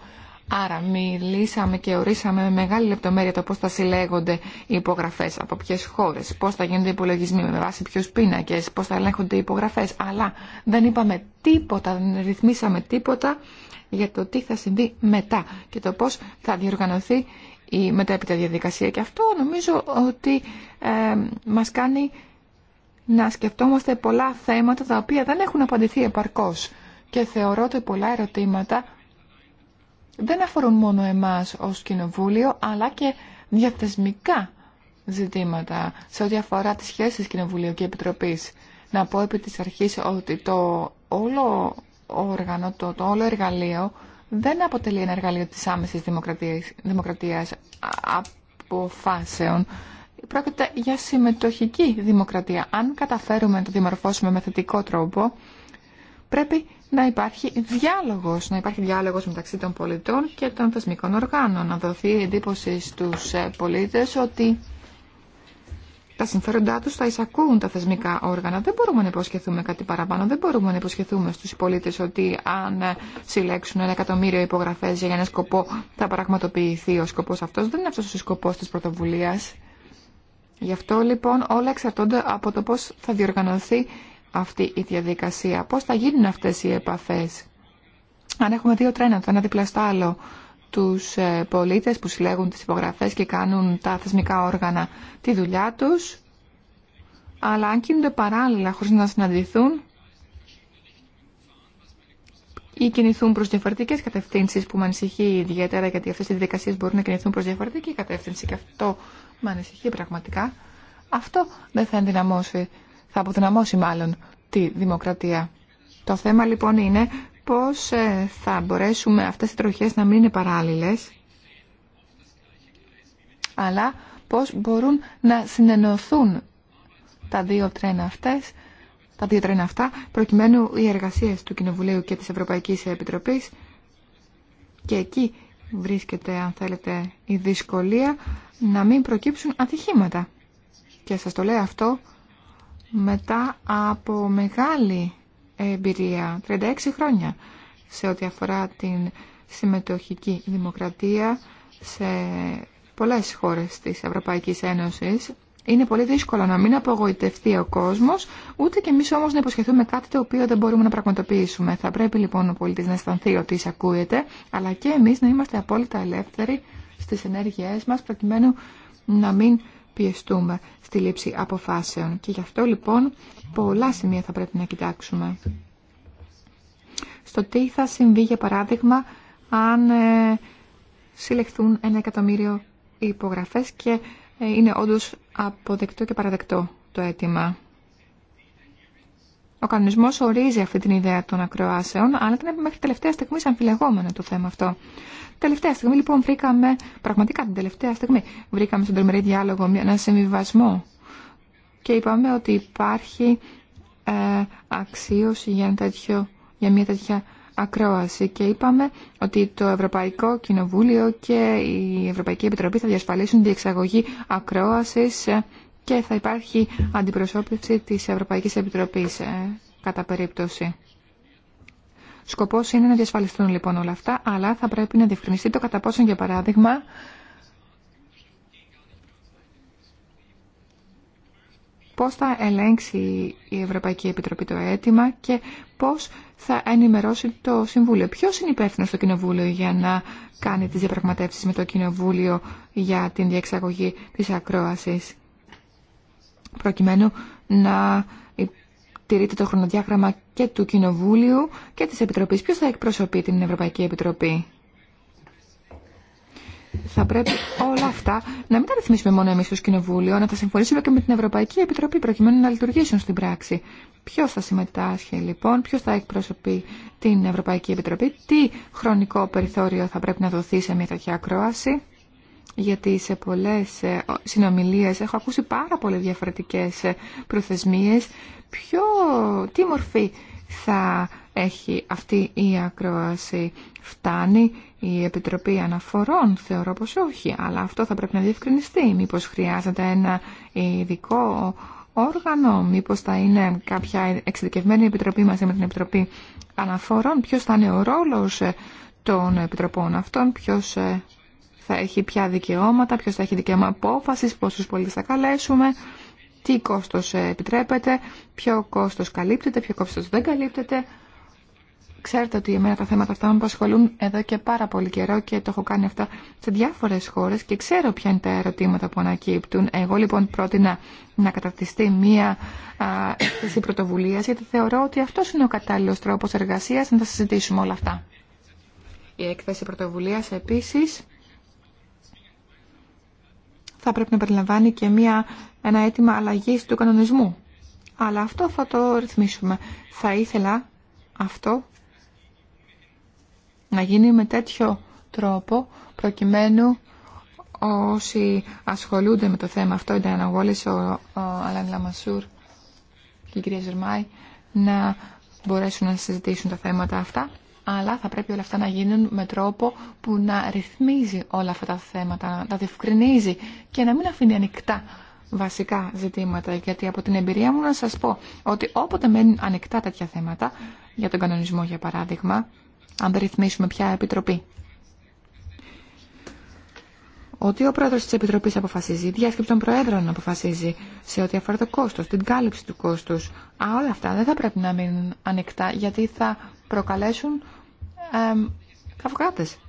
S3: Άρα μιλήσαμε και ορίσαμε με μεγάλη λεπτομέρεια το πώς θα συλλέγονται οι υπογραφές, από ποιες χώρες, πώς θα γίνονται οι υπολογισμοί, με βάση ποιους πίνακες, πώς θα ελέγχονται οι υπογραφές. Αλλά δεν είπαμε τίποτα, δεν ρυθμίσαμε τίποτα για το τι θα συμβεί μετά και το πώς θα διοργανωθεί η μετέπειτα διαδικασία. Και αυτό νομίζω ότι ε, μας κάνει να σκεφτόμαστε πολλά θέματα τα οποία δεν έχουν απαντηθεί επαρκώς. Και θεωρώ ότι πολλά ερωτήματα δεν αφορούν μόνο εμάς ως Κοινοβούλιο, αλλά και διαθεσμικά ζητήματα σε ό,τι αφορά τις σχέσεις Κοινοβουλίου και Επιτροπής. Να πω επί της αρχής ότι το όλο όργανο, το, το όλο εργαλείο δεν αποτελεί ένα εργαλείο της άμεσης δημοκρατίας, δημοκρατίας αποφάσεων. Πρόκειται για συμμετοχική δημοκρατία. Αν καταφέρουμε να το διαμορφώσουμε με θετικό τρόπο, πρέπει να υπάρχει διάλογος, να υπάρχει διάλογος μεταξύ των πολιτών και των θεσμικών οργάνων, να δοθεί εντύπωση στους ε, πολίτες ότι τα συμφέροντά τους θα εισακούν τα θεσμικά όργανα. Δεν μπορούμε να υποσχεθούμε κάτι παραπάνω. Δεν μπορούμε να υποσχεθούμε στους πολίτες ότι αν ε, συλλέξουν ένα εκατομμύριο υπογραφές για ένα σκοπό θα πραγματοποιηθεί ο σκοπός αυτός. Δεν είναι αυτός ο σκοπός της πρωτοβουλίας. Γι' αυτό λοιπόν όλα εξαρτώνται από το πώς θα διοργανωθεί αυτή η διαδικασία, πώς θα γίνουν αυτές οι επαφές. Αν έχουμε δύο τρένα, το ένα δίπλα άλλο, τους ε, πολίτες που συλλέγουν τις υπογραφές και κάνουν τα θεσμικά όργανα τη δουλειά τους, αλλά αν κινούνται παράλληλα χωρίς να συναντηθούν ή κινηθούν προς διαφορετικές κατευθύνσεις που με ανησυχεί ιδιαίτερα γιατί αυτές οι διαδικασίες μπορούν να κινηθούν προς διαφορετική κατεύθυνση και αυτό με ανησυχεί πραγματικά. Αυτό δεν θα ενδυναμώσει θα αποδυναμώσει μάλλον τη δημοκρατία. Το θέμα λοιπόν είναι πώς ε, θα μπορέσουμε αυτές οι τροχές να μην είναι παράλληλες, αλλά πώς μπορούν να συνενωθούν τα δύο τρένα αυτές, τα δύο τρένα αυτά, προκειμένου οι εργασίες του Κοινοβουλίου και της Ευρωπαϊκής Επιτροπής και εκεί βρίσκεται, αν θέλετε, η δυσκολία να μην προκύψουν ατυχήματα. Και σας το λέω αυτό μετά από μεγάλη εμπειρία, 36 χρόνια σε ό,τι αφορά την συμμετοχική δημοκρατία σε πολλές χώρες της Ευρωπαϊκής Ένωσης. Είναι πολύ δύσκολο να μην απογοητευτεί ο κόσμος, ούτε και εμείς όμως να υποσχεθούμε κάτι το οποίο δεν μπορούμε να πραγματοποιήσουμε. Θα πρέπει λοιπόν ο πολίτης να αισθανθεί ότι εισακούεται, αλλά και εμείς να είμαστε απόλυτα ελεύθεροι στις ενέργειές μας, προκειμένου να μην πιεστούμε στη λήψη αποφάσεων. Και γι' αυτό λοιπόν πολλά σημεία θα πρέπει να κοιτάξουμε. Στο τι θα συμβεί για παράδειγμα αν ε, συλλεχθούν ένα εκατομμύριο υπογραφές και ε, είναι όντως αποδεκτό και παραδεκτό το αίτημα. Ο κανονισμό ορίζει αυτή την ιδέα των ακροάσεων, αλλά ήταν μέχρι τελευταία στιγμή αμφιλεγόμενο το θέμα αυτό. Τελευταία στιγμή λοιπόν βρήκαμε, πραγματικά την τελευταία στιγμή, βρήκαμε στον τρομερή διάλογο ένα συμβιβασμό και είπαμε ότι υπάρχει ε, αξίωση για, τέτοιο, για μια τέτοια ακρόαση και είπαμε ότι το Ευρωπαϊκό Κοινοβούλιο και η Ευρωπαϊκή Επιτροπή θα διασφαλίσουν διεξαγωγή ακρόασης ε, και θα υπάρχει αντιπροσώπευση της Ευρωπαϊκής Επιτροπής ε, κατά περίπτωση. Σκοπός είναι να διασφαλιστούν λοιπόν όλα αυτά, αλλά θα πρέπει να διευκρινιστεί το κατά πόσον, για παράδειγμα, πώς θα ελέγξει η Ευρωπαϊκή Επιτροπή το αίτημα και πώς θα ενημερώσει το Συμβούλιο. Ποιος είναι υπεύθυνο στο Κοινοβούλιο για να κάνει τις διαπραγματεύσεις με το Κοινοβούλιο για την διεξαγωγή της ακρόασης προκειμένου να τηρείται το χρονοδιάγραμμα και του Κοινοβούλιου και της Επιτροπής. Ποιος θα εκπροσωπεί την Ευρωπαϊκή Επιτροπή. Θα πρέπει όλα αυτά να μην τα ρυθμίσουμε μόνο εμείς στο Κοινοβούλιο, να τα συμφωνήσουμε και με την Ευρωπαϊκή Επιτροπή προκειμένου να λειτουργήσουν στην πράξη. Ποιο θα συμμετάσχει λοιπόν, ποιο θα εκπροσωπεί την Ευρωπαϊκή Επιτροπή, τι χρονικό περιθώριο θα πρέπει να δοθεί σε μια τέτοια ακρόαση γιατί σε πολλές ε, συνομιλίες έχω ακούσει πάρα πολλές διαφορετικές ε, προθεσμίες. Ποιο, τι μορφή θα έχει αυτή η ακρόαση φτάνει η Επιτροπή Αναφορών, θεωρώ πως όχι, αλλά αυτό θα πρέπει να διευκρινιστεί. Μήπως χρειάζεται ένα ειδικό όργανο, μήπως θα είναι κάποια εξειδικευμένη επιτροπή μαζί με την Επιτροπή Αναφορών, ποιος θα είναι ο ρόλος ε, των επιτροπών αυτών, ποιος θα έχει ποια δικαιώματα, ποιος θα έχει δικαίωμα απόφασης, πόσους πολίτες θα καλέσουμε, τι κόστος επιτρέπεται, ποιο κόστος καλύπτεται, ποιο κόστος δεν καλύπτεται. Ξέρετε ότι εμένα τα θέματα αυτά με απασχολούν εδώ και πάρα πολύ καιρό και το έχω κάνει αυτά σε διάφορες χώρες και ξέρω ποια είναι τα ερωτήματα που ανακύπτουν. Εγώ λοιπόν πρότεινα να καταρτιστεί μία έκθεση πρωτοβουλία, γιατί θεωρώ ότι αυτό είναι ο κατάλληλος τρόπος εργασίας να τα συζητήσουμε όλα αυτά. Η έκθεση πρωτοβουλίας επίσης θα πρέπει να περιλαμβάνει και μια, ένα αίτημα αλλαγή του κανονισμού. Αλλά αυτό θα το ρυθμίσουμε. Θα ήθελα αυτό να γίνει με τέτοιο τρόπο προκειμένου όσοι ασχολούνται με το θέμα αυτό, ήταν αναγόλες ο, ο Αλάν Λαμασούρ και η κυρία Ζερμάη, να μπορέσουν να συζητήσουν τα θέματα αυτά αλλά θα πρέπει όλα αυτά να γίνουν με τρόπο που να ρυθμίζει όλα αυτά τα θέματα, να τα διευκρινίζει και να μην αφήνει ανοιχτά βασικά ζητήματα. Γιατί από την εμπειρία μου να σας πω ότι όποτε μένουν ανοιχτά τέτοια θέματα, για τον κανονισμό για παράδειγμα, αν δεν ρυθμίσουμε πια επιτροπή, ότι ο πρόεδρος της Επιτροπής αποφασίζει, η διάσκεψη των προέδρων αποφασίζει σε ό,τι αφορά το κόστος, την κάλυψη του κόστους. Α, όλα αυτά δεν θα πρέπει να μείνουν ανοιχτά γιατί θα προκαλέσουν ε,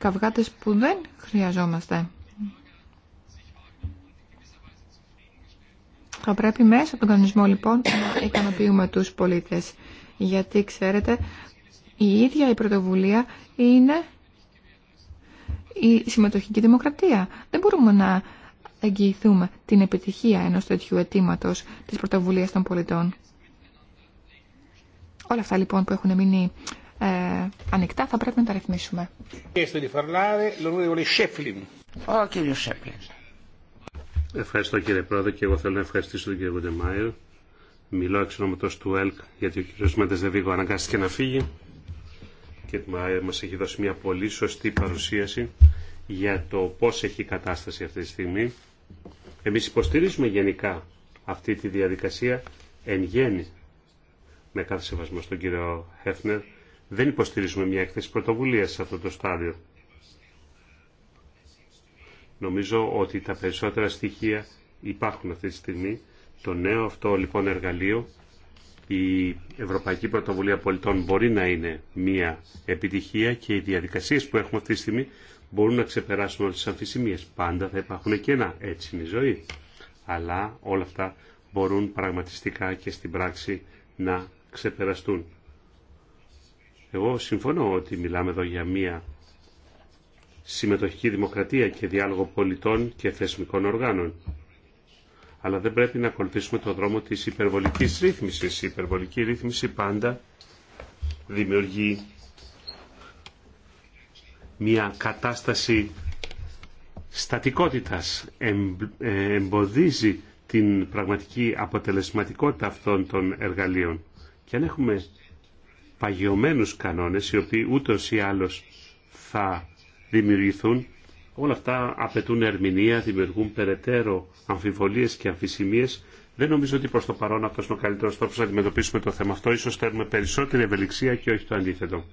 S3: καυγάτες, που δεν χρειαζόμαστε. Θα πρέπει μέσα από τον κανονισμό λοιπόν να ικανοποιούμε τους πολίτες. Γιατί ξέρετε, η ίδια η πρωτοβουλία είναι η συμμετοχική δημοκρατία. Δεν μπορούμε να εγγυηθούμε την επιτυχία ενός τέτοιου αιτήματο της πρωτοβουλίας των πολιτών. Όλα αυτά λοιπόν που έχουν μείνει ε, ανοιχτά θα πρέπει να τα ρυθμίσουμε.
S2: Ο Σέπλιν. Ευχαριστώ κύριε Πρόεδρε και εγώ θέλω να ευχαριστήσω τον κύριο Γοντεμάιο. Μιλώ εξ ονόματος του ΕΛΚ γιατί ο κύριος Μέντες Δεβίγο αναγκάστηκε να φύγει και μα έχει δώσει μια πολύ σωστή παρουσίαση για το πώ έχει η κατάσταση αυτή τη στιγμή. Εμεί υποστηρίζουμε γενικά αυτή τη διαδικασία εν γέννη με κάθε σεβασμό στον κύριο Χέφνερ δεν υποστηρίζουμε μια έκθεση πρωτοβουλία σε αυτό το στάδιο. Νομίζω ότι τα περισσότερα στοιχεία υπάρχουν αυτή τη στιγμή. Το νέο αυτό λοιπόν εργαλείο, η Ευρωπαϊκή Πρωτοβουλία Πολιτών μπορεί να είναι μια επιτυχία και οι διαδικασίες που έχουμε αυτή τη στιγμή μπορούν να ξεπεράσουν όλες τις αμφισημίες. Πάντα θα υπάρχουν ένα Έτσι είναι η ζωή. Αλλά όλα αυτά μπορούν πραγματιστικά και στην πράξη να ξεπεραστούν. Εγώ συμφωνώ ότι μιλάμε εδώ για μία συμμετοχική δημοκρατία και διάλογο πολιτών και θεσμικών οργάνων. Αλλά δεν πρέπει να ακολουθήσουμε το δρόμο της υπερβολικής ρύθμισης. Η υπερβολική ρύθμιση πάντα δημιουργεί μια κατάσταση στατικότητας, ε, εμποδίζει την πραγματική αποτελεσματικότητα αυτών των εργαλείων. Και αν έχουμε παγιωμένους κανόνες οι οποίοι ούτως ή άλλως θα δημιουργηθούν. Όλα αυτά απαιτούν ερμηνεία, δημιουργούν περαιτέρω αμφιβολίες και αμφισημίες. Δεν νομίζω ότι προς το παρόν αυτός είναι ο καλύτερος τρόπος να αντιμετωπίσουμε το θέμα αυτό. Ίσως θέλουμε περισσότερη ευελιξία και όχι το αντίθετο.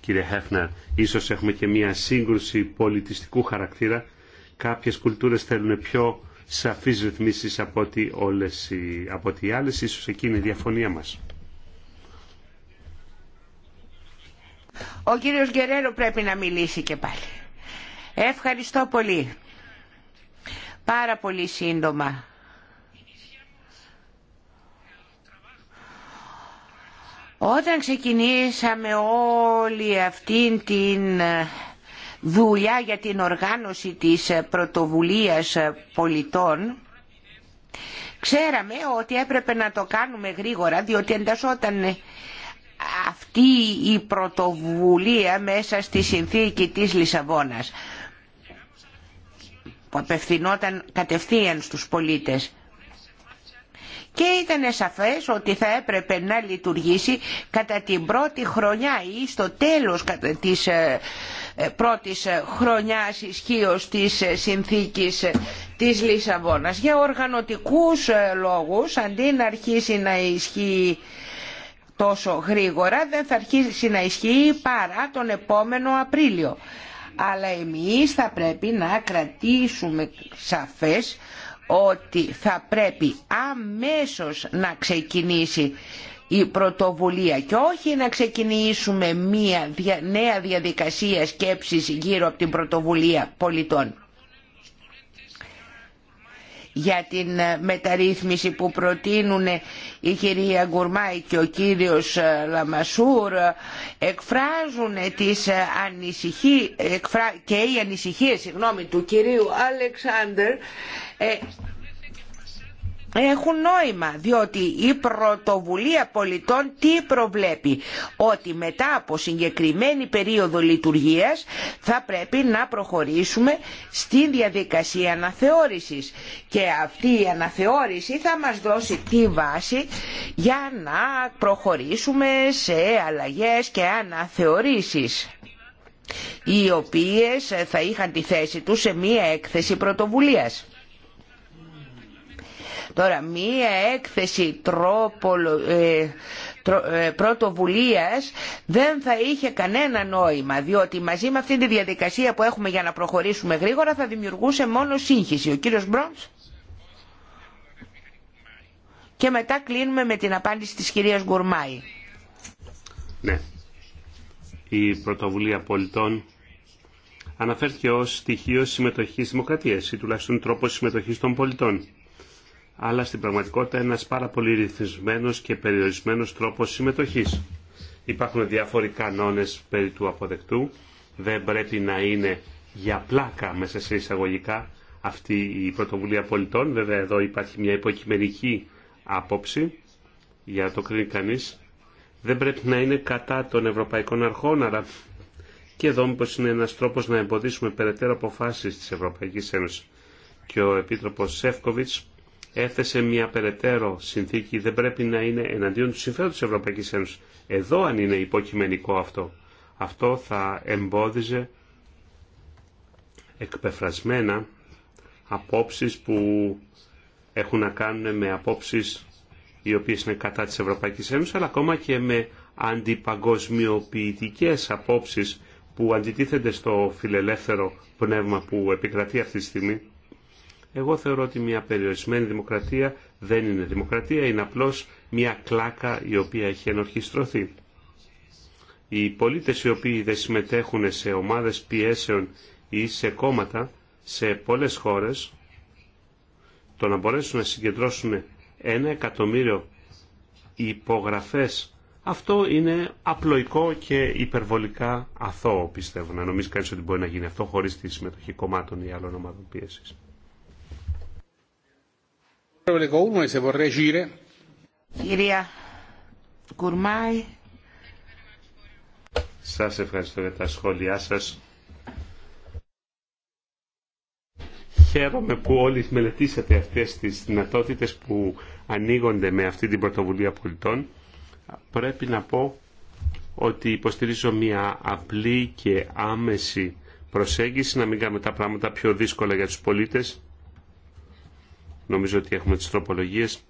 S2: Κύριε Χεύνα, ίσως έχουμε και μια σύγκρουση πολιτιστικού χαρακτήρα. Κάποιες κουλτούρες θέλουν πιο σαφείς ρυθμίσεις από ό,τι, όλες οι, από ό,τι άλλες. Ίσως εκεί είναι η διαφωνία μας.
S1: Ο κύριος Γκερέρο πρέπει να μιλήσει και πάλι. Ευχαριστώ πολύ. Πάρα πολύ σύντομα. Όταν ξεκινήσαμε όλη αυτή την ε, δουλειά για την οργάνωση της ε, πρωτοβουλίας ε, πολιτών, ξέραμε ότι έπρεπε να το κάνουμε γρήγορα, διότι εντασσόταν αυτή η πρωτοβουλία μέσα στη συνθήκη της Λισαβόνας που απευθυνόταν κατευθείαν στους πολίτες και ήταν σαφές ότι θα έπρεπε να λειτουργήσει κατά την πρώτη χρονιά ή στο τέλος της ε, ε, πρώτης χρονιάς ισχύω της ε, συνθήκης της Λισαβόνας. Για οργανωτικούς λόγους, αντί να αρχίσει να ισχύει τόσο γρήγορα δεν θα αρχίσει να ισχύει παρά τον επόμενο Απρίλιο. Αλλά εμείς θα πρέπει να κρατήσουμε σαφές ότι θα πρέπει αμέσως να ξεκινήσει η πρωτοβουλία και όχι να ξεκινήσουμε μία νέα διαδικασία σκέψης γύρω από την πρωτοβουλία πολιτών για την ε, μεταρρύθμιση που προτείνουν η κυρία Γκουρμάη και ο κύριος ε, Λαμασούρ ε, εκφράζουν τις ανησυχίες και οι ανησυχίες συγγνώμη, του κυρίου Αλεξάνδερ έχουν νόημα διότι η πρωτοβουλία πολιτών τι προβλέπει ότι μετά από συγκεκριμένη περίοδο λειτουργίας θα πρέπει να προχωρήσουμε στη διαδικασία αναθεώρησης και αυτή η αναθεώρηση θα μας δώσει τη βάση για να προχωρήσουμε σε αλλαγές και αναθεωρήσεις οι οποίες θα είχαν τη θέση τους σε μία έκθεση πρωτοβουλίας. Τώρα, μία έκθεση τρόπολο, ε, ε, πρωτοβουλίας δεν θα είχε κανένα νόημα, διότι μαζί με αυτή τη διαδικασία που έχουμε για να προχωρήσουμε γρήγορα θα δημιουργούσε μόνο σύγχυση. Ο κύριος Μπρόντς. Και μετά κλείνουμε με την απάντηση της κυρίας Γκουρμάη.
S2: Ναι. Η πρωτοβουλία πολιτών αναφέρθηκε ως στοιχείο συμμετοχής δημοκρατίας ή τουλάχιστον τρόπο συμμετοχής των πολιτών αλλά στην πραγματικότητα ένας πάρα πολύ ρυθμισμένος και περιορισμένος τρόπος συμμετοχής. Υπάρχουν διάφοροι κανόνες περί του αποδεκτού, δεν πρέπει να είναι για πλάκα μέσα σε εισαγωγικά αυτή η πρωτοβουλία πολιτών. Βέβαια εδώ υπάρχει μια υποκειμενική άποψη, για να το κρίνει κανείς. Δεν πρέπει να είναι κατά των ευρωπαϊκών αρχών, αλλά και εδώ μήπως είναι ένας τρόπος να εμποδίσουμε περαιτέρω αποφάσεις της Ευρωπαϊκή Ένωση Και ο Επίτροπος Σεύκοβιτς έθεσε μια περαιτέρω συνθήκη δεν πρέπει να είναι εναντίον του συμφέροντος της Ευρωπαϊκής Ένωσης. Εδώ αν είναι υποκειμενικό αυτό. Αυτό θα εμπόδιζε εκπεφρασμένα απόψεις που έχουν να κάνουν με απόψεις οι οποίες είναι κατά της Ευρωπαϊκής Ένωσης, αλλά ακόμα και με αντιπαγκοσμιοποιητικές απόψεις που αντιτίθενται στο φιλελεύθερο πνεύμα που επικρατεί αυτή τη στιγμή. Εγώ θεωρώ ότι μια περιορισμένη δημοκρατία δεν είναι δημοκρατία, είναι απλώς μια κλάκα η οποία έχει ενορχιστρωθεί. Οι πολίτες οι οποίοι δεν συμμετέχουν σε ομάδες πιέσεων ή σε κόμματα σε πολλές χώρες, το να μπορέσουν να συγκεντρώσουν ένα εκατομμύριο υπογραφές αυτό είναι απλοϊκό και υπερβολικά αθώο, πιστεύω. Να νομίζει κανεί ότι μπορεί να γίνει αυτό χωρίς τη συμμετοχή κομμάτων ή άλλων ομάδων πίεση. Κυρία Σας ευχαριστώ για τα σχόλιά σας. Χαίρομαι που όλοι μελετήσατε αυτές τις δυνατότητες που ανοίγονται με αυτή την πρωτοβουλία πολιτών. Πρέπει να πω ότι υποστηρίζω μια απλή και άμεση προσέγγιση, να μην κάνουμε τα πράγματα πιο δύσκολα για τους πολίτες Νομίζω ότι έχουμε τις τροπολογίες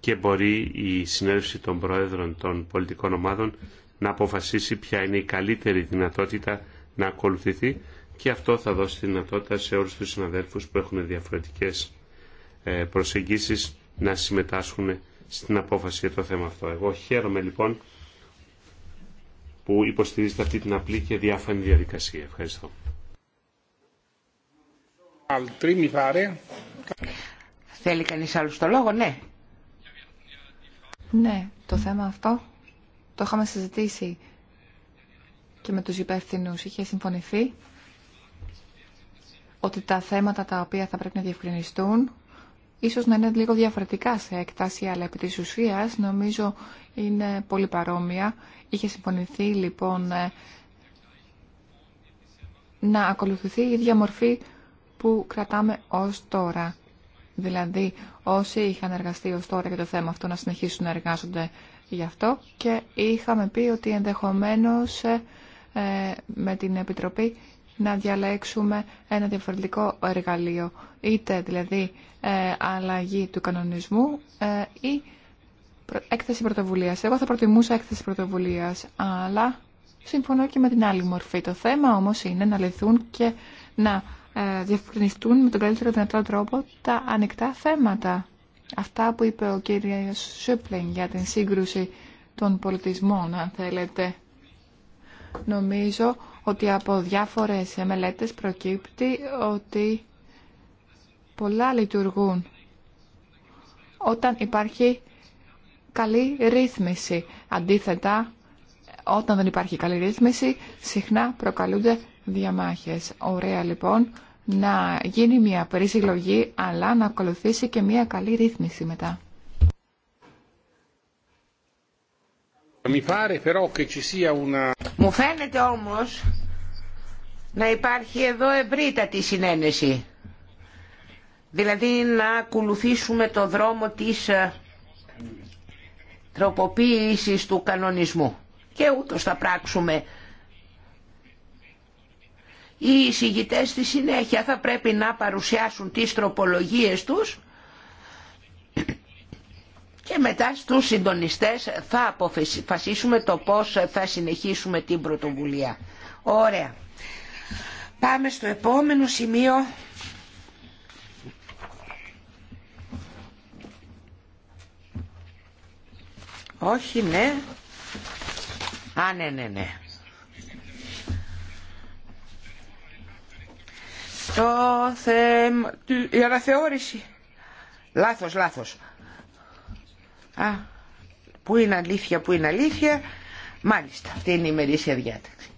S2: και μπορεί η συνέλευση των Προέδρων των πολιτικών ομάδων να αποφασίσει ποια είναι η καλύτερη δυνατότητα να ακολουθηθεί και αυτό θα δώσει δυνατότητα σε όλους τους συναδέλφους που έχουν διαφορετικές ε, προσεγγίσεις να συμμετάσχουν στην απόφαση για το θέμα αυτό. Εγώ χαίρομαι λοιπόν που υποστηρίζετε αυτή την απλή και διάφανη διαδικασία. Ευχαριστώ.
S1: Θέλει κανείς άλλο το λόγο, ναι.
S3: Ναι, το θέμα αυτό το είχαμε συζητήσει και με τους υπεύθυνου. είχε συμφωνηθεί ότι τα θέματα τα οποία θα πρέπει να διευκρινιστούν ίσως να είναι λίγο διαφορετικά σε εκτάση, αλλά επί της ουσίας νομίζω είναι πολύ παρόμοια. Είχε συμφωνηθεί λοιπόν ε, να ακολουθηθεί η ίδια μορφή που κρατάμε ως τώρα. Δηλαδή όσοι είχαν εργαστεί ως τώρα για το θέμα αυτό να συνεχίσουν να εργάζονται γι' αυτό και είχαμε πει ότι ενδεχομένως ε, με την Επιτροπή να διαλέξουμε ένα διαφορετικό εργαλείο, είτε δηλαδή ε, αλλαγή του κανονισμού ε, ή έκθεση πρωτοβουλίας. Εγώ θα προτιμούσα έκθεση πρωτοβουλίας, αλλά συμφωνώ και με την άλλη μορφή. Το θέμα όμως είναι να λυθούν και να ε, διευκρινιστούν με τον καλύτερο δυνατό τρόπο τα ανοιχτά θέματα. Αυτά που είπε ο κύριος Σούπλεν για την σύγκρουση των πολιτισμών, αν θέλετε. Νομίζω ότι από διάφορες μελέτες προκύπτει ότι πολλά λειτουργούν όταν υπάρχει καλή ρύθμιση. Αντίθετα, όταν δεν υπάρχει καλή ρύθμιση, συχνά προκαλούνται διαμάχες. Ωραία λοιπόν να γίνει μια περισυλλογή αλλά να ακολουθήσει και μια καλή ρύθμιση μετά. Μου
S1: φαίνεται όμως να υπάρχει εδώ ευρύτατη συνένεση. Δηλαδή να ακολουθήσουμε το δρόμο της ε, τροποποίησης του κανονισμού. Και ούτως θα πράξουμε οι εισηγητές στη συνέχεια θα πρέπει να παρουσιάσουν τις τροπολογίες τους και μετά στους συντονιστές θα αποφασίσουμε το πώς θα συνεχίσουμε την πρωτοβουλία. Ωραία. Πάμε στο επόμενο σημείο. Όχι, ναι. Α, ναι, ναι, ναι. το θέμα, η αναθεώρηση. Λάθος, λάθος. Α, πού είναι αλήθεια, πού είναι αλήθεια. Μάλιστα, αυτή είναι η ημερήσια διάταξη.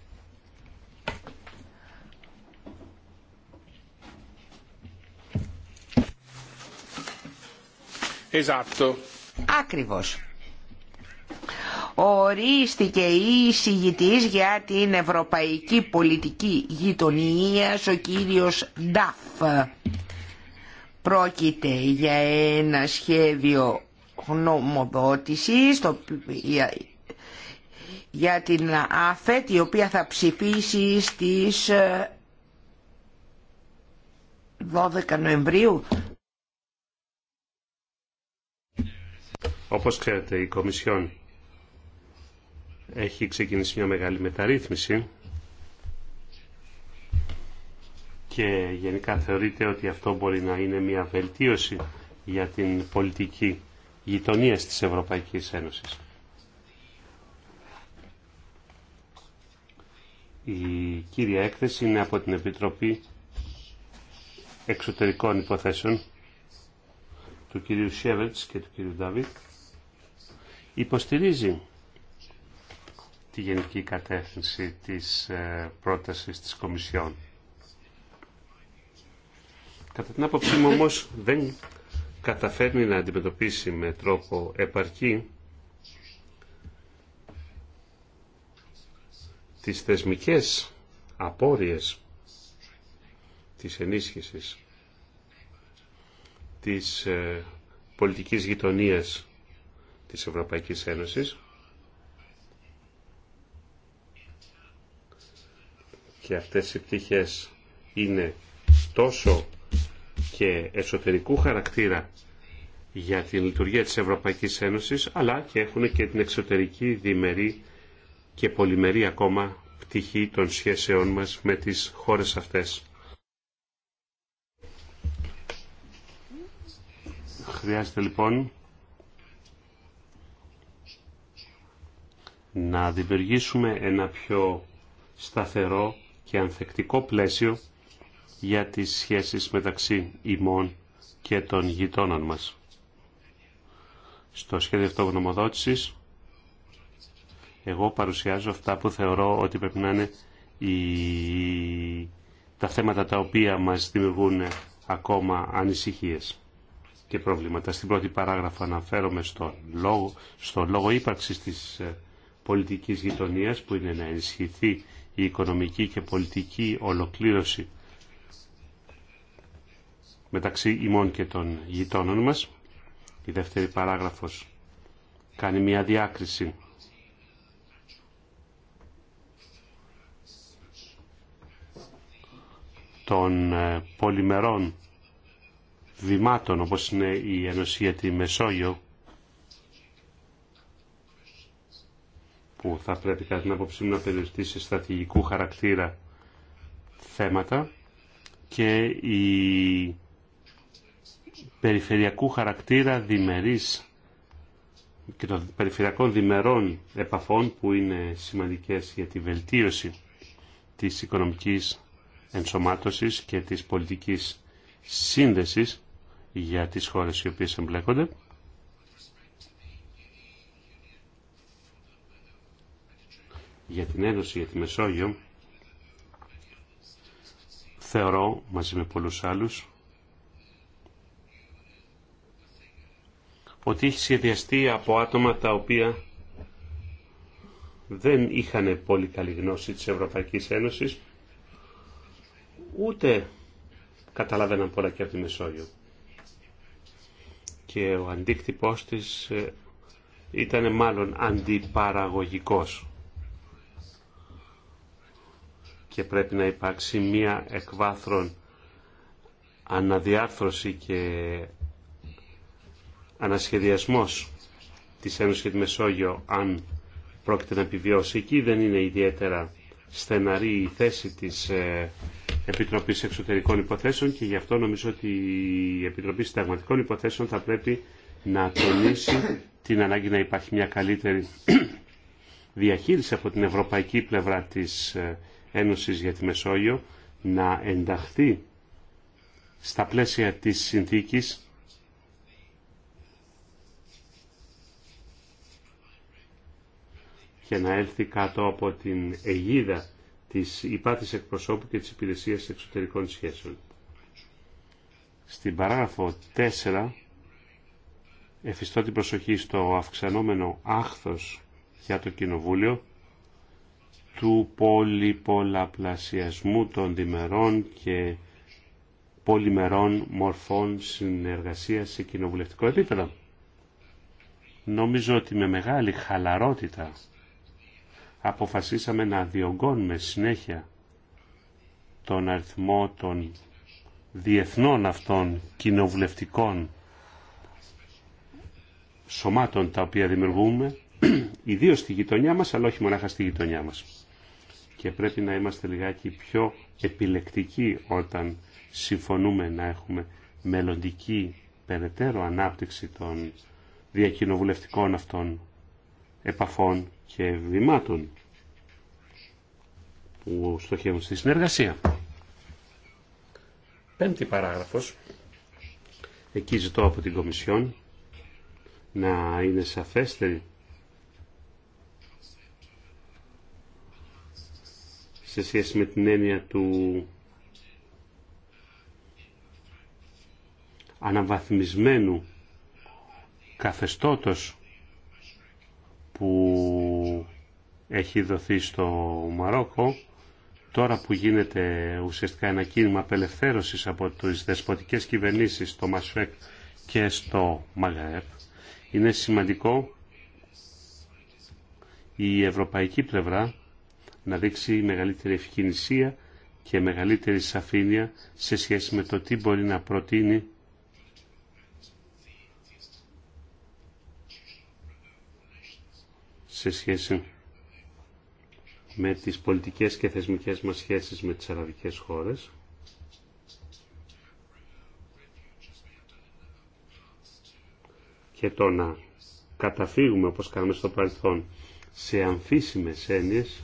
S1: Ακριβώ. Ακριβώς ορίστηκε η εισηγητής για την Ευρωπαϊκή Πολιτική Γειτονία, ο κύριος Νταφ. Πρόκειται για ένα σχέδιο γνωμοδότησης το, για, για την ΑΦΕΤ η οποία θα ψηφίσει στις 12 ε, Νοεμβρίου.
S2: Όπως ξέρετε η Κομισιόν έχει ξεκινήσει μια μεγάλη μεταρρύθμιση και γενικά θεωρείται ότι αυτό μπορεί να είναι μια βελτίωση για την πολιτική γειτονία της Ευρωπαϊκής Ένωσης. Η κύρια έκθεση είναι από την Επιτροπή Εξωτερικών Υποθέσεων του κυρίου Σιέβετς και του κυρίου Νταβίτ. Υποστηρίζει τη γενική κατεύθυνση της ε, πρότασης της Κομισιόν. Κατά την άποψή μου όμως δεν καταφέρνει να αντιμετωπίσει με τρόπο επαρκή τις θεσμικές απόρριες της ενίσχυσης της ε, πολιτικής γειτονίας της Ευρωπαϊκής Ένωσης και αυτές οι πτυχές είναι τόσο και εσωτερικού χαρακτήρα για την λειτουργία της Ευρωπαϊκής Ένωσης, αλλά και έχουν και την εξωτερική διμερή και πολυμερή ακόμα πτυχή των σχέσεών μας με τις χώρες αυτές. Χρειάζεται λοιπόν να δημιουργήσουμε ένα πιο σταθερό και ανθεκτικό πλαίσιο για τις σχέσεις μεταξύ ημών και των γειτόνων μας. Στο σχέδιο αυτογνωμοδότησης εγώ παρουσιάζω αυτά που θεωρώ ότι πρέπει να είναι τα θέματα τα οποία μας δημιουργούν ακόμα ανησυχίες και προβλήματα. Στην πρώτη παράγραφο αναφέρομαι στον λόγο, στο λόγο ύπαρξης της ε, πολιτικής γειτονίας που είναι να ενισχυθεί η οικονομική και πολιτική ολοκλήρωση μεταξύ ημών και των γειτόνων μας. Η δεύτερη παράγραφος κάνει μια διάκριση των ε, πολυμερών βημάτων όπως είναι η ενωσία τη Μεσόγειο που θα πρέπει κατά την άποψή μου να περιοριστεί σε στρατηγικού χαρακτήρα θέματα και η περιφερειακού χαρακτήρα διμερής και των περιφερειακών διμερών επαφών που είναι σημαντικές για τη βελτίωση της οικονομικής ενσωμάτωσης και της πολιτικής σύνδεσης για τις χώρες οι οποίες εμπλέκονται. για την Ένωση για τη Μεσόγειο θεωρώ μαζί με πολλούς άλλους ότι έχει σχεδιαστεί από άτομα τα οποία δεν είχαν πολύ καλή γνώση της Ευρωπαϊκής Ένωσης ούτε καταλάβαιναν πολλά και από τη Μεσόγειο. Και ο αντίκτυπός της ε, ήταν μάλλον αντιπαραγωγικός και πρέπει να υπάρξει μία εκβάθρον αναδιάρθρωση και ανασχεδιασμός της Ένωσης και τη Μεσόγειο αν πρόκειται να επιβιώσει εκεί δεν είναι ιδιαίτερα στεναρή η θέση της ε, Επιτροπής Εξωτερικών Υποθέσεων και γι' αυτό νομίζω ότι η Επιτροπή Συνταγματικών Υποθέσεων θα πρέπει να τονίσει την ανάγκη να υπάρχει μια καλύτερη διαχείριση από την ευρωπαϊκή πλευρά της ε, Ένωσης για τη Μεσόγειο να ενταχθεί στα πλαίσια της συνθήκης και να έλθει κάτω από την αιγίδα της υπάτης εκπροσώπου και της υπηρεσίας εξωτερικών σχέσεων. Στην παράγραφο 4 εφιστώ την προσοχή στο αυξανόμενο άχθος για το Κοινοβούλιο του πολυπολαπλασιασμού των διμερών και πολυμερών μορφών συνεργασίας σε κοινοβουλευτικό επίπεδο. Νομίζω ότι με μεγάλη χαλαρότητα αποφασίσαμε να διωγγώνουμε συνέχεια τον αριθμό των διεθνών αυτών κοινοβουλευτικών σωμάτων τα οποία δημιουργούμε, ιδίως στη γειτονιά μας, αλλά όχι μονάχα στη γειτονιά μας και πρέπει να είμαστε λιγάκι πιο επιλεκτικοί όταν συμφωνούμε να έχουμε μελλοντική περαιτέρω ανάπτυξη των διακοινοβουλευτικών αυτών επαφών και βημάτων που στοχεύουν στη συνεργασία. Πέμπτη παράγραφος. Εκεί ζητώ από την Κομισιόν να είναι σαφέστερη σε σχέση με την έννοια του αναβαθμισμένου καθεστώτος που έχει δοθεί στο Μαρόκο τώρα που γίνεται ουσιαστικά ένα κίνημα απελευθέρωσης από τις δεσποτικές κυβερνήσεις στο Μασφέκ και στο Μαγαέπ είναι σημαντικό η ευρωπαϊκή πλευρά να δείξει μεγαλύτερη ευκαινησία και μεγαλύτερη σαφήνεια σε σχέση με το τι μπορεί να προτείνει σε σχέση με τις πολιτικές και θεσμικές μας σχέσεις με τις αραβικές χώρες. Και το να καταφύγουμε, όπως κάναμε στο παρελθόν, σε αμφίσιμες έννοιες,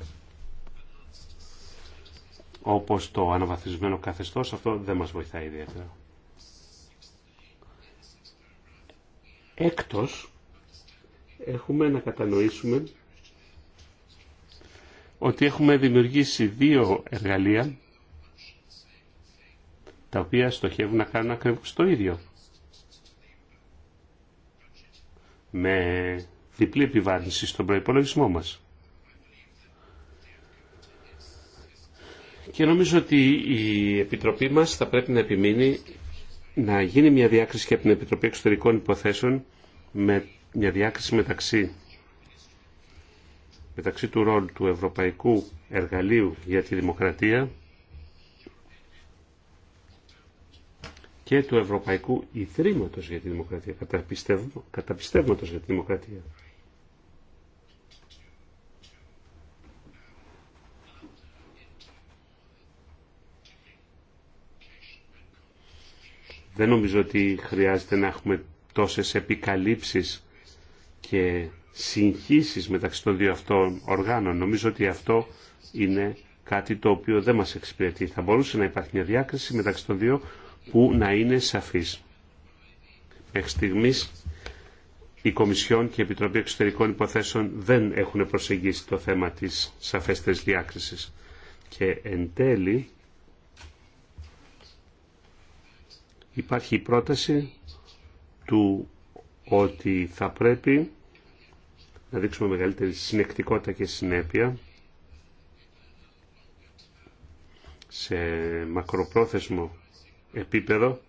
S2: όπως το αναβαθμισμένο καθεστώς, αυτό δεν μας βοηθάει ιδιαίτερα. Έκτος, έχουμε να κατανοήσουμε ότι έχουμε δημιουργήσει δύο εργαλεία τα οποία στοχεύουν να κάνουν ακριβώς το ίδιο. Με διπλή επιβάρυνση στον προϋπολογισμό μας. Και νομίζω ότι η Επιτροπή μας θα πρέπει να επιμείνει να γίνει μια διάκριση και από την Επιτροπή Εξωτερικών Υποθέσεων με μια διάκριση μεταξύ, μεταξύ του ρόλου του Ευρωπαϊκού Εργαλείου για τη Δημοκρατία και του Ευρωπαϊκού Ιδρύματος για τη Δημοκρατία, καταπιστεύματος για τη Δημοκρατία. Δεν νομίζω ότι χρειάζεται να έχουμε τόσες επικαλύψεις και συγχύσεις μεταξύ των δύο αυτών οργάνων. Νομίζω ότι αυτό είναι κάτι το οποίο δεν μας εξυπηρετεί. Θα μπορούσε να υπάρχει μια διάκριση μεταξύ των δύο που να είναι σαφής. Μέχρι στιγμής η Κομισιόν και η Επιτροπή Εξωτερικών Υποθέσεων δεν έχουν προσεγγίσει το θέμα της σαφέστερης διάκρισης. Και εν τέλει υπάρχει η πρόταση του ότι θα πρέπει να δείξουμε μεγαλύτερη συνεκτικότητα και συνέπεια σε μακροπρόθεσμο επίπεδο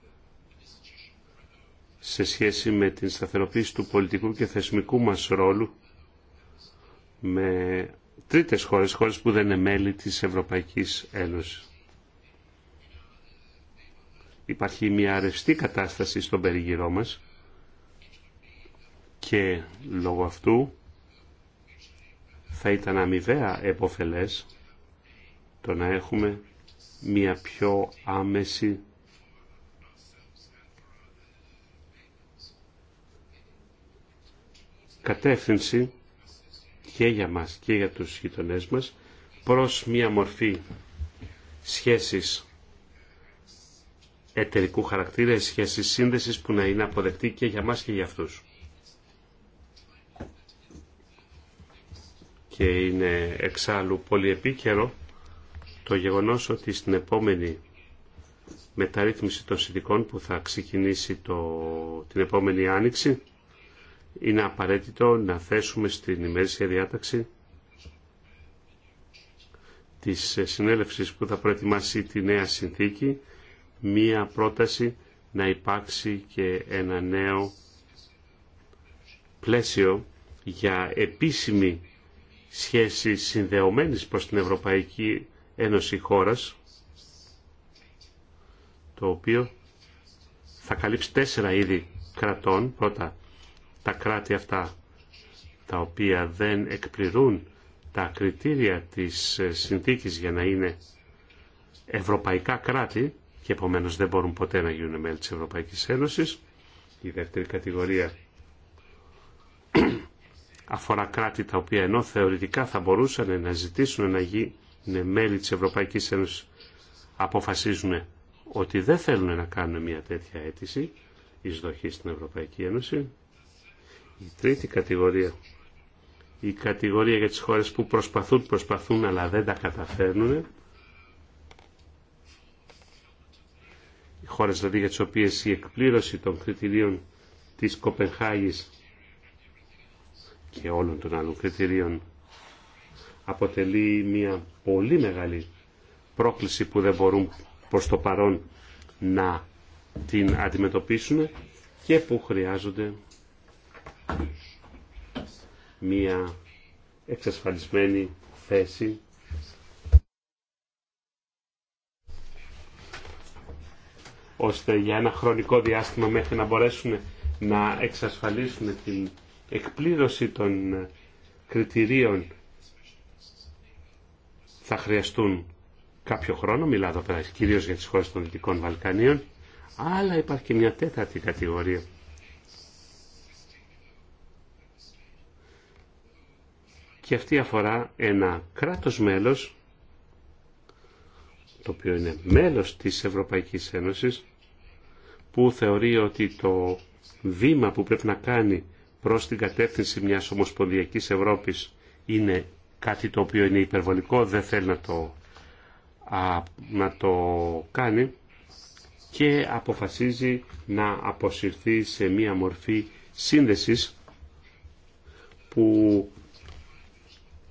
S2: σε σχέση με την σταθεροποίηση του πολιτικού και θεσμικού μας ρόλου με τρίτες χώρες, χώρες που δεν είναι μέλη της Ευρωπαϊκής Ένωσης υπάρχει μια ρευστή κατάσταση στον περιγυρό μας και λόγω αυτού θα ήταν αμοιβαία εποφελές το να έχουμε μια πιο άμεση κατεύθυνση και για μας και για τους γειτονές μας προς μια μορφή σχέσης εταιρικού χαρακτήρα, σχέση σύνδεση που να είναι αποδεκτή και για μας και για αυτούς. Και είναι εξάλλου πολύ επίκαιρο το γεγονός ότι στην επόμενη μεταρρύθμιση των συνδικών που θα ξεκινήσει το, την επόμενη άνοιξη είναι απαραίτητο να θέσουμε στην ημέρησια διάταξη της συνέλευσης που θα προετοιμάσει τη νέα συνθήκη μία πρόταση να υπάρξει και ένα νέο πλαίσιο για επίσημη σχέση συνδεωμένης προς την Ευρωπαϊκή Ένωση χώρας, το οποίο θα καλύψει τέσσερα είδη κρατών. Πρώτα, τα κράτη αυτά τα οποία δεν εκπληρούν τα κριτήρια της συνθήκης για να είναι ευρωπαϊκά κράτη, και επομένω δεν μπορούν ποτέ να γίνουν μέλη της Ευρωπαϊκής Ένωσης. Η δεύτερη κατηγορία αφορά κράτη τα οποία ενώ θεωρητικά θα μπορούσαν να ζητήσουν να γίνουν μέλη της Ευρωπαϊκής Ένωσης αποφασίζουν ότι δεν θέλουν να κάνουν μια τέτοια αίτηση εισδοχή στην Ευρωπαϊκή Ένωση. Η τρίτη κατηγορία, η κατηγορία για τις χώρες που προσπαθούν, προσπαθούν αλλά δεν τα καταφέρνουν οι χώρες δηλαδή για τις οποίες η εκπλήρωση των κριτηρίων της Κοπενχάγης και όλων των άλλων κριτηρίων αποτελεί μια πολύ μεγάλη πρόκληση που δεν μπορούν προς το παρόν να την αντιμετωπίσουν και που χρειάζονται μια εξασφαλισμένη θέση ώστε για ένα χρονικό διάστημα μέχρι να μπορέσουν να εξασφαλίσουν την εκπλήρωση των ε, κριτηρίων θα χρειαστούν κάποιο χρόνο, μιλάω εδώ πέρα κυρίως για τις χώρες των Δυτικών Βαλκανίων, αλλά υπάρχει και μια τέταρτη κατηγορία. Και αυτή αφορά ένα κράτος μέλος, το οποίο είναι μέλος της Ευρωπαϊκής Ένωσης, που θεωρεί ότι το βήμα που πρέπει να κάνει προς την κατεύθυνση μιας ομοσπονδιακής Ευρώπης είναι κάτι το οποίο είναι υπερβολικό, δεν θέλει να το, να το κάνει και αποφασίζει να αποσυρθεί σε μία μορφή σύνδεσης που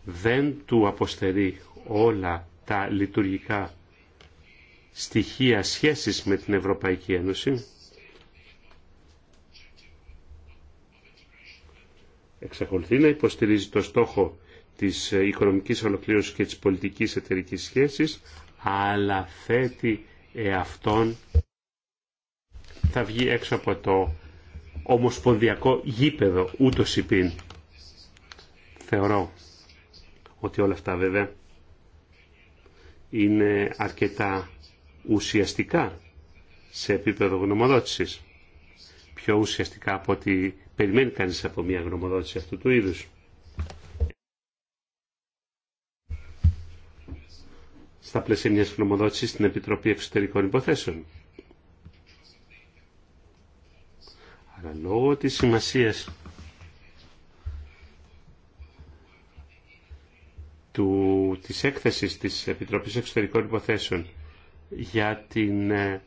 S2: δεν του αποστερεί όλα τα λειτουργικά στοιχεία σχέσης με την Ευρωπαϊκή Ένωση εξακολουθεί να υποστηρίζει το στόχο της ε, οικονομικής ολοκλήρωσης και της πολιτικής εταιρικής σχέσης, αλλά θέτει εαυτόν θα βγει έξω από το ομοσπονδιακό γήπεδο ούτως υπήν. Θεωρώ ότι όλα αυτά βέβαια είναι αρκετά ουσιαστικά σε επίπεδο γνωμοδότησης. Πιο ουσιαστικά από ότι περιμένει κανείς από μια γνωμοδότηση αυτού του είδους. Στα πλαίσια μιας γνωμοδότησης στην Επιτροπή Εξωτερικών Υποθέσεων. Αλλά λόγω της σημασίας του, της έκθεσης της Επιτροπής Εξωτερικών Υποθέσεων για την ε,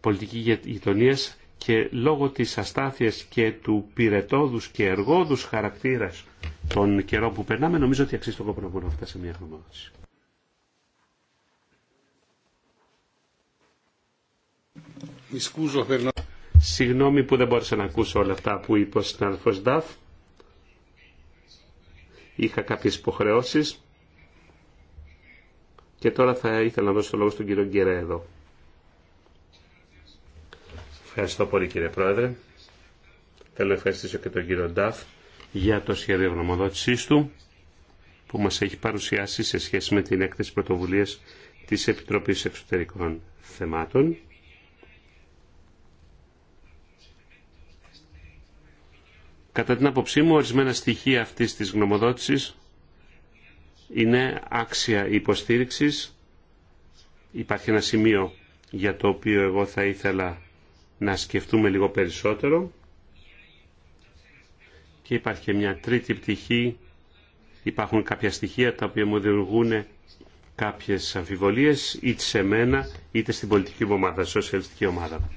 S2: πολιτική γειτονία και λόγω της αστάθειας και του πυρετόδους και εργόδους χαρακτήρας των καιρών που περνάμε, νομίζω ότι αξίζει το κόπο να να φτάσει σε μια χρονοδότηση. Συγγνώμη που δεν μπόρεσα να ακούσω όλα αυτά που είπε ο συνάδελφος Νταφ. Είχα κάποιες υποχρεώσεις και τώρα θα ήθελα να δώσω το λόγο στον κύριο Γκέρα εδώ. Ευχαριστώ πολύ κύριε Πρόεδρε. Θέλω να ευχαριστήσω και τον κύριο Νταφ για το σχέδιο γνωμοδότησής του που μας έχει παρουσιάσει σε σχέση με την έκθεση πρωτοβουλίας της Επιτροπής Εξωτερικών Θεμάτων. Κατά την άποψή μου, ορισμένα στοιχεία αυτής της γνωμοδότησης είναι άξια υποστήριξης. Υπάρχει ένα σημείο για το οποίο εγώ θα ήθελα να σκεφτούμε λίγο περισσότερο. Και υπάρχει και μια τρίτη πτυχή. Υπάρχουν κάποια στοιχεία τα οποία μου δημιουργούν κάποιες αμφιβολίες είτε σε μένα είτε στην πολιτική μου ομάδα, στη σοσιαλιστική ομάδα.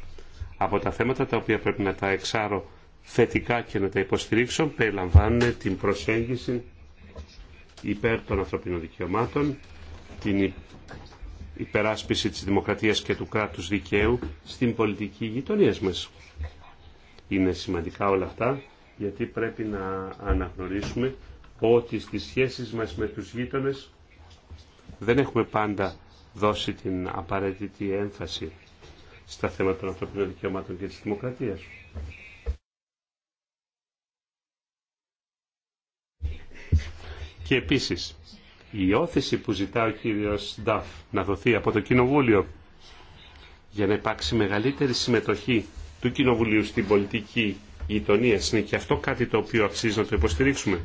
S2: Από τα θέματα τα οποία πρέπει να τα εξάρω θετικά και να τα υποστηρίξω περιλαμβάνουν την προσέγγιση υπέρ των ανθρωπίνων δικαιωμάτων, την υπεράσπιση της δημοκρατίας και του κράτους δικαίου στην πολιτική γειτονία μας. Είναι σημαντικά όλα αυτά γιατί πρέπει να αναγνωρίσουμε ότι στις σχέσεις μας με τους γείτονες δεν έχουμε πάντα δώσει την απαραίτητη έμφαση στα θέματα των ανθρωπίνων δικαιωμάτων και της δημοκρατίας. Και επίσης, η όθηση που ζητά ο κύριος Νταφ να δοθεί από το Κοινοβούλιο για να υπάρξει μεγαλύτερη συμμετοχή του Κοινοβουλίου στην πολιτική γειτονία είναι και αυτό κάτι το οποίο αξίζει να το υποστηρίξουμε.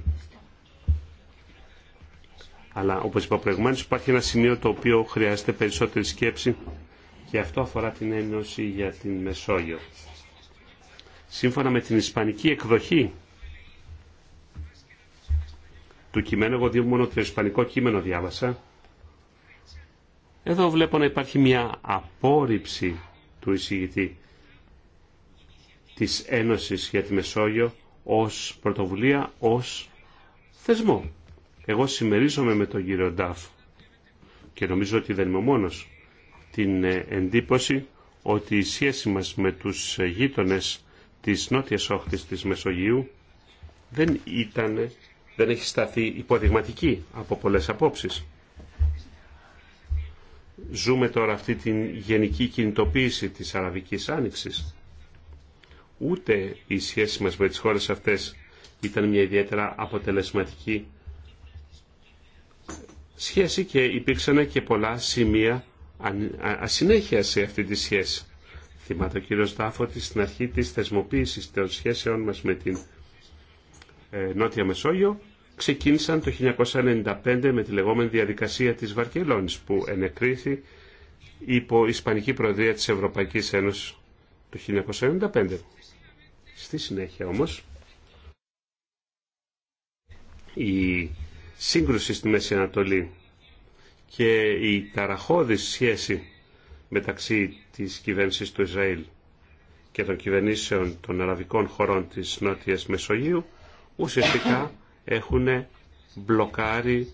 S2: Αλλά όπως είπα προηγουμένως υπάρχει ένα σημείο το οποίο χρειάζεται περισσότερη σκέψη και αυτό αφορά την Ένωση για την Μεσόγειο. Σύμφωνα με την ισπανική εκδοχή του κειμένου. Εγώ δύο μόνο το ισπανικό κείμενο διάβασα. Εδώ βλέπω να υπάρχει μια απόρριψη του εισηγητή της Ένωσης για τη Μεσόγειο ως πρωτοβουλία, ως θεσμό. Εγώ συμμερίζομαι με τον κύριο Ντάφ και νομίζω ότι δεν είμαι μόνος την ε, εντύπωση ότι η σχέση μας με τους γείτονες της νότιας όχθης της Μεσογείου δεν ήταν δεν έχει σταθεί υποδειγματική από πολλές απόψεις. Ζούμε τώρα αυτή την γενική κινητοποίηση της Αραβικής Άνοιξης. Ούτε η σχέση μας με τις χώρες αυτές ήταν μια ιδιαίτερα αποτελεσματική σχέση και υπήρξαν και πολλά σημεία ασυνέχεια σε αυτή τη σχέση. Θυμάται ο κύριος Δάφο στην αρχή της θεσμοποίησης των σχέσεων μας με την ε, Νότια Μεσόγειο ξεκίνησαν το 1995 με τη λεγόμενη διαδικασία της Βαρκελόνης που ενεκρίθη υπό Ισπανική Προεδρία της Ευρωπαϊκής Ένωσης το 1995. Στη συνέχεια όμως η σύγκρουση στη Μέση Ανατολή και η ταραχώδης σχέση μεταξύ της κυβέρνησης του Ισραήλ και των κυβερνήσεων των αραβικών χωρών της Νότιας Μεσογείου ουσιαστικά έχουν μπλοκάρει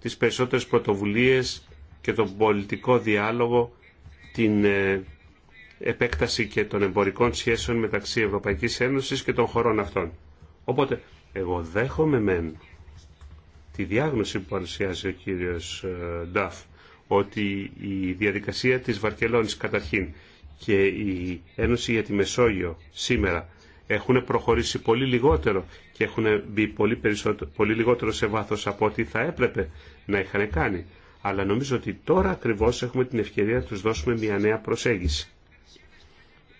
S2: τις περισσότερες πρωτοβουλίες και τον πολιτικό διάλογο, την ε, επέκταση και των εμπορικών σχέσεων μεταξύ Ευρωπαϊκής Ένωσης και των χωρών αυτών. Οπότε, εγώ δέχομαι μεν τη διάγνωση που παρουσιάζει ο κύριος ε, Νταφ, ότι η διαδικασία της Βαρκελόνης καταρχήν και η Ένωση για τη Μεσόγειο σήμερα έχουν προχωρήσει πολύ λιγότερο και έχουν μπει πολύ, πολύ λιγότερο σε βάθος από ό,τι θα έπρεπε να είχαν κάνει. Αλλά νομίζω ότι τώρα ακριβώς έχουμε την ευκαιρία να τους δώσουμε μια νέα προσέγγιση.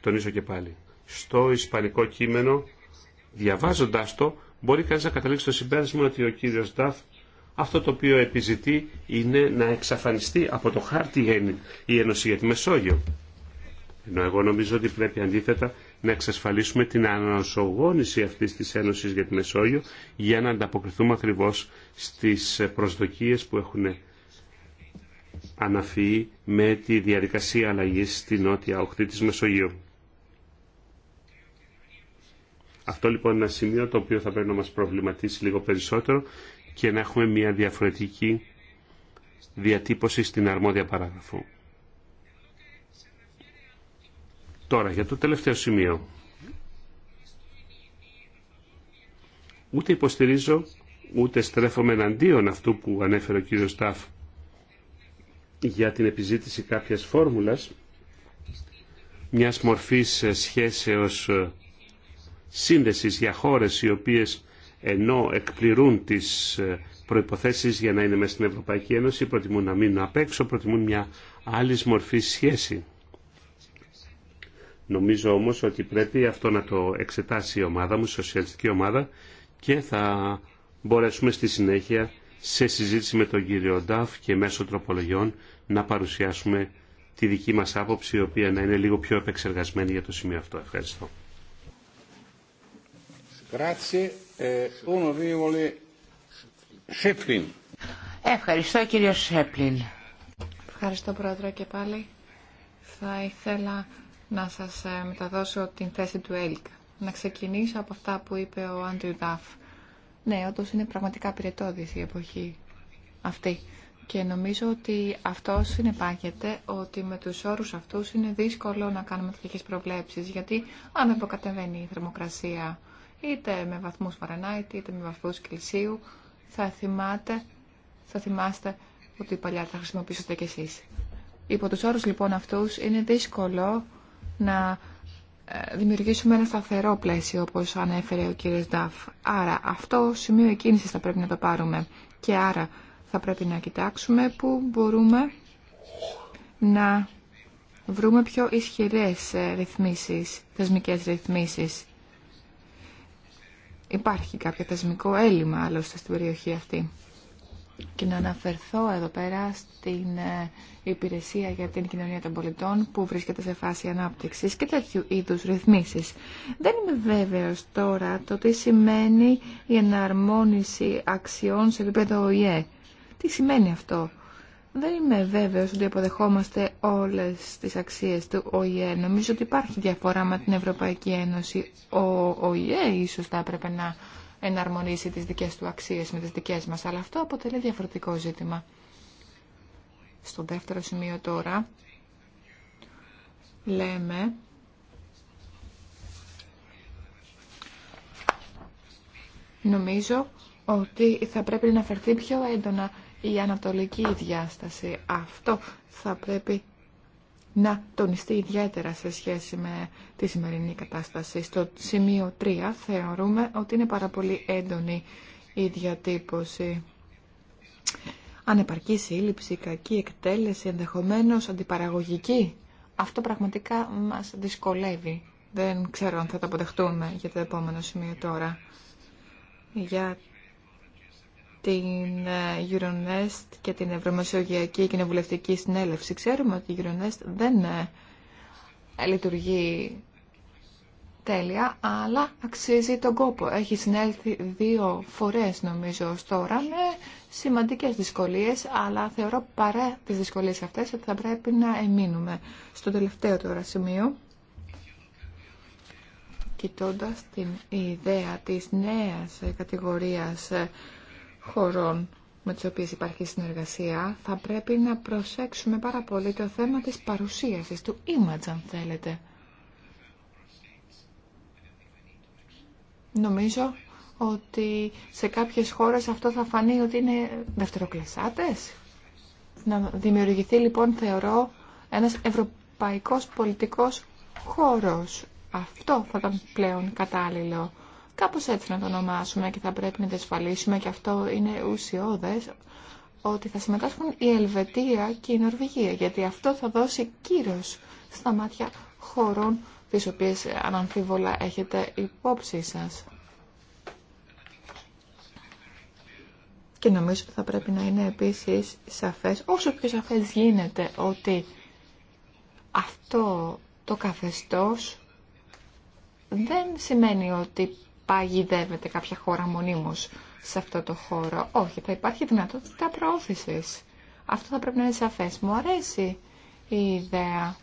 S2: Τονίζω και πάλι. Στο ισπανικό κείμενο, διαβάζοντας το, μπορεί κανείς να καταλήξει το συμπέρασμα ότι ο κύριος Νταφ αυτό το οποίο επιζητεί είναι να εξαφανιστεί από το χάρτη η Ένωση για τη Μεσόγειο. Ενώ εγώ νομίζω ότι πρέπει αντίθετα να εξασφαλίσουμε την ανασογόνηση αυτής της Ένωσης για τη Μεσόγειο για να ανταποκριθούμε ακριβώς στις προσδοκίες που έχουν αναφύει με τη διαδικασία αλλαγής στη νότια οχτή της Μεσογείου. Αυτό λοιπόν είναι ένα σημείο το οποίο θα πρέπει να μας προβληματίσει λίγο περισσότερο και να έχουμε μια διαφορετική διατύπωση στην αρμόδια παράγραφο. Τώρα για το τελευταίο σημείο. Ούτε υποστηρίζω, ούτε στρέφομαι εναντίον αυτού που ανέφερε ο κύριος Σταφ για την επιζήτηση κάποιας φόρμουλας, μιας μορφής σχέσεως σύνδεσης για χώρες οι οποίες ενώ εκπληρούν τις προϋποθέσεις για να είναι μέσα στην Ευρωπαϊκή Ένωση, προτιμούν να μείνουν απ' έξω, προτιμούν μια άλλη μορφή σχέση. Νομίζω όμως ότι πρέπει αυτό να το εξετάσει η ομάδα μου, η σοσιαλιστική ομάδα και θα μπορέσουμε στη συνέχεια σε συζήτηση με τον κύριο Νταφ και μέσω τροπολογιών να παρουσιάσουμε τη δική μας άποψη η οποία να είναι λίγο πιο επεξεργασμένη για το σημείο αυτό. Ευχαριστώ.
S1: Ε, Ευχαριστώ κύριο Σέπλιν.
S3: Ευχαριστώ πρόεδρε και πάλι. Θα ήθελα να σας ε, μεταδώσω την θέση του ΕΛΚ. Να ξεκινήσω από αυτά που είπε ο Άντριου Νταφ. Ναι, όντω είναι πραγματικά πυρετόδης η εποχή αυτή. Και νομίζω ότι αυτό συνεπάγεται ότι με τους όρους αυτούς είναι δύσκολο να κάνουμε τέτοιες προβλέψεις, γιατί αν αποκατεβαίνει η θερμοκρασία είτε με βαθμούς Φαρενάιτ, είτε με βαθμούς Κελσίου, θα, θυμάτε, θα θυμάστε ότι παλιά θα χρησιμοποιήσετε κι εσείς. Υπό τους όρους λοιπόν αυτούς είναι δύσκολο να ε, δημιουργήσουμε ένα σταθερό πλαίσιο, όπως ανέφερε ο κύριος Νταφ. Άρα αυτό σημείο εκκίνησης θα πρέπει να το πάρουμε και άρα θα πρέπει να κοιτάξουμε πού μπορούμε να βρούμε πιο ισχυρές ε, ρυθμίσεις, θεσμικές ρυθμίσεις. Υπάρχει κάποιο θεσμικό έλλειμμα άλλωστε στην περιοχή αυτή και να αναφερθώ εδώ πέρα στην ε, υπηρεσία για την κοινωνία των πολιτών που βρίσκεται σε φάση ανάπτυξης και τέτοιου είδους ρυθμίσεις. Δεν είμαι βέβαιος τώρα το τι σημαίνει η εναρμόνιση αξιών σε επίπεδο ΟΗΕ. Τι σημαίνει αυτό. Δεν είμαι βέβαιος ότι αποδεχόμαστε όλες τις αξίες του ΟΗΕ. Νομίζω ότι υπάρχει διαφορά με την Ευρωπαϊκή Ένωση. Ο ΟΗΕ ίσως θα έπρεπε να εναρμονίσει τις δικές του αξίες με τις δικές μας, αλλά αυτό αποτελεί διαφορετικό ζήτημα. Στο δεύτερο σημείο τώρα λέμε νομίζω ότι θα πρέπει να φερθεί πιο έντονα η ανατολική διάσταση. Αυτό θα πρέπει να τονιστεί ιδιαίτερα σε σχέση με τη σημερινή κατάσταση. Στο σημείο 3 θεωρούμε ότι είναι πάρα πολύ έντονη η διατύπωση. Ανεπαρκή σύλληψη, κακή εκτέλεση, ενδεχομένως αντιπαραγωγική. Αυτό πραγματικά μας δυσκολεύει. Δεν ξέρω αν θα τα αποδεχτούμε για το επόμενο σημείο τώρα. Για την ε, Euronest και την Ευρωμεσογειακή Κοινοβουλευτική Συνέλευση. Ξέρουμε ότι η Euronest δεν ε, λειτουργεί τέλεια, αλλά αξίζει τον κόπο. Έχει συνέλθει δύο φορές νομίζω ως τώρα με σημαντικές δυσκολίες, αλλά θεωρώ παρά τις δυσκολίες αυτές ότι θα πρέπει να εμείνουμε. Στο τελευταίο τώρα σημείο, κοιτώντας την ιδέα της νέας ε, κατηγορίας χωρών με τις οποίες υπάρχει συνεργασία, θα πρέπει να προσέξουμε πάρα πολύ το θέμα της παρουσίασης, του image αν θέλετε. Νομίζω ότι σε κάποιες χώρες αυτό θα φανεί ότι είναι δευτεροκλασσάτες. Να δημιουργηθεί λοιπόν θεωρώ ένας ευρωπαϊκός πολιτικός χώρος. Αυτό θα ήταν πλέον κατάλληλο. Κάπως έτσι να το ονομάσουμε και θα πρέπει να διασφαλίσουμε και αυτό είναι ουσιώδες ότι θα συμμετάσχουν η Ελβετία και η Νορβηγία γιατί αυτό θα δώσει κύρος στα μάτια χωρών τις οποίες αναμφίβολα έχετε υπόψη σας. Και νομίζω ότι θα πρέπει να είναι επίσης σαφές, όσο πιο σαφές γίνεται, ότι αυτό το καθεστώς δεν σημαίνει ότι παγιδεύεται κάποια χώρα μονίμως σε αυτό το χώρο. Όχι, θα υπάρχει δυνατότητα προώθησης. Αυτό θα πρέπει να είναι σαφές. Μου αρέσει η ιδέα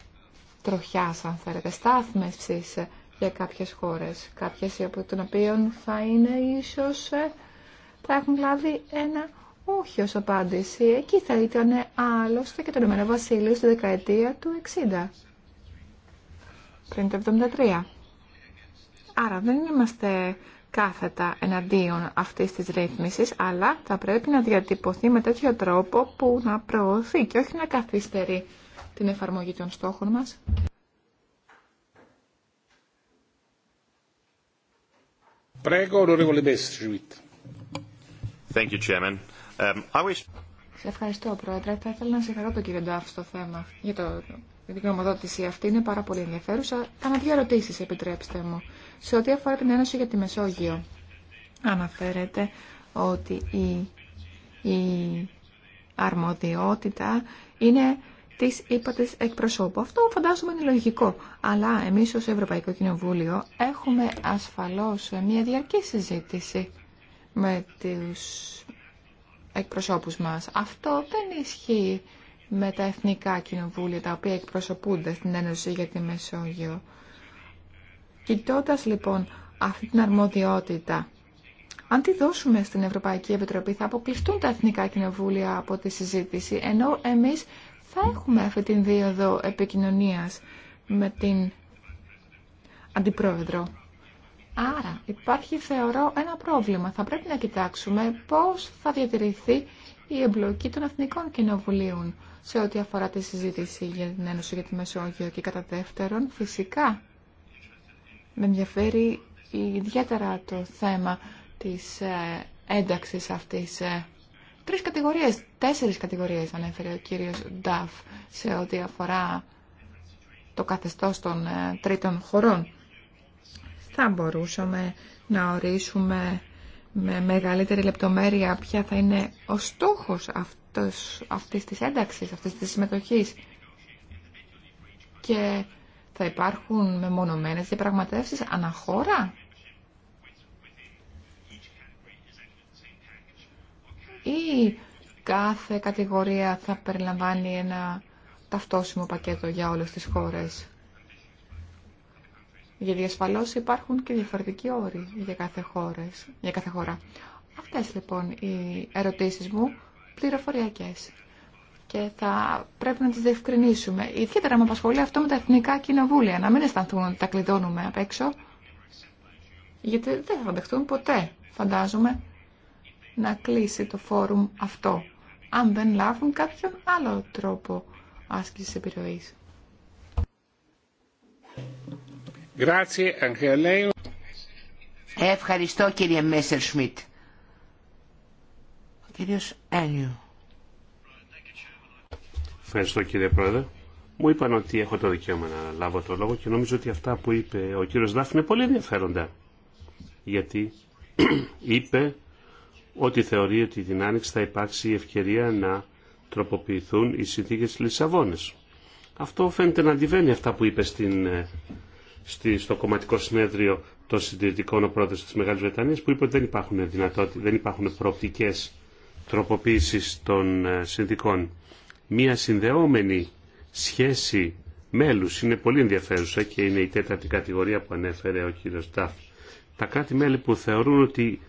S3: τροχιάς, αν θέλετε, στάθμευσης για κάποιες χώρες. Κάποιες από τον οποίων θα είναι ίσως, ε, θα έχουν λάβει ένα όχι ως απάντηση. Εκεί θα ήταν άλλωστε και το Ηνωμένο Βασίλειο στη δεκαετία του 60. Πριν το 73. Άρα δεν είμαστε κάθετα εναντίον αυτής της ρύθμισης, αλλά θα πρέπει να διατυπωθεί με τέτοιο τρόπο που να προωθεί και όχι να καθυστερεί την εφαρμογή των στόχων μας.
S2: Thank you, um,
S3: Σε ευχαριστώ, Πρόεδρε. Θα ήθελα να συγχαρώ τον κύριο Ντάφ στο θέμα για το... την γνωμοδότηση αυτή. Είναι πάρα πολύ ενδιαφέρουσα. Κάνα δύο ερωτήσει, επιτρέψτε μου. Σε ό,τι αφορά την Ένωση για τη Μεσόγειο, αναφέρεται ότι η, η αρμοδιότητα είναι της ύπατη εκπροσώπου. Αυτό φαντάζομαι είναι λογικό. Αλλά εμεί ω Ευρωπαϊκό Κοινοβούλιο έχουμε ασφαλώ μια διαρκή συζήτηση με του εκπροσώπους μα. Αυτό δεν ισχύει με τα εθνικά κοινοβούλια τα οποία εκπροσωπούνται στην Ένωση για τη Μεσόγειο. Κοιτώντα λοιπόν αυτή την αρμοδιότητα, αν τη δώσουμε στην Ευρωπαϊκή Επιτροπή θα αποκλειστούν τα εθνικά κοινοβούλια από τη συζήτηση, ενώ εμείς θα έχουμε αυτή την δίωδο επικοινωνίας με την Αντιπρόεδρο. Άρα υπάρχει θεωρώ ένα πρόβλημα. Θα πρέπει να κοιτάξουμε πώς θα διατηρηθεί η εμπλοκή των Εθνικών Κοινοβουλίων σε ό,τι αφορά τη συζήτηση για την Ένωση για τη Μεσόγειο και κατά δεύτερον φυσικά με ενδιαφέρει ιδιαίτερα το θέμα της ε, ένταξης αυτής. Ε. Τρεις κατηγορίες, τέσσερις κατηγορίες ανέφερε ο κύριος Νταφ σε ό,τι αφορά το καθεστώς των ε, τρίτων χωρών. Θα μπορούσαμε να ορίσουμε με μεγαλύτερη λεπτομέρεια ποια θα είναι ο στόχος αυτός, αυτής της ένταξης, αυτής της συμμετοχής. Και θα υπάρχουν μεμονωμένες διαπραγματεύσεις αναχώρα. Ή κάθε κατηγορία θα περιλαμβάνει ένα ταυτόσιμο πακέτο για όλες τις χώρες. Για διασφαλώς υπάρχουν και διαφορετικοί όροι για κάθε, χώρες, για κάθε χώρα. Αυτές λοιπόν οι ερωτήσεις μου πληροφοριακές και θα πρέπει να τι διευκρινίσουμε. Ιδιαίτερα με απασχολεί αυτό με τα εθνικά κοινοβούλια, να μην αισθανθούν ότι τα κλειδώνουμε απ' έξω, γιατί δεν θα δεχτούν ποτέ, φαντάζομαι, να κλείσει το φόρουμ αυτό, αν δεν λάβουν κάποιον άλλο τρόπο άσκηση επιρροή.
S1: Ευχαριστώ κύριε Μέσερ Σμιτ. Ο κύριος Ένιου.
S2: Ευχαριστώ κύριε Πρόεδρε. Μου είπαν ότι έχω το δικαίωμα να λάβω το λόγο και νομίζω ότι αυτά που είπε ο κύριος Δάφ είναι πολύ ενδιαφέροντα. Γιατί είπε ότι θεωρεί ότι την Άνοιξη θα υπάρξει η ευκαιρία να τροποποιηθούν οι συνθήκες της Λισαβόνης. Αυτό φαίνεται να αντιβαίνει αυτά που είπε στην, ε, στη, στο κομματικό συνέδριο των συντηρητικών ο πρόεδρος της Μεγάλης Βρετανίας που είπε ότι δεν υπάρχουν, δεν υπάρχουν προοπτικές τροποποίησης των ε, συνθήκων μια συνδεόμενη σχέση μέλους είναι πολύ ενδιαφέρουσα και είναι η τέταρτη κατηγορία που ανέφερε ο κύριος Τάφ. Τα κράτη-μέλη που θεωρούν ότι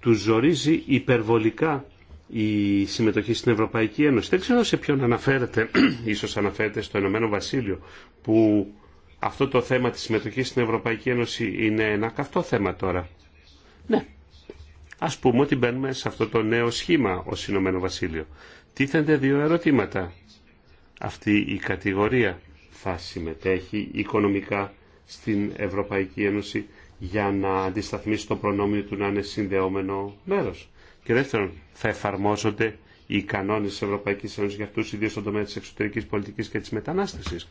S2: του ζορίζει υπερβολικά η συμμετοχή στην Ευρωπαϊκή Ένωση. Δεν ξέρω σε ποιον αναφέρεται, ίσως αναφέρεται στο Ηνωμένο Βασίλειο, που αυτό το θέμα της συμμετοχής στην Ευρωπαϊκή Ένωση είναι ένα καυτό θέμα τώρα. Ναι, ας πούμε ότι μπαίνουμε σε αυτό το νέο σχήμα ως Ηνωμένο Βασίλειο τίθενται δύο ερωτήματα. Αυτή η κατηγορία θα συμμετέχει οικονομικά στην Ευρωπαϊκή Ένωση για να αντισταθμίσει το προνόμιο του να είναι συνδεόμενο μέρος. Και δεύτερον, θα εφαρμόζονται οι κανόνες της Ευρωπαϊκής Ένωσης για αυτούς ιδίως στον τομέα της εξωτερικής πολιτικής και της μετανάστευσης.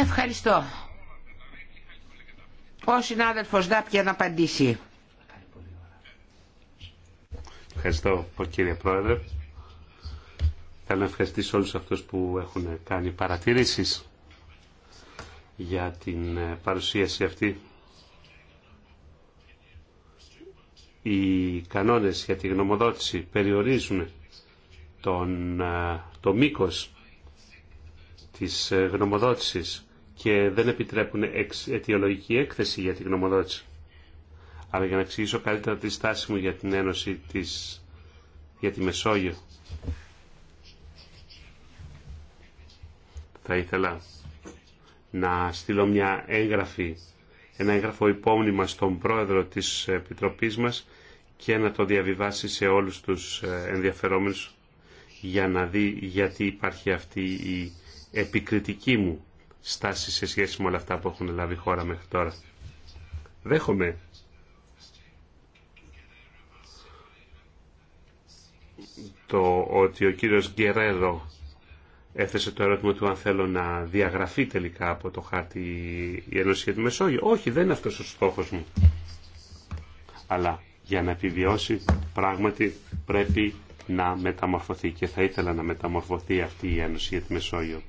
S1: Ευχαριστώ. Ο συνάδελφος Δάπια να απαντήσει.
S2: Ευχαριστώ κύριε Πρόεδρε. Θέλω να ευχαριστήσω όλους αυτούς που έχουν κάνει παρατηρήσεις για την ε, παρουσίαση αυτή. Οι κανόνες για τη γνωμοδότηση περιορίζουν τον, ε, το μήκος της ε, γνωμοδότησης και δεν επιτρέπουν αιτιολογική έκθεση για τη γνωμοδότηση. Αλλά για να εξηγήσω καλύτερα τη στάση μου για την Ένωση της, για τη Μεσόγειο, θα ήθελα να στείλω μια έγγραφη, ένα έγγραφο υπόμνημα στον πρόεδρο της Επιτροπής μας και να το διαβιβάσει σε όλους τους ε, ενδιαφερόμενους για να δει γιατί υπάρχει αυτή η επικριτική μου στάση σε σχέση με όλα αυτά που έχουν λάβει η χώρα μέχρι τώρα. Δέχομαι ότι ο κύριος Γκερέρο έθεσε το ερώτημα του αν θέλω να διαγραφεί τελικά από το χάρτη η Ένωση για τη Μεσόγειο. Όχι, δεν είναι αυτός ο στόχος μου. Αλλά για να επιβιώσει πράγματι πρέπει να μεταμορφωθεί και θα ήθελα να μεταμορφωθεί αυτή η Ένωση για τη Μεσόγειο.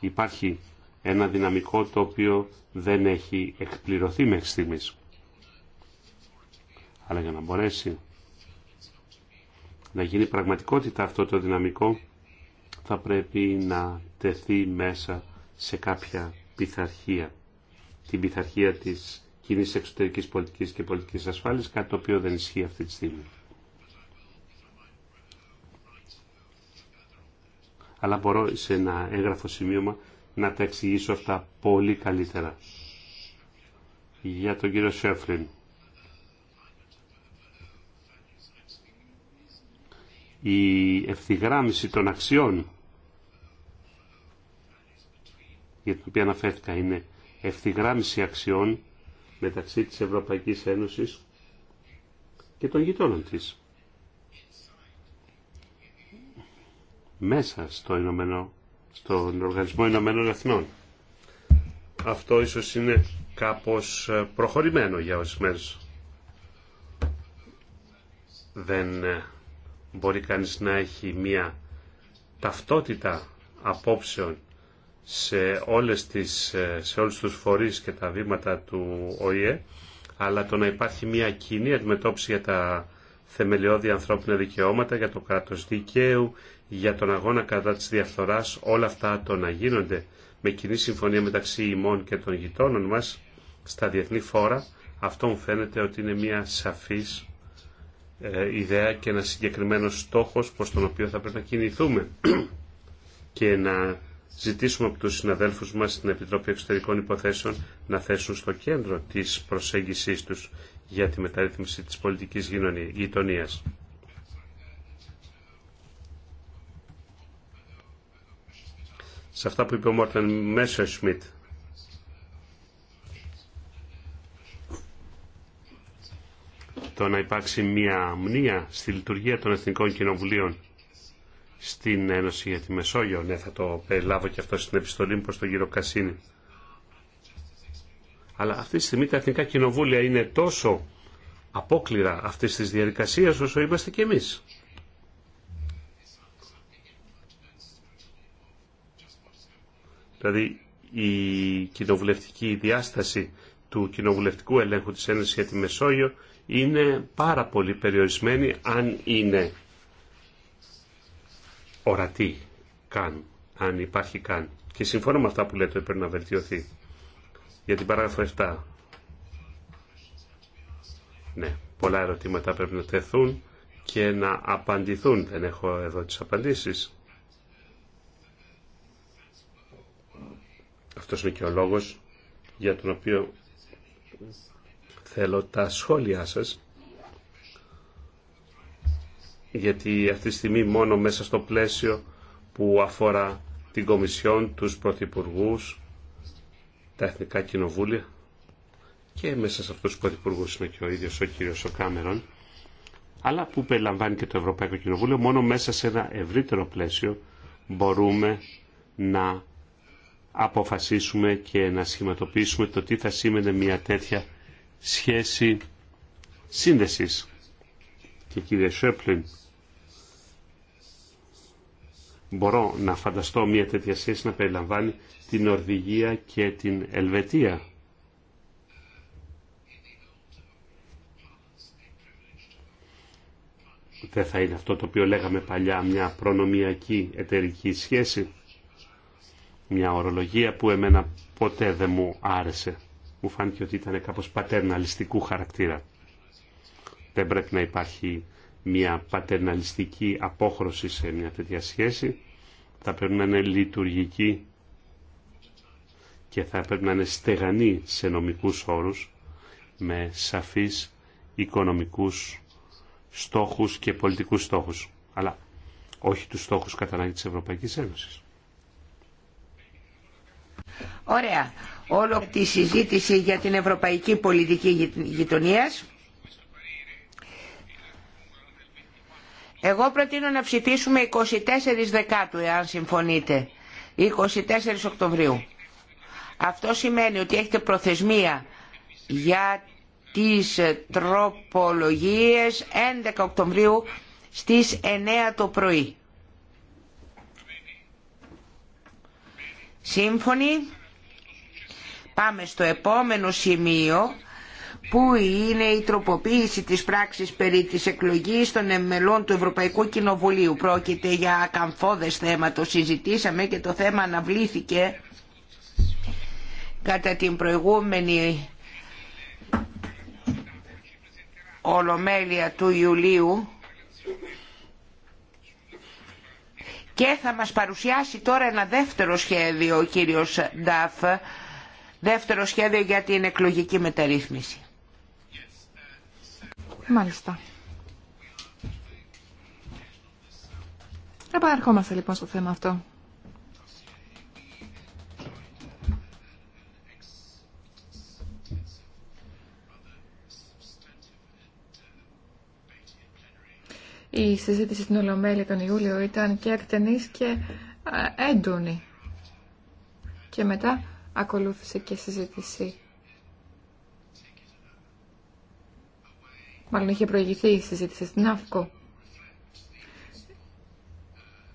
S2: Υπάρχει ένα δυναμικό το οποίο δεν έχει εκπληρωθεί μέχρι στιγμής. Αλλά για να μπορέσει να γίνει πραγματικότητα αυτό το δυναμικό θα πρέπει να τεθεί μέσα σε κάποια πειθαρχία. Την πειθαρχία της κοινή εξωτερικής πολιτικής και πολιτικής ασφάλειας, κάτι το οποίο δεν ισχύει αυτή τη στιγμή. Αλλά μπορώ σε ένα έγγραφο σημείωμα να τα εξηγήσω αυτά πολύ καλύτερα. Για τον κύριο Σέφριν. η ευθυγράμμιση των αξιών για την οποία αναφέρθηκα είναι ευθυγράμμιση αξιών μεταξύ της Ευρωπαϊκής Ένωσης και των γειτόνων της. Μέσα στο Ηνωμένο, στον Οργανισμό Ηνωμένων Εθνών. Αυτό ίσως είναι κάπως ε, προχωρημένο για ορισμένους. Δεν ε, μπορεί κανείς να έχει μία ταυτότητα απόψεων σε, όλες τις, ε, σε όλους τους φορείς και τα βήματα του ΟΗΕ, αλλά το να υπάρχει μια κοινή αντιμετώπιση για τα θεμελιώδη ανθρώπινα δικαιώματα, για το κράτος δικαίου, για τον αγώνα κατά της διαφθοράς, όλα αυτά το να γίνονται με κοινή συμφωνία μεταξύ ημών και των γειτόνων μας στα διεθνή φόρα, αυτό μου φαίνεται ότι είναι μια σαφής ε, ιδέα και ένα συγκεκριμένο στόχος προς τον οποίο θα πρέπει να κινηθούμε και να ζητήσουμε από τους συναδέλφους μας στην Επιτροπή Εξωτερικών Υποθέσεων να θέσουν στο κέντρο της προσέγγισής τους για τη μεταρρύθμιση της πολιτικής γειτονία. Σε αυτά που είπε ο Μόρτεν Μέσσερ Σμιτ το να υπάρξει μια μνήα στη λειτουργία των Εθνικών Κοινοβουλίων στην Ένωση για τη Μεσόγειο. Ναι, θα το περιλάβω και αυτό στην επιστολή μου προς τον κύριο Κασίνη. Αλλά αυτή τη στιγμή τα Εθνικά Κοινοβούλια είναι τόσο απόκληρα αυτή τη διαδικασία όσο είμαστε κι εμείς. Δηλαδή η κοινοβουλευτική διάσταση του κοινοβουλευτικού ελέγχου της Ένωσης για τη Μεσόγειο είναι πάρα πολύ περιορισμένη αν είναι ορατή καν, αν υπάρχει καν. Και συμφωνώ με αυτά που λέτε πρέπει να βελτιωθεί. Για την παράγραφο 7. Ναι, πολλά ερωτήματα πρέπει να τεθούν και να απαντηθούν. Δεν έχω εδώ τις απαντήσεις. Αυτός είναι και ο λόγος για τον οποίο θέλω τα σχόλιά σας γιατί αυτή τη στιγμή μόνο μέσα στο πλαίσιο που αφορά την Κομισιόν, τους Πρωθυπουργού, τα Εθνικά Κοινοβούλια και μέσα σε αυτούς τους Πρωθυπουργού είναι και ο ίδιος ο κύριος ο Κάμερον αλλά που περιλαμβάνει και το Ευρωπαϊκό Κοινοβούλιο μόνο μέσα σε ένα ευρύτερο πλαίσιο μπορούμε να αποφασίσουμε και να σχηματοποιήσουμε το τι θα σήμαινε μια τέτοια σχέση σύνδεσης. Και κύριε Σέπλιν, μπορώ να φανταστώ μια τέτοια σχέση να περιλαμβάνει την Νορβηγία και την Ελβετία. Δεν θα είναι αυτό το οποίο λέγαμε παλιά μια προνομιακή εταιρική σχέση. Μια ορολογία που εμένα ποτέ δεν μου άρεσε μου φάνηκε ότι ήταν κάπως πατερναλιστικού χαρακτήρα. Δεν πρέπει να υπάρχει μια πατερναλιστική απόχρωση σε μια τέτοια σχέση. Θα πρέπει να είναι λειτουργική και θα πρέπει να είναι στεγανή σε νομικούς όρους με σαφείς οικονομικούς στόχους και πολιτικούς στόχους. Αλλά όχι τους στόχους κατά ανάγκη της Ευρωπαϊκής Ένωσης.
S1: Ωραία όλο τη συζήτηση για την ευρωπαϊκή πολιτική γειτονίας. Εγώ προτείνω να ψηφίσουμε 24 Δεκάτου, εάν συμφωνείτε, 24 Οκτωβρίου. Αυτό σημαίνει ότι έχετε προθεσμία για τις τροπολογίες 11 Οκτωβρίου στις 9 το πρωί. Σύμφωνοι. Πάμε στο επόμενο σημείο που είναι η τροποποίηση της πράξης περί της εκλογής των εμμελών του Ευρωπαϊκού Κοινοβουλίου. Πρόκειται για ακαμφόδες θέμα, το συζητήσαμε και το θέμα αναβλήθηκε κατά την προηγούμενη ολομέλεια του Ιουλίου και θα μας παρουσιάσει τώρα ένα δεύτερο σχέδιο ο κύριος Νταφ δεύτερο σχέδιο για την εκλογική μεταρρύθμιση.
S3: Μάλιστα. Επαναρχόμαστε λοιπόν στο θέμα αυτό. Η συζήτηση στην Ολομέλη τον Ιούλιο ήταν και εκτενής και ε, έντονη. Και μετά ακολούθησε και συζήτηση. Μάλλον είχε προηγηθεί η συζήτηση στην ΑΦΚΟ.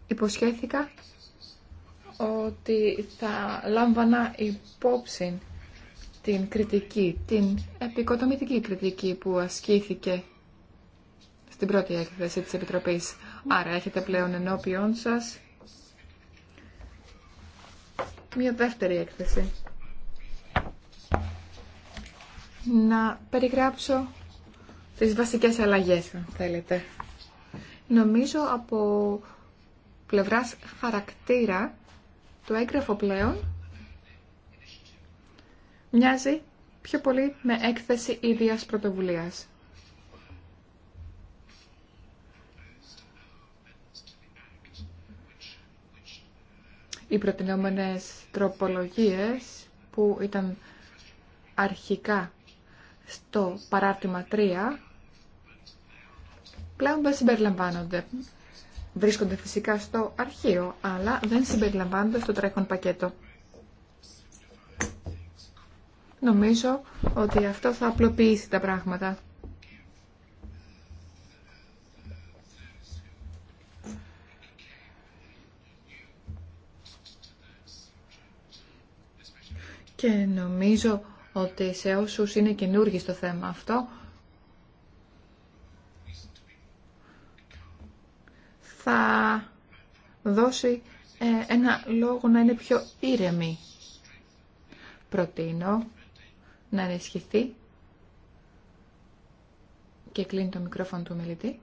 S3: Υποσχέθηκα ότι θα λάμβανα υπόψη την κριτική, την επικοτομητική κριτική που ασκήθηκε στην πρώτη έκθεση της Επιτροπής. Άρα έχετε πλέον ενώπιόν σας μια δεύτερη έκθεση. Να περιγράψω τις βασικές αλλαγές, αν θέλετε. Νομίζω από πλευράς χαρακτήρα το έγγραφο πλέον μοιάζει πιο πολύ με έκθεση ίδιας πρωτοβουλίας. οι προτινόμενες τροπολογίες που ήταν αρχικά στο παράρτημα 3 πλέον δεν συμπεριλαμβάνονται. Βρίσκονται φυσικά στο αρχείο, αλλά δεν συμπεριλαμβάνονται στο τρέχον πακέτο. Νομίζω ότι αυτό θα απλοποιήσει τα πράγματα. και νομίζω ότι σε όσους είναι καινούργοι στο θέμα αυτό θα δώσει ε, ένα λόγο να είναι πιο ήρεμη. Προτείνω να ενισχυθεί και κλείνει το μικρόφωνο του μιλητή.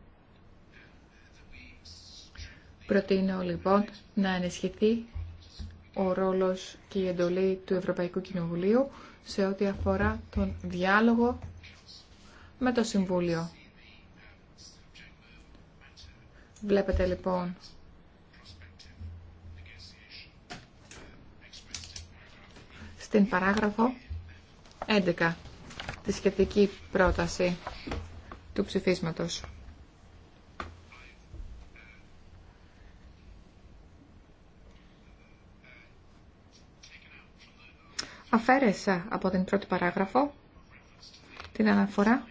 S3: Προτείνω λοιπόν να ενισχυθεί ο ρόλος και η εντολή του Ευρωπαϊκού Κοινοβουλίου σε ό,τι αφορά τον διάλογο με το Συμβούλιο. Βλέπετε λοιπόν στην παράγραφο 11 τη σχετική πρόταση του ψηφίσματος. αφαίρεσα από την πρώτη παράγραφο την αναφορά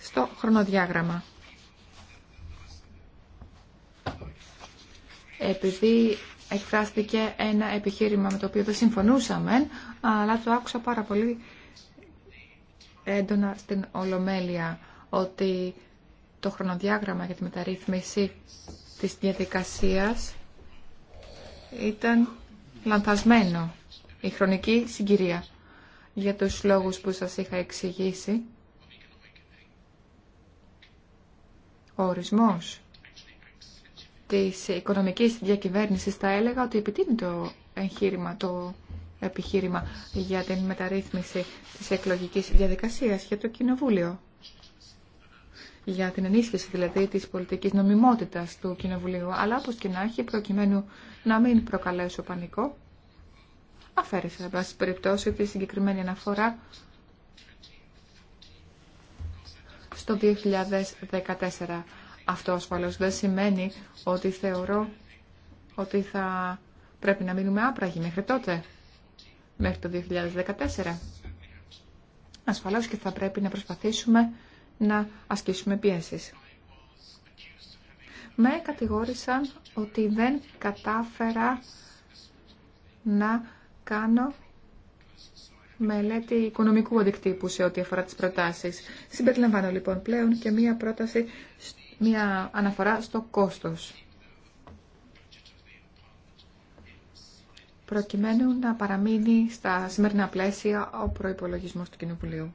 S3: στο χρονοδιάγραμμα. Επειδή εκφράστηκε ένα επιχείρημα με το οποίο δεν συμφωνούσαμε, αλλά το άκουσα πάρα πολύ έντονα στην Ολομέλεια, ότι το χρονοδιάγραμμα για τη μεταρρύθμιση της διαδικασίας ήταν λανθασμένο η χρονική συγκυρία. Για τους λόγους που σας είχα εξηγήσει, ο ορισμός της οικονομικής διακυβέρνησης θα έλεγα ότι επιτείνει το εγχείρημα, το επιχείρημα για την μεταρρύθμιση της εκλογικής διαδικασίας για το Κοινοβούλιο. Για την ενίσχυση δηλαδή της πολιτικής νομιμότητας του Κοινοβουλίου. Αλλά όπως και να έχει, προκειμένου να μην προκαλέσω πανικό, αφαίρεσε, εν πάση περιπτώσει, τη συγκεκριμένη αναφορά στο 2014. Αυτό ασφαλώς δεν σημαίνει ότι θεωρώ ότι θα πρέπει να μείνουμε άπραγοι μέχρι τότε, μέχρι το 2014. Ασφαλώς και θα πρέπει να προσπαθήσουμε να ασκήσουμε πιέσεις. Με κατηγόρησαν ότι δεν κατάφερα να κάνω μελέτη οικονομικού αντικτύπου σε ό,τι αφορά τις προτάσεις. Συμπεριλαμβάνω λοιπόν πλέον και μία πρόταση, μία αναφορά στο κόστος. προκειμένου να παραμείνει στα σημερινά πλαίσια ο προϋπολογισμός του Κοινοβουλίου.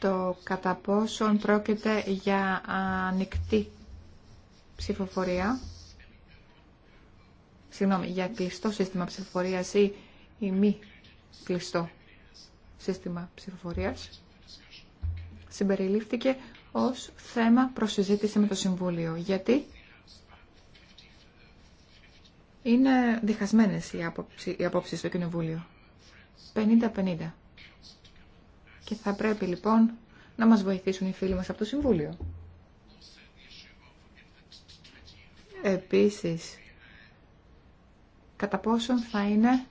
S3: Το κατά πόσον πρόκειται για ανοιχτή ψηφοφορία συγγνώμη, για κλειστό σύστημα ψηφοφορίας ή, μη κλειστό σύστημα ψηφοφορίας συμπεριλήφθηκε ως θέμα προσυζήτηση με το Συμβούλιο. Γιατί είναι διχασμένες οι, απόψει, οι απόψεις στο Κοινοβούλιο. 50-50. Και θα πρέπει λοιπόν να μας βοηθήσουν οι φίλοι μας από το Συμβούλιο. Επίσης, κατά πόσον θα είναι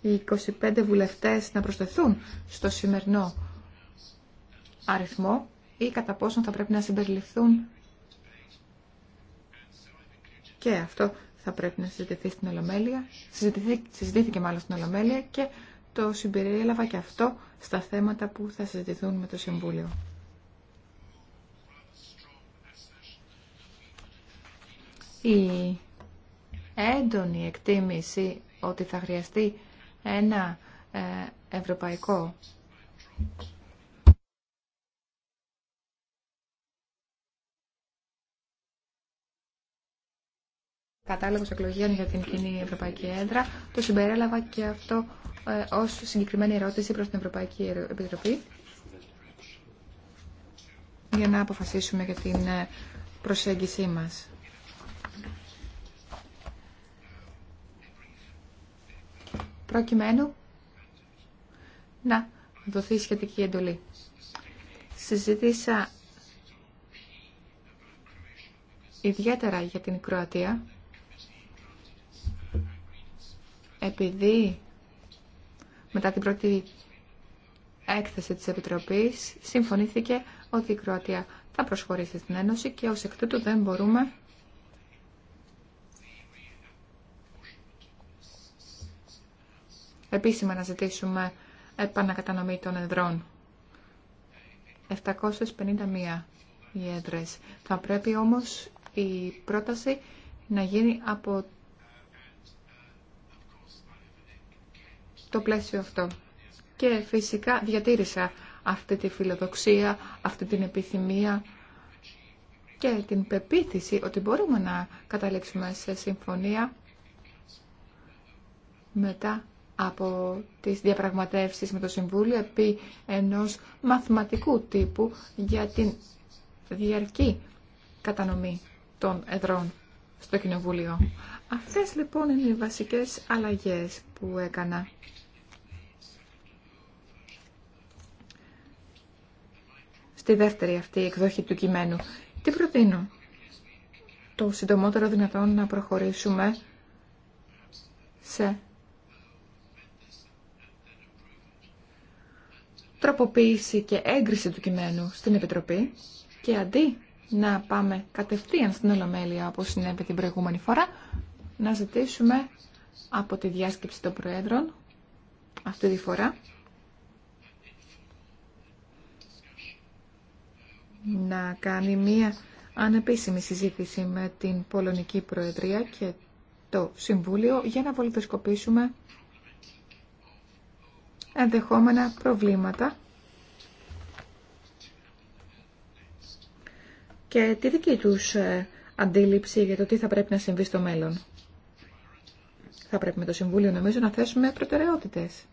S3: οι 25 βουλευτές να προσθεθούν στο σημερινό αριθμό ή κατά πόσον θα πρέπει να συμπεριληφθούν και αυτό θα πρέπει να συζητηθεί στην Ολομέλεια. συζητήθηκε μάλλον στην Ολομέλεια και το συμπεριέλαβα και αυτό στα θέματα που θα συζητηθούν με το Συμβούλιο. Η έντονη εκτίμηση ότι θα χρειαστεί ένα ε, ευρωπαϊκό κατάλογος εκλογιών για την κοινή Ευρωπαϊκή Έντρα. Το συμπερέλαβα και αυτό ε, ως συγκεκριμένη ερώτηση προς την Ευρωπαϊκή Επιτροπή για να αποφασίσουμε για την ε, προσέγγιση μας. προκειμένου να δοθεί σχετική εντολή. Συζήτησα ιδιαίτερα για την Κροατία, επειδή μετά την πρώτη έκθεση της Επιτροπής συμφωνήθηκε ότι η Κροατία θα προσχωρήσει στην Ένωση και ως εκ τούτου δεν μπορούμε επίσημα να ζητήσουμε επανακατανομή των εδρών. 751 οι έδρες. Θα πρέπει όμως η πρόταση να γίνει από το πλαίσιο αυτό. Και φυσικά διατήρησα αυτή τη φιλοδοξία, αυτή την επιθυμία και την πεποίθηση ότι μπορούμε να καταλήξουμε σε συμφωνία μετά από τις διαπραγματεύσεις με το Συμβούλιο επί ενός μαθηματικού τύπου για την διαρκή κατανομή των εδρών στο Κοινοβούλιο. Αυτές λοιπόν είναι οι βασικές αλλαγές που έκανα. Στη δεύτερη αυτή εκδοχή του κειμένου. Τι προτείνω. Το συντομότερο δυνατόν να προχωρήσουμε σε τροποποίηση και έγκριση του κειμένου στην Επιτροπή και αντί να πάμε κατευθείαν στην Ολομέλεια όπως συνέβη την προηγούμενη φορά, να ζητήσουμε από τη διάσκεψη των Προέδρων αυτή τη φορά να κάνει μία ανεπίσημη συζήτηση με την Πολωνική Προεδρία και το Συμβούλιο για να βολιδοσκοπήσουμε ενδεχόμενα προβλήματα και τη δική τους ε, αντίληψη για το τι θα πρέπει να συμβεί στο μέλλον. Θα πρέπει με το Συμβούλιο νομίζω να θέσουμε προτεραιότητες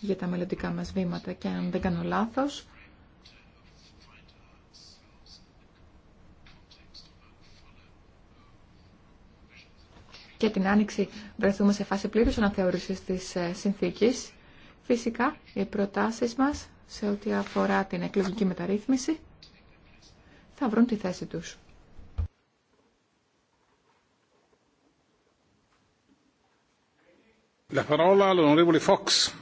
S3: για τα μελλοντικά μας βήματα και αν δεν κάνω λάθος και την άνοιξη βρεθούμε σε φάση πλήρους αναθεώρησης της ε, συνθήκης Φυσικά, οι προτάσεις μας σε ό,τι αφορά την εκλογική μεταρρύθμιση θα βρουν τη θέση τους. parola Fox.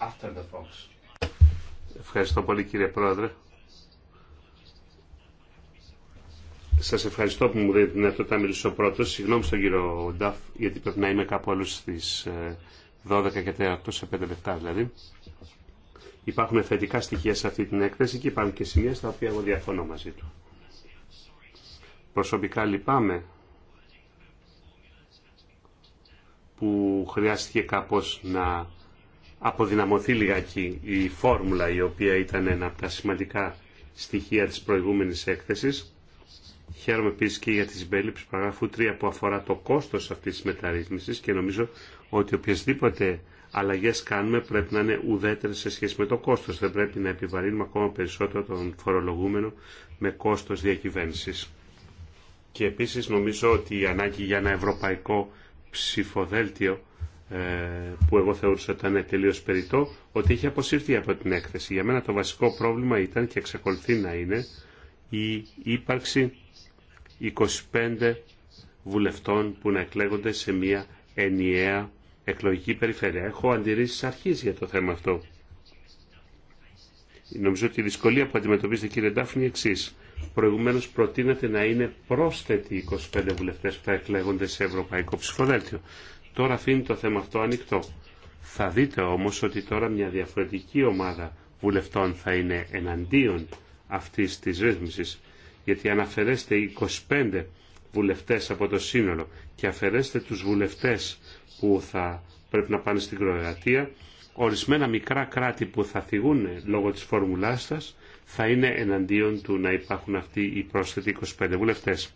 S2: After the Fox. Ευχαριστώ πολύ κύριε Πρόεδρε. Σας ευχαριστώ που μου δίνετε την ευκαιρία να μιλήσω πρώτο. Συγγνώμη στον κύριο Νταφ, γιατί πρέπει να είμαι κάπου αλλού στις 12 ε, και τέταρτο σε 5 λεπτά δηλαδή. Υπάρχουν θετικά στοιχεία σε αυτή την έκθεση και υπάρχουν και σημεία στα οποία εγώ διαφωνώ μαζί του. Προσωπικά λυπάμαι που χρειάστηκε κάπως να αποδυναμωθεί λιγάκι η φόρμουλα η οποία ήταν ένα από τα σημαντικά στοιχεία της προηγούμενης έκθεσης. Χαίρομαι επίση και για τη συμπέληψη παραγράφου 3 που αφορά το κόστο αυτή τη μεταρρύθμιση και νομίζω ότι οποιασδήποτε αλλαγέ κάνουμε πρέπει να είναι ουδέτερε σε σχέση με το κόστο. Δεν πρέπει να επιβαρύνουμε ακόμα περισσότερο τον φορολογούμενο με κόστο διακυβέρνηση. Και επίση νομίζω ότι η ανάγκη για ένα ευρωπαϊκό ψηφοδέλτιο ε, που εγώ θεωρούσα ότι ήταν τελείω περιττό, ότι είχε αποσύρθει από την έκθεση. Για μένα το βασικό πρόβλημα ήταν και εξακολουθεί να είναι η ύπαρξη 25 βουλευτών που να εκλέγονται σε μια ενιαία εκλογική περιφέρεια. Έχω αντιρρήσει αρχή για το θέμα αυτό. Νομίζω ότι η δυσκολία που αντιμετωπίζετε κύριε Ντάφνη είναι εξή. Προηγουμένω προτείνατε να είναι πρόσθετοι 25 βουλευτέ που θα εκλέγονται σε ευρωπαϊκό ψηφοδέλτιο. Τώρα αφήνει το θέμα αυτό ανοιχτό. Θα δείτε όμω ότι τώρα μια διαφορετική ομάδα βουλευτών θα είναι εναντίον αυτή τη ρύθμιση γιατί αν αφαιρέσετε 25 βουλευτές από το σύνολο και αφαιρέσετε τους βουλευτές που θα πρέπει να πάνε στην Κροατία, ορισμένα μικρά κράτη που θα θυγούν λόγω της φόρμουλάς σας θα είναι εναντίον του να υπάρχουν αυτοί οι πρόσθετοι 25 βουλευτές.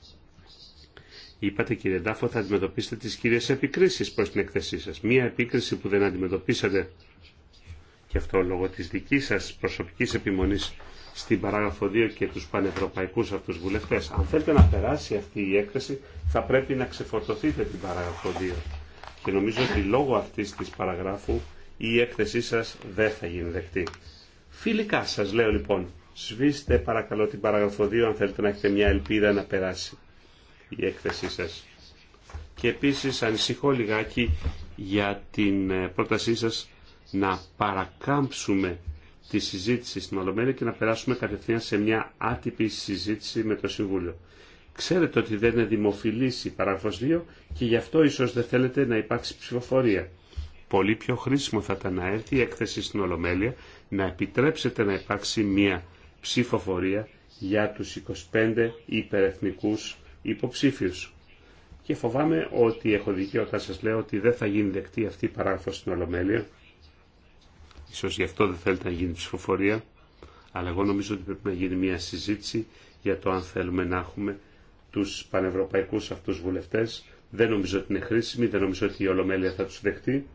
S2: Είπατε κύριε Ντάφο θα αντιμετωπίσετε τις κυρίες επικρίσεις προς την εκθεσή σας. Μία επίκριση που δεν αντιμετωπίσατε και αυτό λόγω της δικής σας προσωπικής επιμονής στην παράγραφο 2 και τους πανευρωπαϊκούς αυτούς βουλευτές. Αν θέλετε να περάσει αυτή η έκθεση θα πρέπει να ξεφορτωθείτε την παράγραφο 2. Και νομίζω ότι λόγω αυτής της παραγράφου η έκθεσή σας δεν θα γίνει δεκτή. Φιλικά σας λέω λοιπόν, σβήστε παρακαλώ την παράγραφο 2 αν θέλετε να έχετε μια ελπίδα να περάσει η έκθεσή σας. Και επίσης ανησυχώ λιγάκι για την ε, πρότασή σας να παρακάμψουμε τη συζήτηση στην Ολομέλεια και να περάσουμε κατευθείαν σε μια άτυπη συζήτηση με το Συμβούλιο. Ξέρετε ότι δεν είναι δημοφιλή η παράγραφος 2 και γι' αυτό ίσω δεν θέλετε να υπάρξει ψηφοφορία. Πολύ πιο χρήσιμο θα ήταν να έρθει η έκθεση στην Ολομέλεια, να επιτρέψετε να υπάρξει μια ψηφοφορία για τους 25 υπερεθνικούς υποψήφιους. Και φοβάμαι ότι έχω δίκιο όταν σας λέω ότι δεν θα γίνει δεκτή αυτή η παράγραφος στην Ολομέλεια Ίσως γι' αυτό δεν θέλετε να γίνει ψηφοφορία, αλλά εγώ νομίζω ότι πρέπει να γίνει μια συζήτηση για το αν θέλουμε να έχουμε τους πανευρωπαϊκούς αυτούς βουλευτές. Δεν νομίζω ότι είναι χρήσιμη, δεν νομίζω ότι η Ολομέλεια θα τους δεχτεί.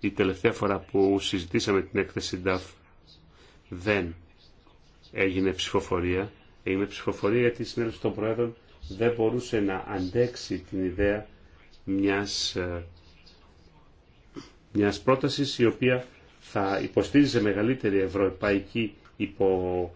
S2: Η τελευταία φορά που συζητήσαμε την έκθεση DAF δεν έγινε ψηφοφορία. Έγινε ψηφοφορία γιατί η συνέλευση των Προέδρων δεν μπορούσε να αντέξει την ιδέα μιας, ε, μιας πρότασης η οποία θα υποστήριζε μεγαλύτερη ευρωπαϊκή υπο,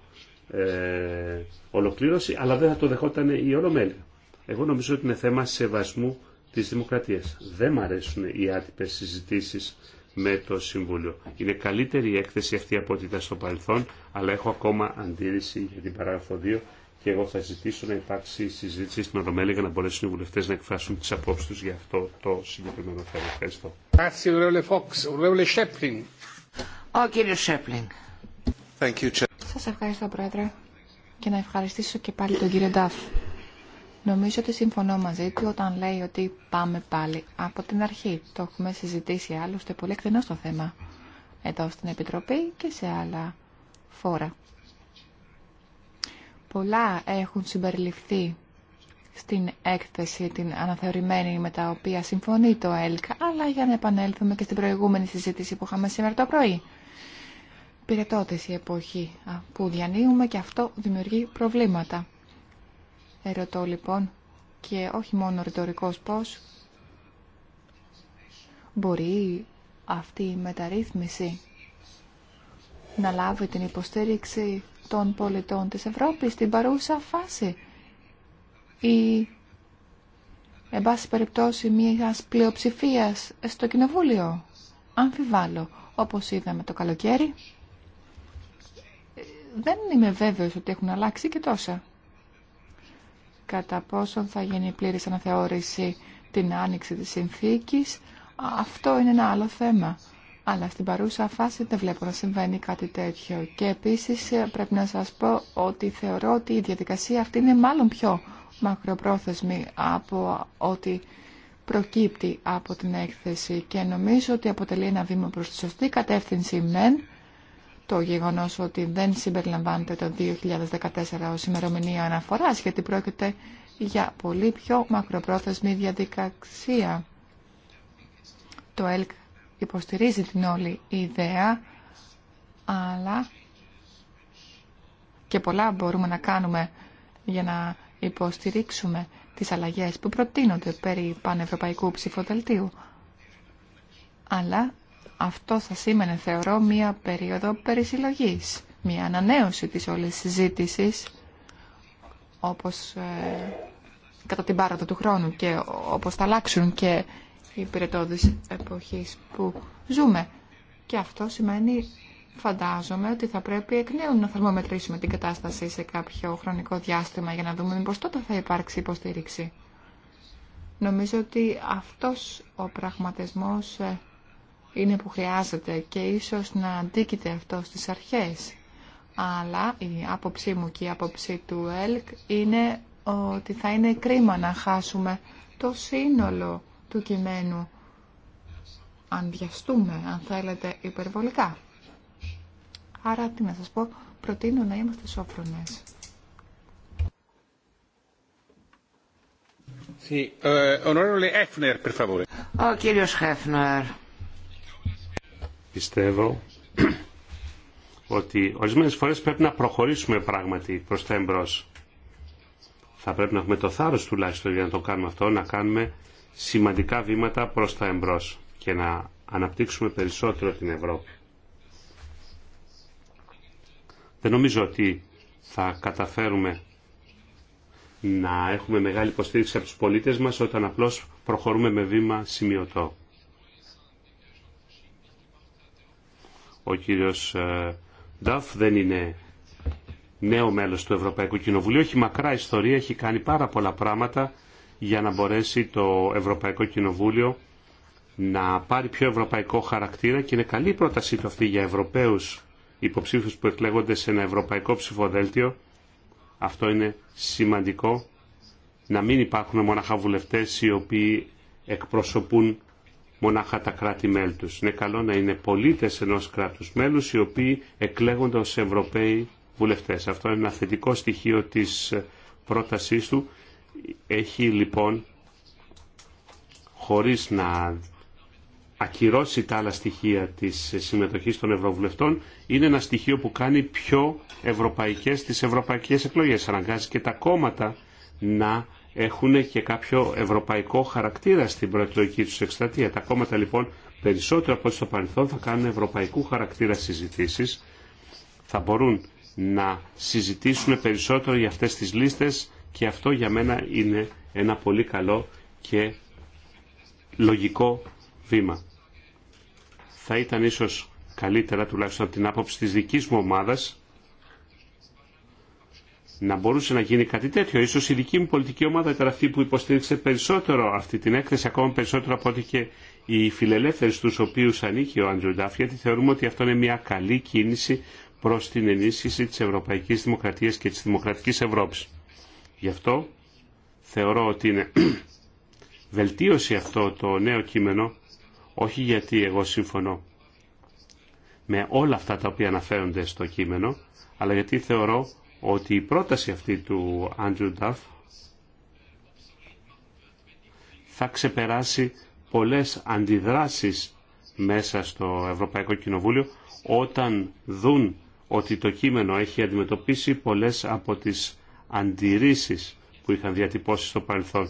S2: ε, ολοκλήρωση, αλλά δεν θα το δεχόταν η Ολομέλεια. Εγώ νομίζω ότι είναι θέμα σεβασμού της δημοκρατίας. Δεν μ' αρέσουν οι άτυπες συζητήσεις με το Συμβούλιο. Είναι καλύτερη η έκθεση αυτή από ό,τι ήταν στο παρελθόν, αλλά έχω ακόμα αντίρρηση για την παράγραφο 2 και εγώ θα ζητήσω να υπάρξει συζήτηση στην Ολομέλεια για να μπορέσουν οι βουλευτέ να εκφράσουν τι απόψει του για αυτό το συγκεκριμένο θέμα. Ευχαριστώ.
S1: Ο Σέπλινγκ.
S3: Σας ευχαριστώ Πρόεδρε και να ευχαριστήσω και πάλι τον κύριο Ντάφ. Νομίζω ότι συμφωνώ μαζί του όταν λέει ότι πάμε πάλι από την αρχή. Το έχουμε συζητήσει άλλωστε πολύ εκτενώς το θέμα εδώ στην Επιτροπή και σε άλλα φόρα. Πολλά έχουν συμπεριληφθεί στην έκθεση την αναθεωρημένη με τα οποία συμφωνεί το ΕΛΚ, αλλά για να επανέλθουμε και στην προηγούμενη συζήτηση που είχαμε σήμερα το πρωί πυρετώτες η εποχή που διανύουμε και αυτό δημιουργεί προβλήματα. Ερωτώ λοιπόν και όχι μόνο ρητορικό πώς μπορεί αυτή η μεταρρύθμιση να λάβει την υποστήριξη των πολιτών της Ευρώπης στην παρούσα φάση ή εν πάση περιπτώσει μια πλειοψηφία στο Κοινοβούλιο. Αμφιβάλλω, όπως είδαμε το καλοκαίρι, δεν είμαι βέβαιος ότι έχουν αλλάξει και τόσα. Κατά πόσον θα γίνει πλήρης αναθεώρηση την άνοιξη της συνθήκης, αυτό είναι ένα άλλο θέμα. Αλλά στην παρούσα φάση δεν βλέπω να συμβαίνει κάτι τέτοιο. Και επίσης ε, πρέπει να σας πω ότι θεωρώ ότι η διαδικασία αυτή είναι μάλλον πιο μακροπρόθεσμη από ό,τι προκύπτει από την έκθεση και νομίζω ότι αποτελεί ένα βήμα προς τη σωστή κατεύθυνση μεν, το γεγονός ότι δεν συμπεριλαμβάνεται το 2014 ως ημερομηνία αναφοράς, γιατί πρόκειται για πολύ πιο μακροπρόθεσμη διαδικασία. Το ΕΛΚ υποστηρίζει την όλη ιδέα, αλλά και πολλά μπορούμε να κάνουμε για να υποστηρίξουμε τις αλλαγές που προτείνονται περί πανευρωπαϊκού ψηφοδελτίου. Αλλά αυτό θα σήμαινε, θεωρώ, μία περίοδο περισυλλογής, μία ανανέωση της όλης συζήτησης, όπως ε, κατά την πάροδο του χρόνου και όπως θα αλλάξουν και οι πυρετόδους εποχής που ζούμε. Και αυτό σημαίνει, φαντάζομαι, ότι θα πρέπει εκ νέου να θερμομετρήσουμε την κατάσταση σε κάποιο χρονικό διάστημα για να δούμε μήπως τότε θα υπάρξει υποστήριξη. Νομίζω ότι αυτός ο πραγματισμός ε, είναι που χρειάζεται και ίσως να αντίκειται αυτό στις αρχές. Αλλά η άποψή μου και η άποψή του ΕΛΚ είναι ότι θα είναι κρίμα να χάσουμε το σύνολο του κειμένου αν βιαστούμε, αν θέλετε, υπερβολικά. Άρα, τι να σας πω, προτείνω να είμαστε σόφρονες.
S2: Eh,
S1: Ο κύριος Χέφνερ.
S2: Πιστεύω ότι ορισμένες φορές πρέπει να προχωρήσουμε πράγματι προς τα εμπρός. Θα πρέπει να έχουμε το θάρρος τουλάχιστον για να το κάνουμε αυτό, να κάνουμε σημαντικά βήματα προς τα εμπρός και να αναπτύξουμε περισσότερο την Ευρώπη. Δεν νομίζω ότι θα καταφέρουμε να έχουμε μεγάλη υποστήριξη από τους πολίτες μας όταν απλώς προχωρούμε με βήμα σημειωτό. Ο κύριος ε, Νταφ δεν είναι νέο μέλος του Ευρωπαϊκού Κοινοβουλίου. Έχει μακρά ιστορία, έχει κάνει πάρα πολλά πράγματα για να μπορέσει το Ευρωπαϊκό Κοινοβούλιο να πάρει πιο ευρωπαϊκό χαρακτήρα και είναι καλή πρότασή του αυτή για Ευρωπαίους υποψήφιους που εκλέγονται σε ένα ευρωπαϊκό ψηφοδέλτιο. Αυτό είναι σημαντικό να μην υπάρχουν μοναχα βουλευτές οι οποίοι εκπροσωπούν μονάχα τα κράτη-μέλη τους. Είναι καλό να είναι πολίτες ενός κράτους μέλους οι οποίοι εκλέγονται ως Ευρωπαίοι βουλευτές. Αυτό είναι ένα θετικό στοιχείο της πρότασής του. Έχει λοιπόν, χωρίς να ακυρώσει τα άλλα στοιχεία της συμμετοχής των Ευρωβουλευτών, είναι ένα στοιχείο που κάνει πιο ευρωπαϊκές τις ευρωπαϊκές εκλογές. Αναγκάζει και τα κόμματα να έχουν και κάποιο ευρωπαϊκό χαρακτήρα στην προεκλογική του εκστρατεία. Τα κόμματα λοιπόν περισσότερο από ό,τι στο παρελθόν θα κάνουν ευρωπαϊκού χαρακτήρα συζητήσεις, θα μπορούν να συζητήσουν περισσότερο για αυτές τις λίστες και αυτό για μένα είναι ένα πολύ καλό και λογικό βήμα. Θα ήταν ίσως καλύτερα τουλάχιστον από την άποψη της δικής μου ομάδας να μπορούσε να γίνει κάτι τέτοιο. Ίσως η δική μου πολιτική ομάδα ήταν αυτή που υποστήριξε περισσότερο αυτή την έκθεση, ακόμα περισσότερο από ό,τι και οι φιλελεύθεροι στους οποίους ανήκει ο Άντζου Ντάφ, γιατί θεωρούμε ότι αυτό είναι μια καλή κίνηση προς την ενίσχυση της Ευρωπαϊκής Δημοκρατίας και της Δημοκρατικής Ευρώπης. Γι' αυτό θεωρώ ότι είναι βελτίωση αυτό το νέο κείμενο, όχι γιατί εγώ συμφωνώ με όλα αυτά τα οποία αναφέρονται στο κείμενο, αλλά γιατί θεωρώ ότι η πρόταση αυτή του Άντρου Νταφ θα ξεπεράσει πολλές αντιδράσεις μέσα στο Ευρωπαϊκό Κοινοβούλιο όταν δουν ότι το κείμενο έχει αντιμετωπίσει πολλές από τις αντιρρήσεις που είχαν διατυπώσει στο παρελθόν.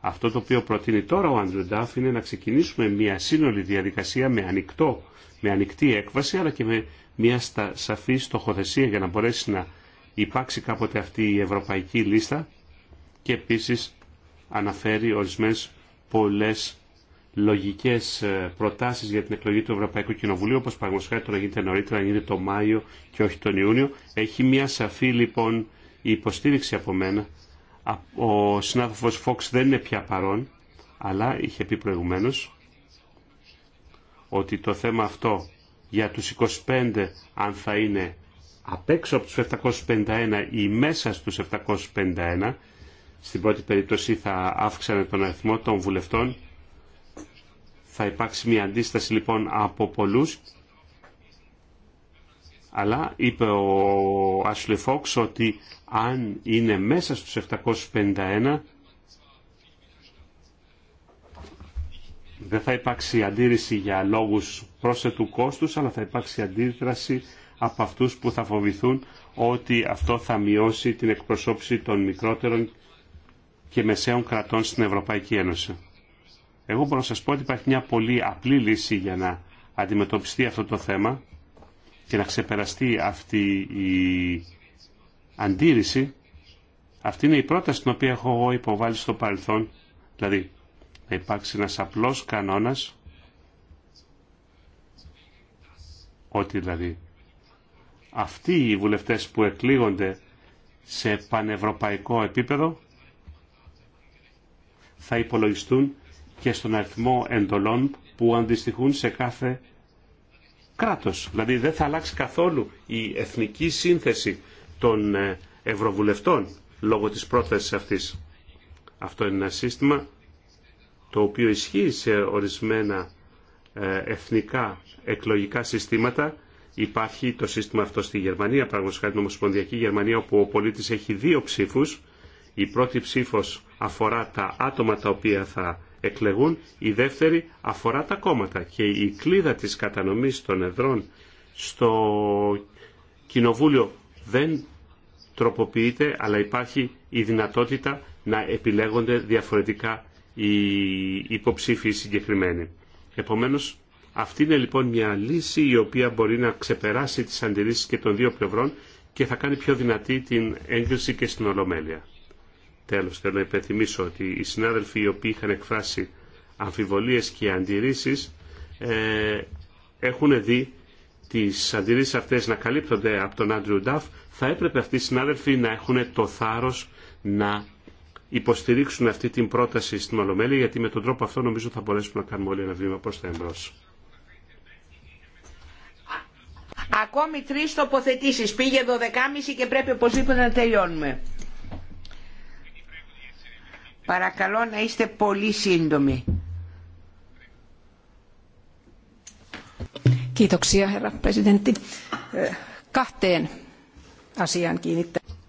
S2: Αυτό το οποίο προτείνει τώρα ο Άντρου Ντάφ είναι να ξεκινήσουμε μια σύνολη διαδικασία με, ανοιχτό, με ανοιχτή έκβαση αλλά και με μια σαφή στοχοθεσία για να μπορέσει να υπάρξει κάποτε αυτή η ευρωπαϊκή λίστα και επίσης αναφέρει ορισμένες πολλές λογικές ε, προτάσεις για την εκλογή του Ευρωπαϊκού Κοινοβουλίου, όπως παραγωγικά το να γίνεται νωρίτερα, να γίνεται το Μάιο και όχι τον Ιούνιο. Έχει μια σαφή λοιπόν υποστήριξη από μένα. Ο συνάδελφος Φόξ δεν είναι πια παρόν, αλλά είχε πει προηγουμένως ότι το θέμα αυτό για τους 25 αν θα είναι απ' έξω από τους 751 ή μέσα στους 751, στην πρώτη περίπτωση θα αύξανε τον αριθμό των βουλευτών, θα υπάρξει μια αντίσταση λοιπόν από πολλούς, αλλά είπε ο Ασλουφόξ ότι αν είναι μέσα στους 751, δεν θα υπάρξει αντίρρηση για λόγους πρόσθετου κόστους, αλλά θα υπάρξει αντίδραση από αυτούς που θα φοβηθούν ότι αυτό θα μειώσει την εκπροσώπηση των μικρότερων και μεσαίων κρατών στην Ευρωπαϊκή Ένωση. Εγώ μπορώ να σας πω ότι υπάρχει μια πολύ απλή λύση για να αντιμετωπιστεί αυτό το θέμα και να ξεπεραστεί αυτή η αντίρρηση. Αυτή είναι η πρόταση την οποία έχω υποβάλει στο παρελθόν. Δηλαδή, να υπάρξει ένας απλός κανόνας ότι δηλαδή αυτοί οι βουλευτές που εκλήγονται σε πανευρωπαϊκό επίπεδο θα υπολογιστούν και στον αριθμό εντολών που αντιστοιχούν σε κάθε κράτος. Δηλαδή δεν θα αλλάξει καθόλου η εθνική σύνθεση των ε, ευρωβουλευτών λόγω της πρόθεσης αυτής. Αυτό είναι ένα σύστημα το οποίο ισχύει σε ορισμένα ε, εθνικά εκλογικά συστήματα Υπάρχει το σύστημα αυτό στη Γερμανία, πραγματικά την Ομοσπονδιακή Γερμανία, όπου ο πολίτης έχει δύο ψήφους. Η πρώτη ψήφος αφορά τα άτομα τα οποία θα εκλεγούν, η δεύτερη αφορά τα κόμματα. Και η κλίδα της κατανομής των εδρών στο Κοινοβούλιο δεν τροποποιείται, αλλά υπάρχει η δυνατότητα να επιλέγονται διαφορετικά οι υποψήφοι συγκεκριμένοι. Επομένως, αυτή είναι λοιπόν μια λύση η οποία μπορεί να ξεπεράσει τις αντιρρήσεις και των δύο πλευρών και θα κάνει πιο δυνατή την έγκριση και στην Ολομέλεια. Τέλος, θέλω να υπενθυμίσω ότι οι συνάδελφοι οι οποίοι είχαν εκφράσει αμφιβολίες και αντιρρήσεις ε, έχουν δει τις αντιρρήσεις αυτές να καλύπτονται από τον Άντριου Νταφ, θα έπρεπε αυτοί οι συνάδελφοι να έχουν το θάρρος να υποστηρίξουν αυτή την πρόταση στην Ολομέλεια, γιατί με τον τρόπο αυτό νομίζω θα μπορέσουμε να κάνουμε όλοι ένα βήμα προς τα εμπρός.
S1: Ακόμη τρει τοποθετήσει Πήγε 12.30 και πρέπει οπωσδήποτε να τελειώνουμε. Παρακαλώ να είστε πολύ σύντομοι.
S3: Kiitoksia, herra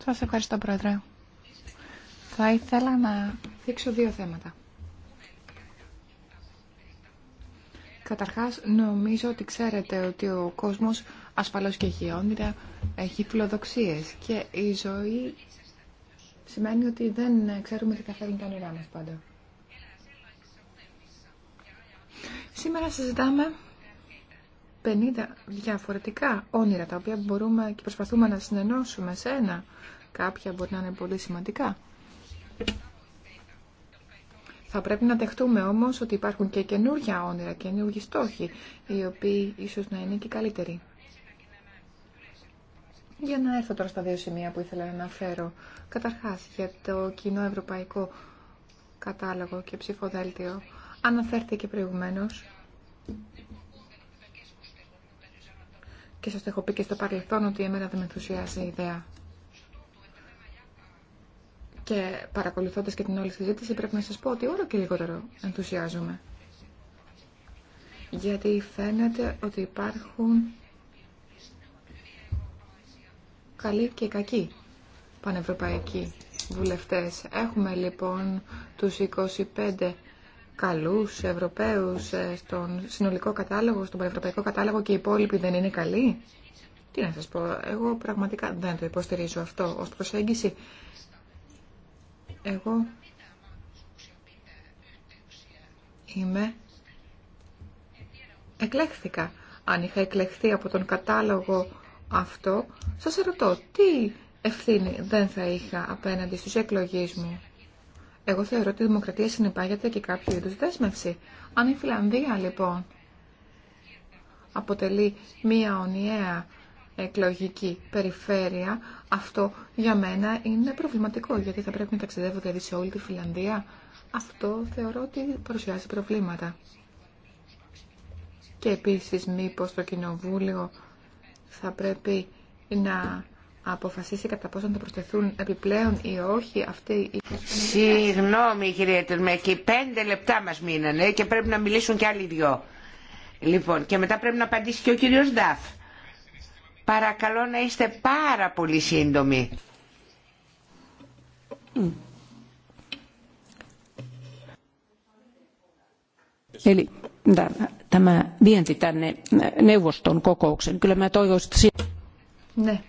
S3: Σας ευχαριστώ, Πρόεδρε. Θα ήθελα να δείξω δύο θέματα. Καταρχάς, νομίζω ότι ξέρετε ότι ο κόσμος Ασφαλώς και έχει όνειρα, έχει φιλοδοξίες και η ζωή σημαίνει ότι δεν ξέρουμε τι θα φέρουν τα όνειρά μας πάντα. Σήμερα συζητάμε 50 διαφορετικά όνειρα τα οποία μπορούμε και προσπαθούμε να συνενώσουμε σε ένα. Κάποια μπορεί να είναι πολύ σημαντικά. Θα πρέπει να δεχτούμε όμως ότι υπάρχουν και καινούργια όνειρα, καινούργιοι στόχοι, οι οποίοι ίσως να είναι και καλύτεροι. Για να έρθω τώρα στα δύο σημεία που ήθελα να αναφέρω. Καταρχάς, για το κοινό ευρωπαϊκό κατάλογο και ψηφοδέλτιο αναφέρθηκε προηγουμένως και σας το έχω πει και στο παρελθόν ότι εμένα δεν με ενθουσιάζει η ιδέα. Και παρακολουθώντας και την όλη συζήτηση πρέπει να σας πω ότι όλο και λιγότερο ενθουσιάζομαι. Γιατί φαίνεται ότι υπάρχουν καλοί και κακοί πανευρωπαϊκοί βουλευτές. Έχουμε λοιπόν τους 25 καλούς Ευρωπαίους ε, στον συνολικό κατάλογο, στον πανευρωπαϊκό κατάλογο και οι υπόλοιποι δεν είναι καλοί. Τι να σας πω, εγώ πραγματικά δεν το υποστηρίζω αυτό ως προσέγγιση. Εγώ είμαι εκλέχθηκα. Αν είχα εκλεχθεί από τον κατάλογο αυτό, σας ρωτώ, τι ευθύνη δεν θα είχα απέναντι στους εκλογείς μου. Εγώ θεωρώ ότι η δημοκρατία συνεπάγεται και κάποιο είδους δέσμευση. Αν η Φιλανδία, λοιπόν, αποτελεί μία ονιαία εκλογική περιφέρεια, αυτό για μένα είναι προβληματικό, γιατί θα πρέπει να ταξιδεύω δηλαδή σε όλη τη Φιλανδία. Αυτό θεωρώ ότι παρουσιάζει προβλήματα. Και επίσης μήπως το Κοινοβούλιο θα πρέπει να αποφασίσει κατά πόσο το προσθεθούν επιπλέον ή όχι αυτοί οι...
S1: Συγγνώμη κυρία Τερμέκη, πέντε λεπτά μας μείνανε και πρέπει να μιλήσουν και άλλοι δυο. Λοιπόν, και μετά πρέπει να απαντήσει και ο κύριος Νταφ. Παρακαλώ να είστε πάρα πολύ σύντομοι tämä vienti tänne neuvoston kokoukseen.
S3: Ναι.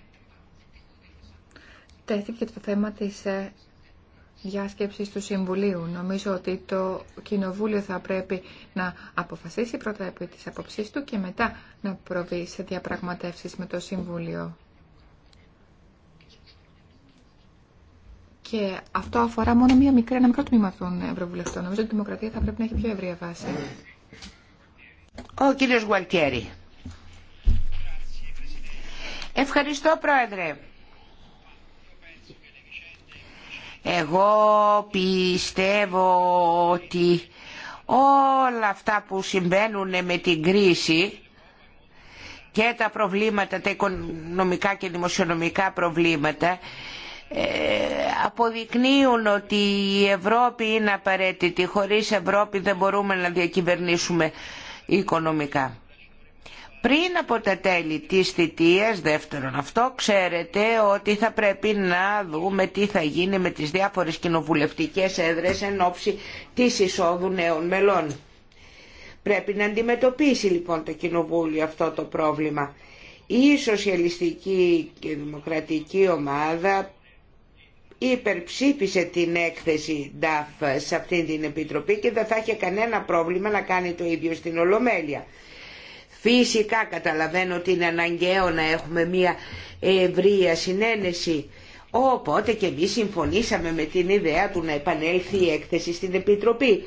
S3: Τέθηκε το θέμα της διάσκεψης του Συμβουλίου. Νομίζω ότι το Κοινοβούλιο θα πρέπει να αποφασίσει πρώτα επί της απόψής του και μετά να προβεί σε διαπραγματεύσεις με το Συμβούλιο. Και αυτό αφορά μόνο μία μικρή, ένα μικρό τμήμα των Ευρωβουλευτών. Νομίζω ότι η δημοκρατία θα πρέπει να έχει πιο ευρία βάση.
S1: Ο κύριος Γουαλτιέρη. Ευχαριστώ πρόεδρε. Εγώ πιστεύω ότι όλα αυτά που συμβαίνουν με την κρίση και τα προβλήματα, τα οικονομικά και δημοσιονομικά προβλήματα ε, αποδεικνύουν ότι η Ευρώπη είναι απαραίτητη. Χωρίς Ευρώπη δεν μπορούμε να διακυβερνήσουμε οικονομικά. Πριν από τα τέλη της θητείας, δεύτερον αυτό, ξέρετε ότι θα πρέπει να δούμε τι θα γίνει με τις διάφορες κοινοβουλευτικές έδρες εν ώψη της εισόδου νέων μελών. Πρέπει να αντιμετωπίσει λοιπόν το κοινοβούλιο αυτό το πρόβλημα. Η σοσιαλιστική και δημοκρατική ομάδα υπερψήφισε την έκθεση DAF σε αυτή την επιτροπή και δεν θα είχε κανένα πρόβλημα να κάνει το ίδιο στην Ολομέλεια. Φυσικά καταλαβαίνω ότι είναι αναγκαίο να έχουμε μια ευρεία συνένεση. Οπότε και εμείς συμφωνήσαμε με την ιδέα του να επανέλθει η έκθεση στην Επιτροπή.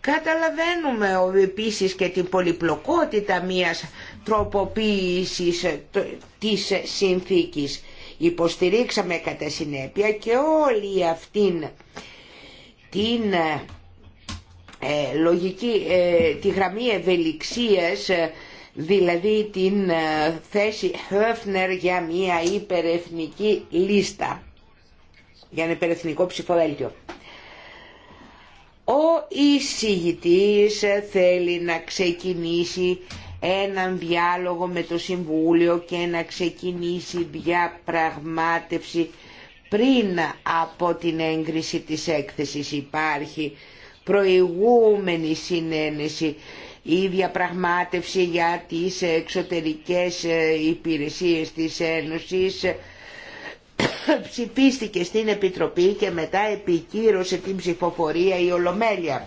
S1: Καταλαβαίνουμε επίσης και την πολυπλοκότητα μιας τροποποίησης της συνθήκης. Υποστηρίξαμε κατά συνέπεια και όλη αυτήν την ε, ε, λογική, ε, τη γραμμή ευελιξίας, δηλαδή την θέση Höfner για μια υπερεθνική λίστα, για ένα υπερεθνικό ψηφοδέλτιο. Ο εισηγητής θέλει να ξεκινήσει έναν διάλογο με το Συμβούλιο και να ξεκινήσει διαπραγμάτευση πριν από την έγκριση της έκθεσης υπάρχει προηγούμενη συνένεση η διαπραγμάτευση για τις εξωτερικές ε, υπηρεσίες της Ένωσης ε, ψηφίστηκε στην Επιτροπή και μετά επικύρωσε την ψηφοφορία η Ολομέλεια.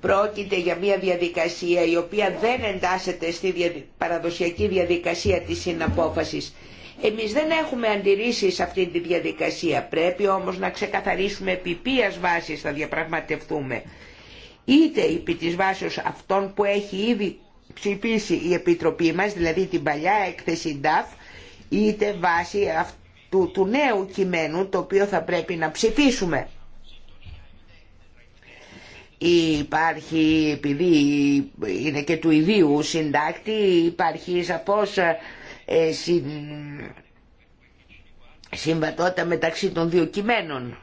S1: Πρόκειται για μια διαδικασία η οποία δεν εντάσσεται στη παραδοσιακή διαδικασία της συναπόφασης. Εμείς δεν έχουμε αντιρρήσεις σε αυτή τη διαδικασία. Πρέπει όμως να ξεκαθαρίσουμε επί ποιας βάσης θα διαπραγματευτούμε. Είτε επί της βάσης αυτών που έχει ήδη ψηφίσει η Επιτροπή μας, δηλαδή την παλιά έκθεση DAF, είτε βάσει αυτού του νέου κειμένου το οποίο θα πρέπει να ψηφίσουμε. Υπάρχει, επειδή είναι και του ιδίου συντάκτη, υπάρχει σαφώς ε, συμβατότητα μεταξύ των δύο κειμένων.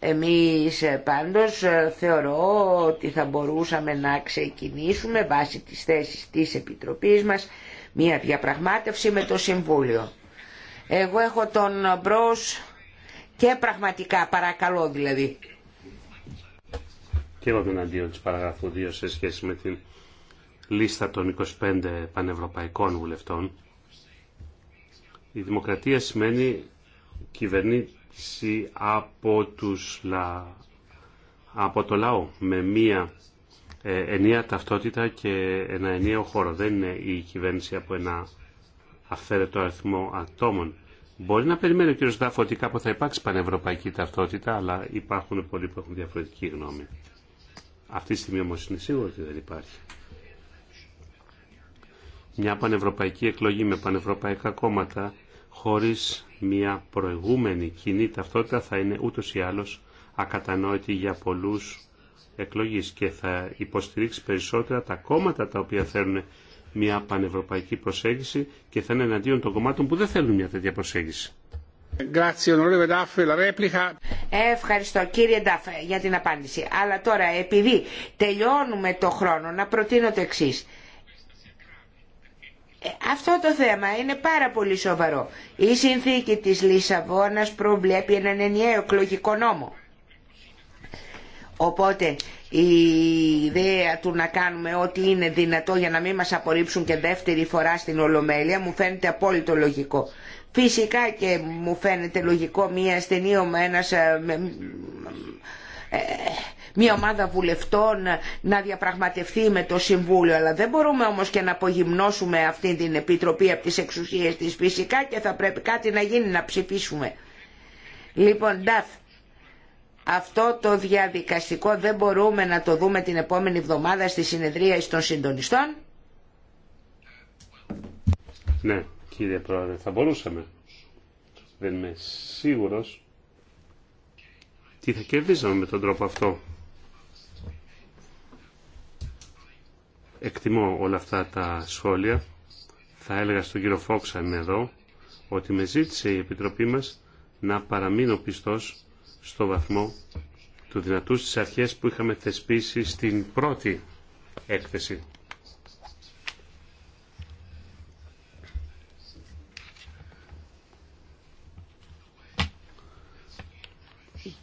S1: Εμείς ε, πάντως ε, θεωρώ ότι θα μπορούσαμε να ξεκινήσουμε βάσει της θέσης της Επιτροπής μας μια διαπραγμάτευση με το Συμβούλιο. Εγώ έχω τον Μπρος και πραγματικά παρακαλώ δηλαδή.
S2: Και εγώ τον αντίον της παραγράφου 2 σε σχέση με την λίστα των 25 πανευρωπαϊκών βουλευτών. Η δημοκρατία σημαίνει κυβερνήση από, τους λα... από το λαό με μία ε, ενιαία ταυτότητα και ένα ενιαίο χώρο. Δεν είναι η κυβέρνηση από ένα αυθαίρετο αριθμό ατόμων. Μπορεί να περιμένει ο κ. Δάφο ότι κάπου θα υπάρξει πανευρωπαϊκή ταυτότητα, αλλά υπάρχουν πολλοί που έχουν διαφορετική γνώμη. Αυτή τη στιγμή όμω είναι σίγουρο ότι δεν υπάρχει. Μια πανευρωπαϊκή εκλογή με πανευρωπαϊκά κόμματα χωρί μια προηγούμενη κοινή ταυτότητα θα είναι ούτω ή άλλω ακατανόητη για πολλού εκλογή και θα υποστηρίξει περισσότερα τα κόμματα τα οποία θέλουν μια πανευρωπαϊκή προσέγγιση και θα είναι εναντίον των κομμάτων που δεν θέλουν μια τέτοια προσέγγιση.
S1: Ευχαριστώ κύριε Ντάφε για την απάντηση. Αλλά τώρα επειδή τελειώνουμε το χρόνο να προτείνω το εξή. Ε, αυτό το θέμα είναι πάρα πολύ σοβαρό. Η συνθήκη της Λισαβόνας προβλέπει έναν ενιαίο εκλογικό νόμο. Οπότε η ιδέα του να κάνουμε ό,τι είναι δυνατό για να μην μας απορρίψουν και δεύτερη φορά στην Ολομέλεια μου φαίνεται απόλυτο λογικό. Φυσικά και μου φαίνεται λογικό μια ασθενή ένας, ε, ε, μια ομάδα βουλευτών να διαπραγματευτεί με το Συμβούλιο. Αλλά δεν μπορούμε όμως και να απογυμνώσουμε αυτή την Επιτροπή από τις εξουσίες της. Φυσικά και θα πρέπει κάτι να γίνει, να ψηφίσουμε. Λοιπόν, Νταφ, αυτό το διαδικαστικό δεν μπορούμε να το δούμε την επόμενη εβδομάδα στη συνεδρία των συντονιστών.
S2: Ναι, κύριε Πρόεδρε, θα μπορούσαμε. Δεν είμαι σίγουρος τι θα κερδίζαμε με τον τρόπο αυτό. Εκτιμώ όλα αυτά τα σχόλια. Θα έλεγα στον κύριο Φόξα εδώ ότι με ζήτησε η Επιτροπή μας να παραμείνω πιστός στο βαθμό του δυνατού στις αρχές που είχαμε θεσπίσει στην πρώτη έκθεση.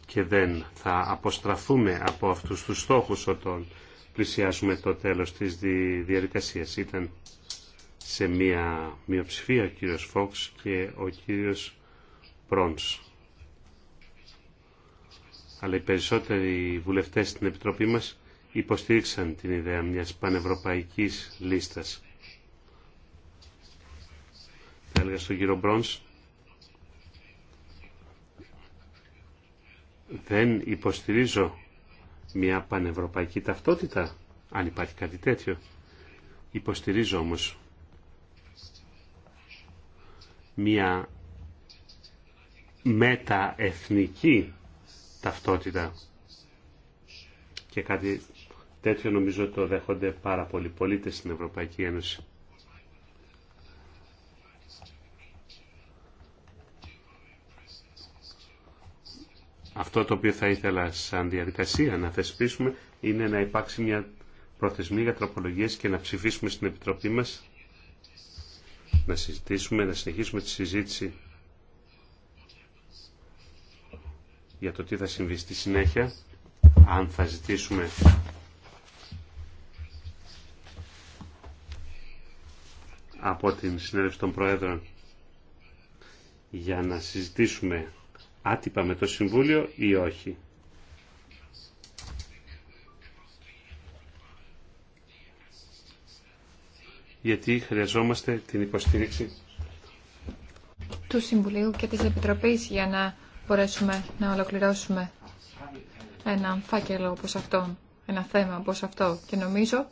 S2: και δεν θα αποστραφούμε από αυτούς τους στόχους όταν πλησιάζουμε το τέλος της διαδικασίας. Ήταν σε μία μειοψηφία ο κύριος Φόξ και ο κύριος Πρόντς αλλά οι περισσότεροι βουλευτές στην Επιτροπή μας υποστήριξαν την ιδέα μιας πανευρωπαϊκής λίστας. Θα έλεγα στον κύριο Μπρόνς, δεν υποστηρίζω μια πανευρωπαϊκή ταυτότητα, αν υπάρχει κάτι τέτοιο. Υποστηρίζω όμως μια μεταεθνική ταυτότητα. Και κάτι τέτοιο νομίζω το δέχονται πάρα πολλοί πολίτες στην Ευρωπαϊκή Ένωση. Αυτό το οποίο θα ήθελα σαν διαδικασία να θεσπίσουμε είναι να υπάρξει μια προθεσμία για τροπολογίες και να ψηφίσουμε στην Επιτροπή μας, να συζητήσουμε, να συνεχίσουμε τη συζήτηση για το τι θα συμβεί στη συνέχεια, αν θα ζητήσουμε από την συνέλευση των Προέδρων για να συζητήσουμε άτυπα με το Συμβούλιο ή όχι. γιατί χρειαζόμαστε την υποστήριξη
S3: του Συμβουλίου και της Επιτροπής για να μπορέσουμε να ολοκληρώσουμε ένα φάκελο όπως αυτόν, ένα θέμα όπως αυτό. Και νομίζω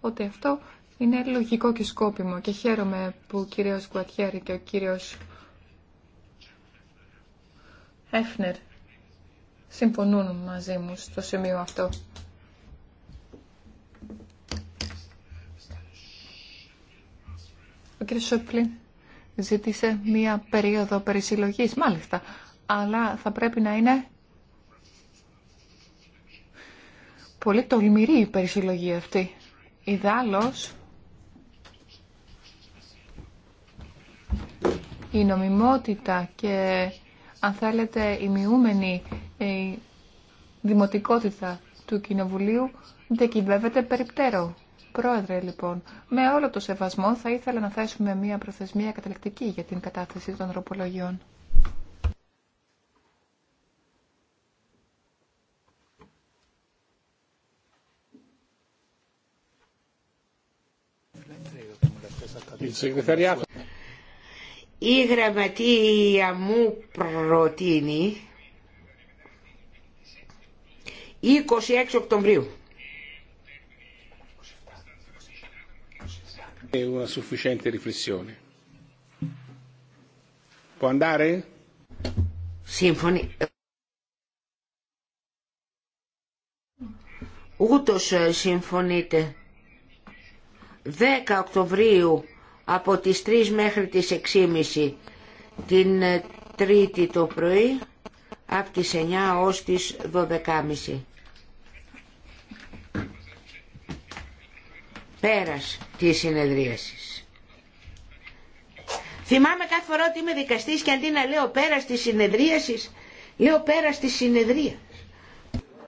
S3: ότι αυτό είναι λογικό και σκόπιμο και χαίρομαι που ο κύριος Κουατιέρη και ο κύριος Έφνερ συμφωνούν μαζί μου στο σημείο αυτό. Ο κύριος Σόπλη ζήτησε μία περίοδο περισυλλογής. Μάλιστα, αλλά θα πρέπει να είναι πολύ τολμηρή η περισυλλογή αυτή. Ιδάλλως, η νομιμότητα και αν θέλετε η μειούμενη δημοτικότητα του Κοινοβουλίου κυβεύεται περιπτέρω. Πρόεδρε, λοιπόν, με όλο το σεβασμό θα ήθελα να θέσουμε μία προθεσμία καταληκτική για την κατάθεση των τροπολογιών.
S1: Η γραμματεία μου προτείνει 26 Οκτωβρίου. είναι Una sufficiente
S2: riflessione. Può andare?
S1: Σύμφωνοι. Ούτως ε, συμφωνείτε. 10 Οκτωβρίου από τις 3 μέχρι τις 6.30 την ε, Τρίτη το πρωί από τις 9 ως τις 12.30. Πέρας τη συνεδρίαση. Θυμάμαι κάθε φορά ότι είμαι δικαστής και αντί να λέω πέρας τη συνεδρίαση, λέω πέρας τη συνεδρία.